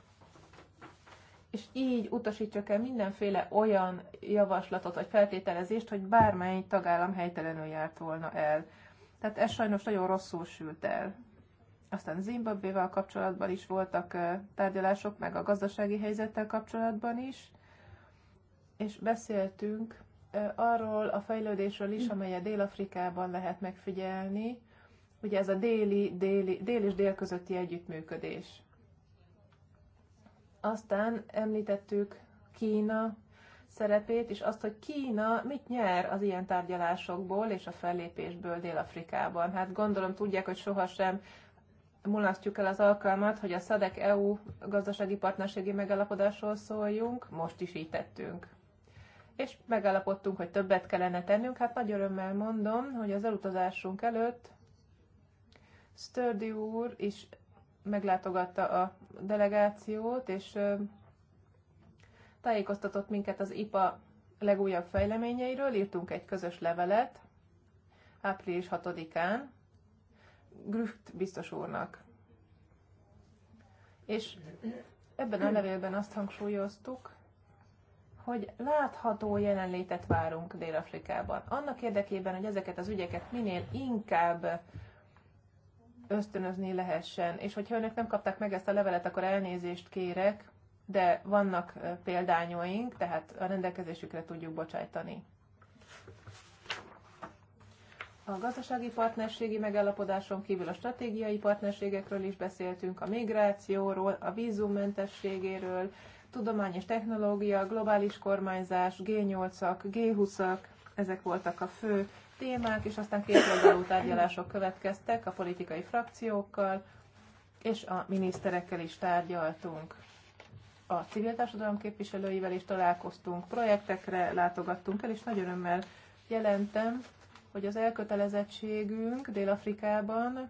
és így utasítsak el mindenféle olyan javaslatot vagy feltételezést, hogy bármely tagállam helytelenül járt volna el. Tehát ez sajnos nagyon rosszul sült el. Aztán Zimbabvéval kapcsolatban is voltak tárgyalások, meg a gazdasági helyzettel kapcsolatban is, és beszéltünk arról a fejlődésről is, amelyet Dél-Afrikában lehet megfigyelni, ugye ez a déli, déli, dél és dél közötti együttműködés. Aztán említettük Kína szerepét, és azt, hogy Kína mit nyer az ilyen tárgyalásokból és a fellépésből Dél-Afrikában. Hát gondolom tudják, hogy sohasem mulasztjuk el az alkalmat, hogy a SZADEK EU gazdasági partnerségi megállapodásról szóljunk, most is így tettünk. És megállapodtunk, hogy többet kellene tennünk, hát nagy örömmel mondom, hogy az elutazásunk előtt Sturdy úr is meglátogatta a delegációt, és tájékoztatott minket az IPA legújabb fejleményeiről, írtunk egy közös levelet április 6-án, Grüft biztos úrnak. És ebben a levélben azt hangsúlyoztuk, hogy látható jelenlétet várunk Dél-Afrikában. Annak érdekében, hogy ezeket az ügyeket minél inkább ösztönözni lehessen. És hogyha önök nem kapták meg ezt a levelet, akkor elnézést kérek, de vannak példányoink, tehát a rendelkezésükre tudjuk bocsájtani. A gazdasági partnerségi megállapodáson kívül a stratégiai partnerségekről is beszéltünk, a migrációról, a vízummentességéről, tudomány és technológia, globális kormányzás, G8-ak, G20-ak, ezek voltak a fő témák, és aztán két oldalú tárgyalások következtek a politikai frakciókkal, és a miniszterekkel is tárgyaltunk. A civil társadalom képviselőivel is találkoztunk, projektekre látogattunk el, és nagy örömmel jelentem, hogy az elkötelezettségünk Dél-Afrikában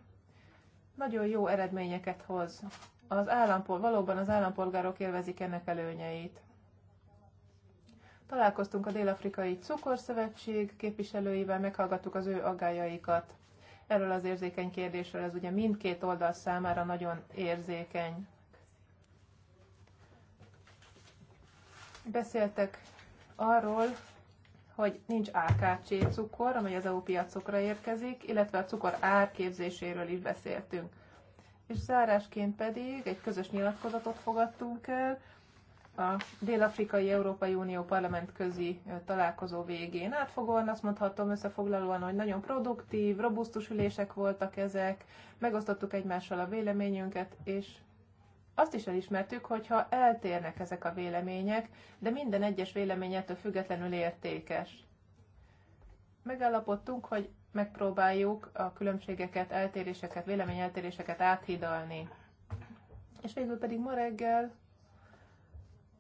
nagyon jó eredményeket hoz. Az állampol, valóban az állampolgárok élvezik ennek előnyeit. Találkoztunk a Dél-Afrikai Cukorszövetség képviselőivel, meghallgattuk az ő aggájaikat. Erről az érzékeny kérdésről ez ugye mindkét oldal számára nagyon érzékeny. Beszéltek arról, hogy nincs AKC cukor, amely az EU piacokra érkezik, illetve a cukor árképzéséről is beszéltünk. És zárásként pedig egy közös nyilatkozatot fogadtunk el a Dél-Afrikai Európai Unió parlament közi találkozó végén. Átfogóan azt mondhatom összefoglalóan, hogy nagyon produktív, robusztus ülések voltak ezek, megosztottuk egymással a véleményünket, és azt is elismertük, hogyha eltérnek ezek a vélemények, de minden egyes véleményetől függetlenül értékes. Megállapodtunk, hogy megpróbáljuk a különbségeket, eltéréseket, véleményeltéréseket áthidalni. És végül pedig ma reggel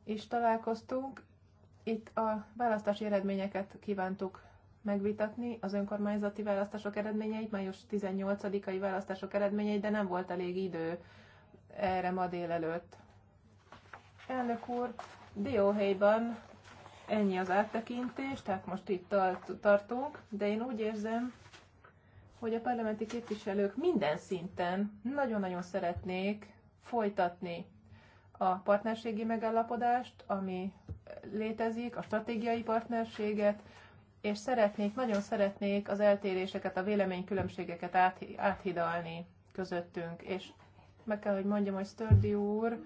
is találkoztunk, itt a választási eredményeket kívántuk megvitatni, az önkormányzati választások eredményeit, május 18-ai választások eredményeit, de nem volt elég idő erre ma délelőtt. Elnök úr, Dióhelyban ennyi az áttekintés, tehát most itt tartunk, de én úgy érzem, hogy a parlamenti képviselők minden szinten nagyon-nagyon szeretnék folytatni a partnerségi megállapodást, ami létezik, a stratégiai partnerséget, és szeretnék, nagyon szeretnék az eltéréseket, a véleménykülönbségeket áthidalni közöttünk, és meg kell, hogy mondjam, hogy Stördi úr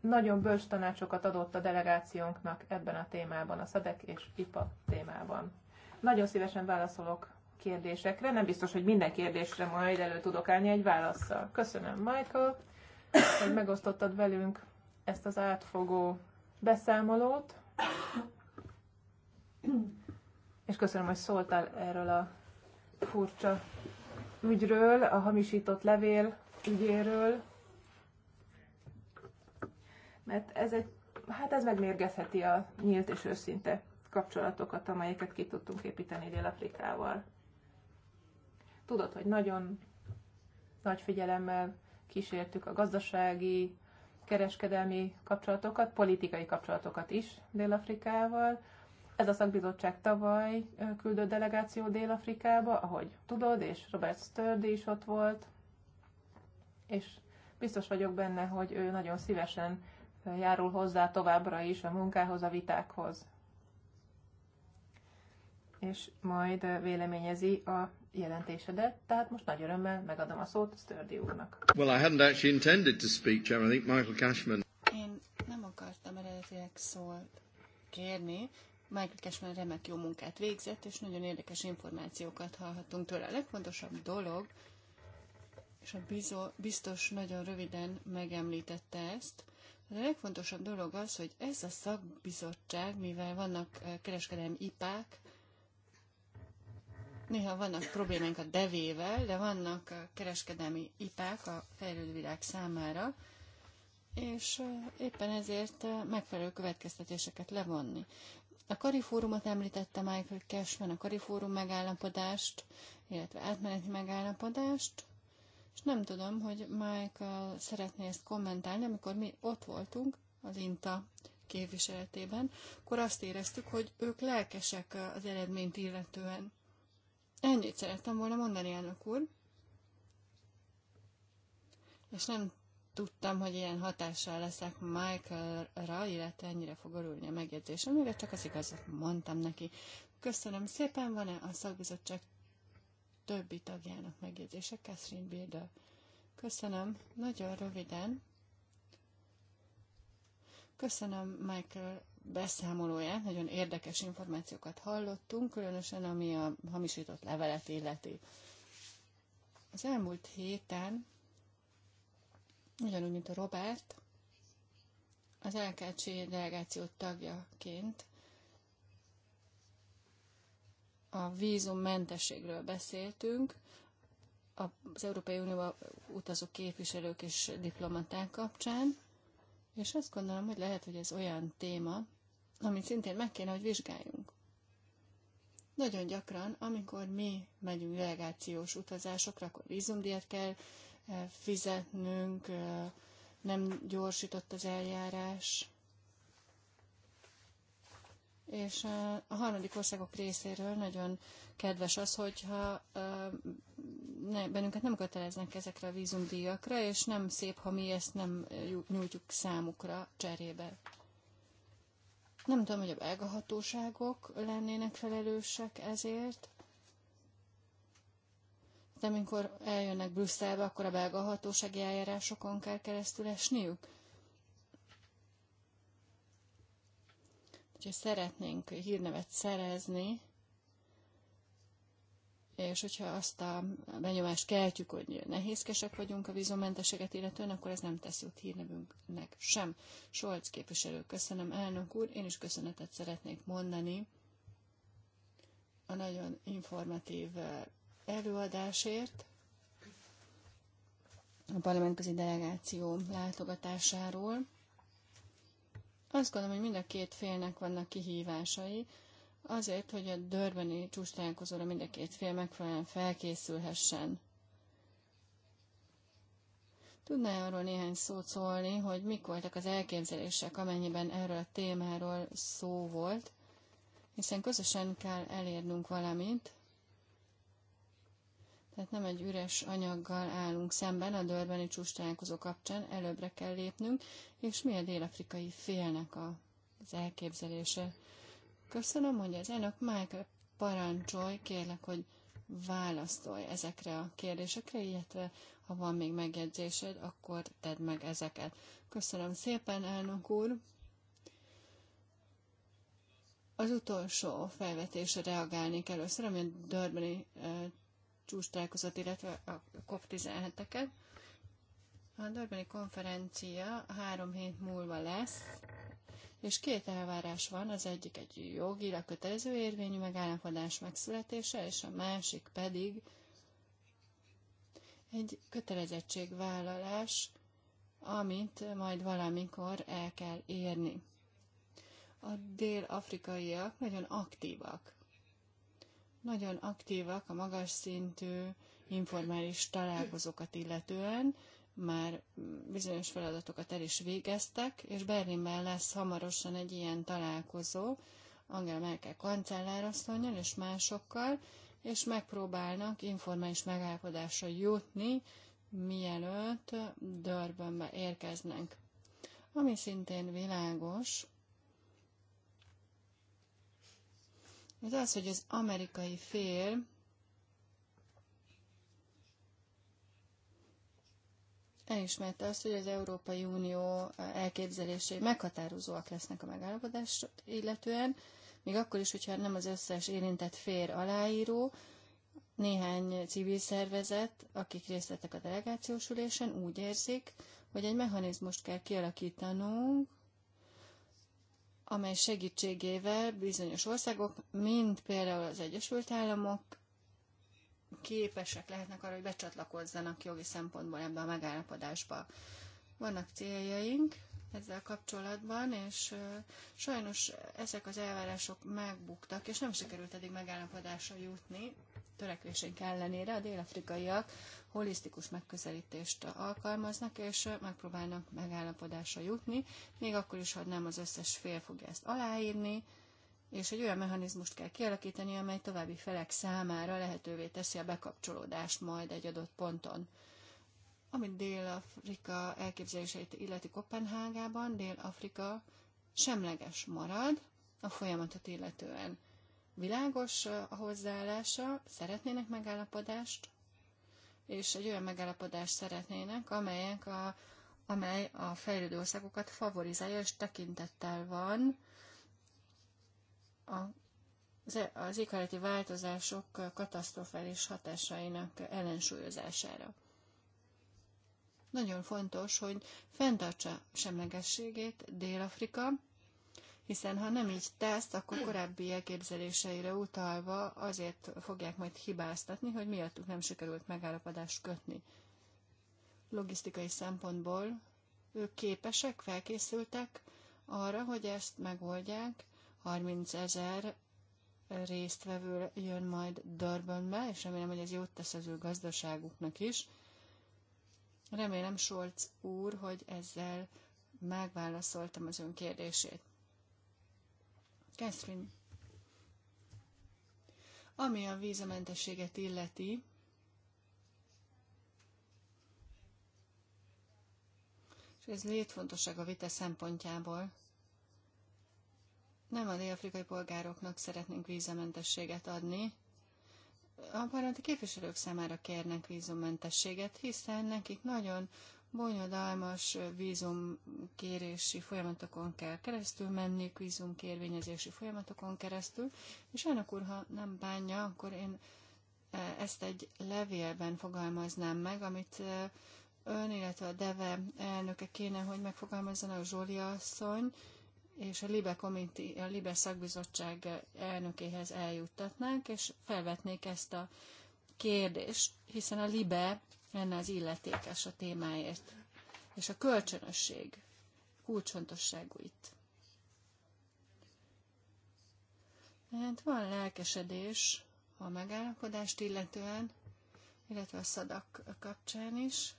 nagyon bölcs tanácsokat adott a delegációnknak ebben a témában, a szedek és IPA témában. Nagyon szívesen válaszolok kérdésekre, nem biztos, hogy minden kérdésre majd elő tudok állni egy válaszsal. Köszönöm, Michael, hogy megosztottad velünk ezt az átfogó beszámolót, és köszönöm, hogy szóltál erről a furcsa ügyről, a hamisított levél ügyéről, mert ez egy, hát ez megmérgezheti a nyílt és őszinte kapcsolatokat, amelyeket ki tudtunk építeni Dél-Afrikával. Tudod, hogy nagyon nagy figyelemmel kísértük a gazdasági, kereskedelmi kapcsolatokat, politikai kapcsolatokat is Dél-Afrikával. Ez a szakbizottság tavaly küldött delegáció Dél-Afrikába, ahogy tudod, és Robert Sturdy is ott volt és biztos vagyok benne, hogy ő nagyon szívesen járul hozzá továbbra is a munkához, a vitákhoz. És majd véleményezi a jelentésedet, tehát most nagy örömmel megadom a szót Sturdy úrnak. Well, I hadn't actually intended to speak, Jim. I think Michael Cashman... Én nem akartam eredetileg szólt kérni. Michael Cashman remek jó munkát végzett, és nagyon érdekes információkat hallhattunk tőle. A legfontosabb dolog, és a bizó, biztos nagyon röviden megemlítette ezt. De a legfontosabb dolog az, hogy ez a szakbizottság, mivel vannak eh, kereskedelmi ipák, néha vannak problémánk a devével, de vannak eh, kereskedelmi ipák a fejlődő világ számára, és eh, éppen ezért megfelelő következtetéseket levonni. A karifórumot említette Michael Cashman, a karifórum megállapodást, illetve átmeneti megállapodást, és nem tudom, hogy Michael szeretné ezt kommentálni, amikor mi ott voltunk az INTA képviseletében, akkor azt éreztük, hogy ők lelkesek az eredményt illetően. Ennyit szerettem volna mondani, elnök úr. És nem tudtam, hogy ilyen hatással leszek Michael-ra, illetve ennyire fog örülni a megjegyzésem, mire csak az igazat mondtam neki. Köszönöm szépen, van-e a szakbizottság többi tagjának megjegyzése. Catherine Bilda. Köszönöm. Nagyon röviden. Köszönöm Michael beszámolóját, nagyon érdekes információkat hallottunk, különösen ami a hamisított levelet illeti. Az elmúlt héten, ugyanúgy, mint a Robert, az LKC delegáció tagjaként a vízummentességről beszéltünk, az Európai Unióba utazó képviselők és diplomaták kapcsán, és azt gondolom, hogy lehet, hogy ez olyan téma, amit szintén meg kéne, hogy vizsgáljunk. Nagyon gyakran, amikor mi megyünk delegációs utazásokra, akkor vízumdíjat kell eh, fizetnünk, eh, nem gyorsított az eljárás, és a harmadik országok részéről nagyon kedves az, hogyha ne, bennünket nem köteleznek ezekre a vízumdíjakra, és nem szép, ha mi ezt nem nyújtjuk számukra cserébe. Nem tudom, hogy a belga hatóságok lennének felelősek ezért, de amikor eljönnek Brüsszelbe, akkor a belga hatósági eljárásokon kell keresztül esniük. hogyha szeretnénk hírnevet szerezni, és hogyha azt a benyomást keltjük, hogy nehézkesek vagyunk a vízumenteseket illetően, akkor ez nem tesz jót hírnevünknek sem. Solc képviselő, köszönöm elnök úr, én is köszönetet szeretnék mondani a nagyon informatív eh, előadásért a parlamentközi delegáció látogatásáról. Azt gondolom, hogy mind a két félnek vannak kihívásai, azért, hogy a dörbeni csúcstalálkozóra mind a két fél megfelelően felkészülhessen. Tudná -e arról néhány szót szólni, hogy mik voltak az elképzelések, amennyiben erről a témáról szó volt, hiszen közösen kell elérnünk valamit, tehát nem egy üres anyaggal állunk szemben a dörbeni csúcs kapcsán, előbbre kell lépnünk, és mi a dél-afrikai félnek a, az elképzelése. Köszönöm, mondja az elnök, Michael, parancsolj, kérlek, hogy Választolj ezekre a kérdésekre, illetve ha van még megjegyzésed, akkor tedd meg ezeket. Köszönöm szépen, elnök úr! Az utolsó felvetésre reagálnék először, ami a Durbani eh, csúcstalálkozót, illetve a COP17-eket. A Durbani konferencia három hét múlva lesz, és két elvárás van, az egyik egy jogilag kötelező érvényű megállapodás megszületése, és a másik pedig egy kötelezettségvállalás, amit majd valamikor el kell érni. A dél-afrikaiak nagyon aktívak nagyon aktívak a magas szintű informális találkozókat illetően, már bizonyos feladatokat el is végeztek, és Berlinben lesz hamarosan egy ilyen találkozó Angela Merkel kancellárasszonynal és másokkal, és megpróbálnak informális megállapodásra jutni, mielőtt Dörbönbe érkeznek. Ami szintén világos, Ez az, hogy az amerikai fél elismerte azt, hogy az Európai Unió elképzelései meghatározóak lesznek a megállapodást illetően, még akkor is, hogyha nem az összes érintett fér aláíró, néhány civil szervezet, akik részt vettek a delegációs ülésen, úgy érzik, hogy egy mechanizmust kell kialakítanunk amely segítségével bizonyos országok, mint például az Egyesült Államok képesek lehetnek arra, hogy becsatlakozzanak jogi szempontból ebbe a megállapodásba. Vannak céljaink, ezzel kapcsolatban, és sajnos ezek az elvárások megbuktak, és nem sikerült eddig megállapodásra jutni, törekvésénk ellenére a dél-afrikaiak holisztikus megközelítést alkalmaznak, és megpróbálnak megállapodásra jutni, még akkor is, ha nem az összes fél fogja ezt aláírni, és egy olyan mechanizmust kell kialakítani, amely további felek számára lehetővé teszi a bekapcsolódást majd egy adott ponton. Amit Dél-Afrika elképzeléseit illeti Kopenhágában, Dél-Afrika semleges marad a folyamatot illetően. Világos a hozzáállása, szeretnének megállapodást, és egy olyan megállapodást szeretnének, amelyek a, amely a fejlődő országokat favorizálja, és tekintettel van a, az e, éghajlati változások katasztrofális hatásainak ellensúlyozására. Nagyon fontos, hogy fenntartsa semlegességét Dél-Afrika, hiszen ha nem így tesz, akkor korábbi elképzeléseire utalva azért fogják majd hibáztatni, hogy miattuk nem sikerült megállapodást kötni. Logisztikai szempontból ők képesek, felkészültek arra, hogy ezt megoldják. 30 ezer résztvevő jön majd Durbanbe, és remélem, hogy ez jót tesz az ő gazdaságuknak is. Remélem, Solc úr, hogy ezzel megválaszoltam az ön kérdését. Catherine. Ami a vízamentességet illeti, és ez létfontosság a vita szempontjából, nem a dél-afrikai polgároknak szeretnénk vízamentességet adni, a parlamenti képviselők számára kérnek vízummentességet, hiszen nekik nagyon bonyodalmas vízumkérési folyamatokon kell keresztül menniük, vízumkérvényezési folyamatokon keresztül, és elnök úr, ha nem bánja, akkor én e, ezt egy levélben fogalmaznám meg, amit e, ön, illetve a DEVE elnöke kéne, hogy megfogalmazzon a Zsóli asszony, és a Libe, komiti, a Libe szakbizottság elnökéhez eljuttatnánk, és felvetnék ezt a kérdést, hiszen a Libe lenne az illetékes a témáért. És a kölcsönösség kulcsfontosságú itt. Hát van lelkesedés a megállapodást illetően, illetve a szadak kapcsán is.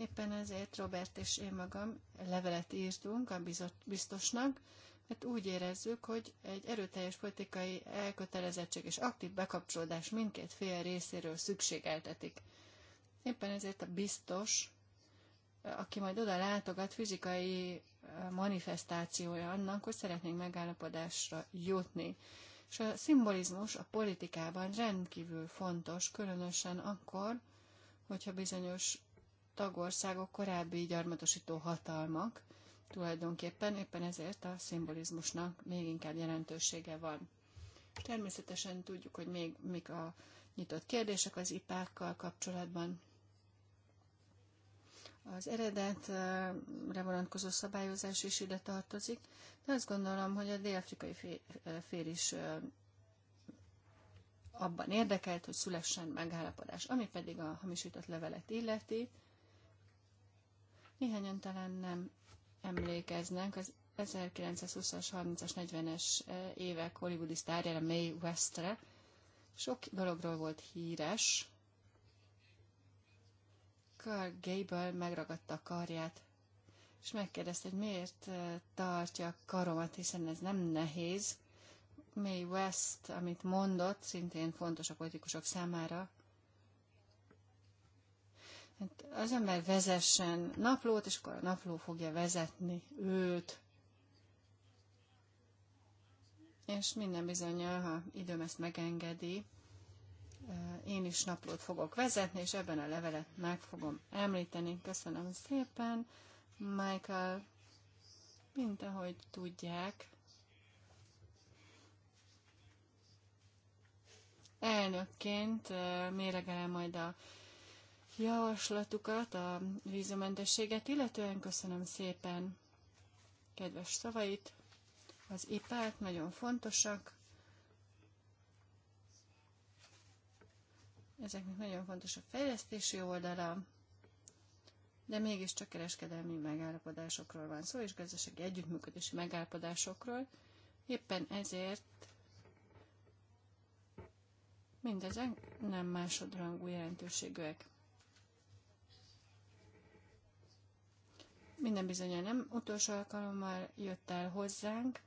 Éppen ezért Robert és én magam levelet írtunk a biztosnak, mert úgy érezzük, hogy egy erőteljes politikai elkötelezettség és aktív bekapcsolódás mindkét fél részéről szükségeltetik. Éppen ezért a biztos, aki majd oda látogat, fizikai manifestációja annak, hogy szeretnénk megállapodásra jutni. És a szimbolizmus a politikában rendkívül fontos, különösen akkor, hogyha bizonyos tagországok korábbi gyarmatosító hatalmak tulajdonképpen, éppen ezért a szimbolizmusnak még inkább jelentősége van. Természetesen tudjuk, hogy még mik a nyitott kérdések az ipákkal kapcsolatban. Az eredetre vonatkozó szabályozás is ide tartozik, de azt gondolom, hogy a dél-afrikai fél, is abban érdekelt, hogy szülessen megállapodás. Ami pedig a hamisított levelet illeti, Néhányan talán nem emlékeznek az 1920-as, 30-as, 40-es évek hollywoodi sztárjára, May Westre. Sok dologról volt híres. Carl Gable megragadta a karját, és megkérdezte, hogy miért eh, tartja a karomat, hiszen ez nem nehéz. May West, amit mondott, szintén fontos a politikusok számára, Hát az ember vezessen naplót, és akkor a napló fogja vezetni őt. És minden bizony, ha időm ezt megengedi, eh, én is naplót fogok vezetni, és ebben a levelet meg fogom említeni. Köszönöm szépen, Michael. Mint ahogy tudják, elnökként eh, méregelem majd a javaslatukat, a vízumentességet, illetően köszönöm szépen kedves szavait. Az ipát, nagyon fontosak. Ezeknek nagyon fontos a fejlesztési oldala, de mégiscsak kereskedelmi megállapodásokról van szó, és gazdasági együttműködési megállapodásokról. Éppen ezért mindezek nem másodrangú jelentőségűek. minden bizonyal nem utolsó alkalommal jött el hozzánk,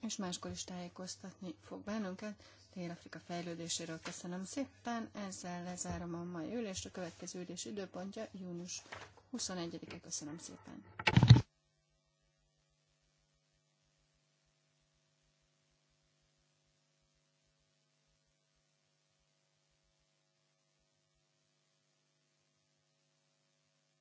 és máskor is tájékoztatni fog bennünket. Dél-Afrika fejlődéséről köszönöm szépen, ezzel lezárom a mai ülést, a következő ülés időpontja június 21-e. Köszönöm szépen!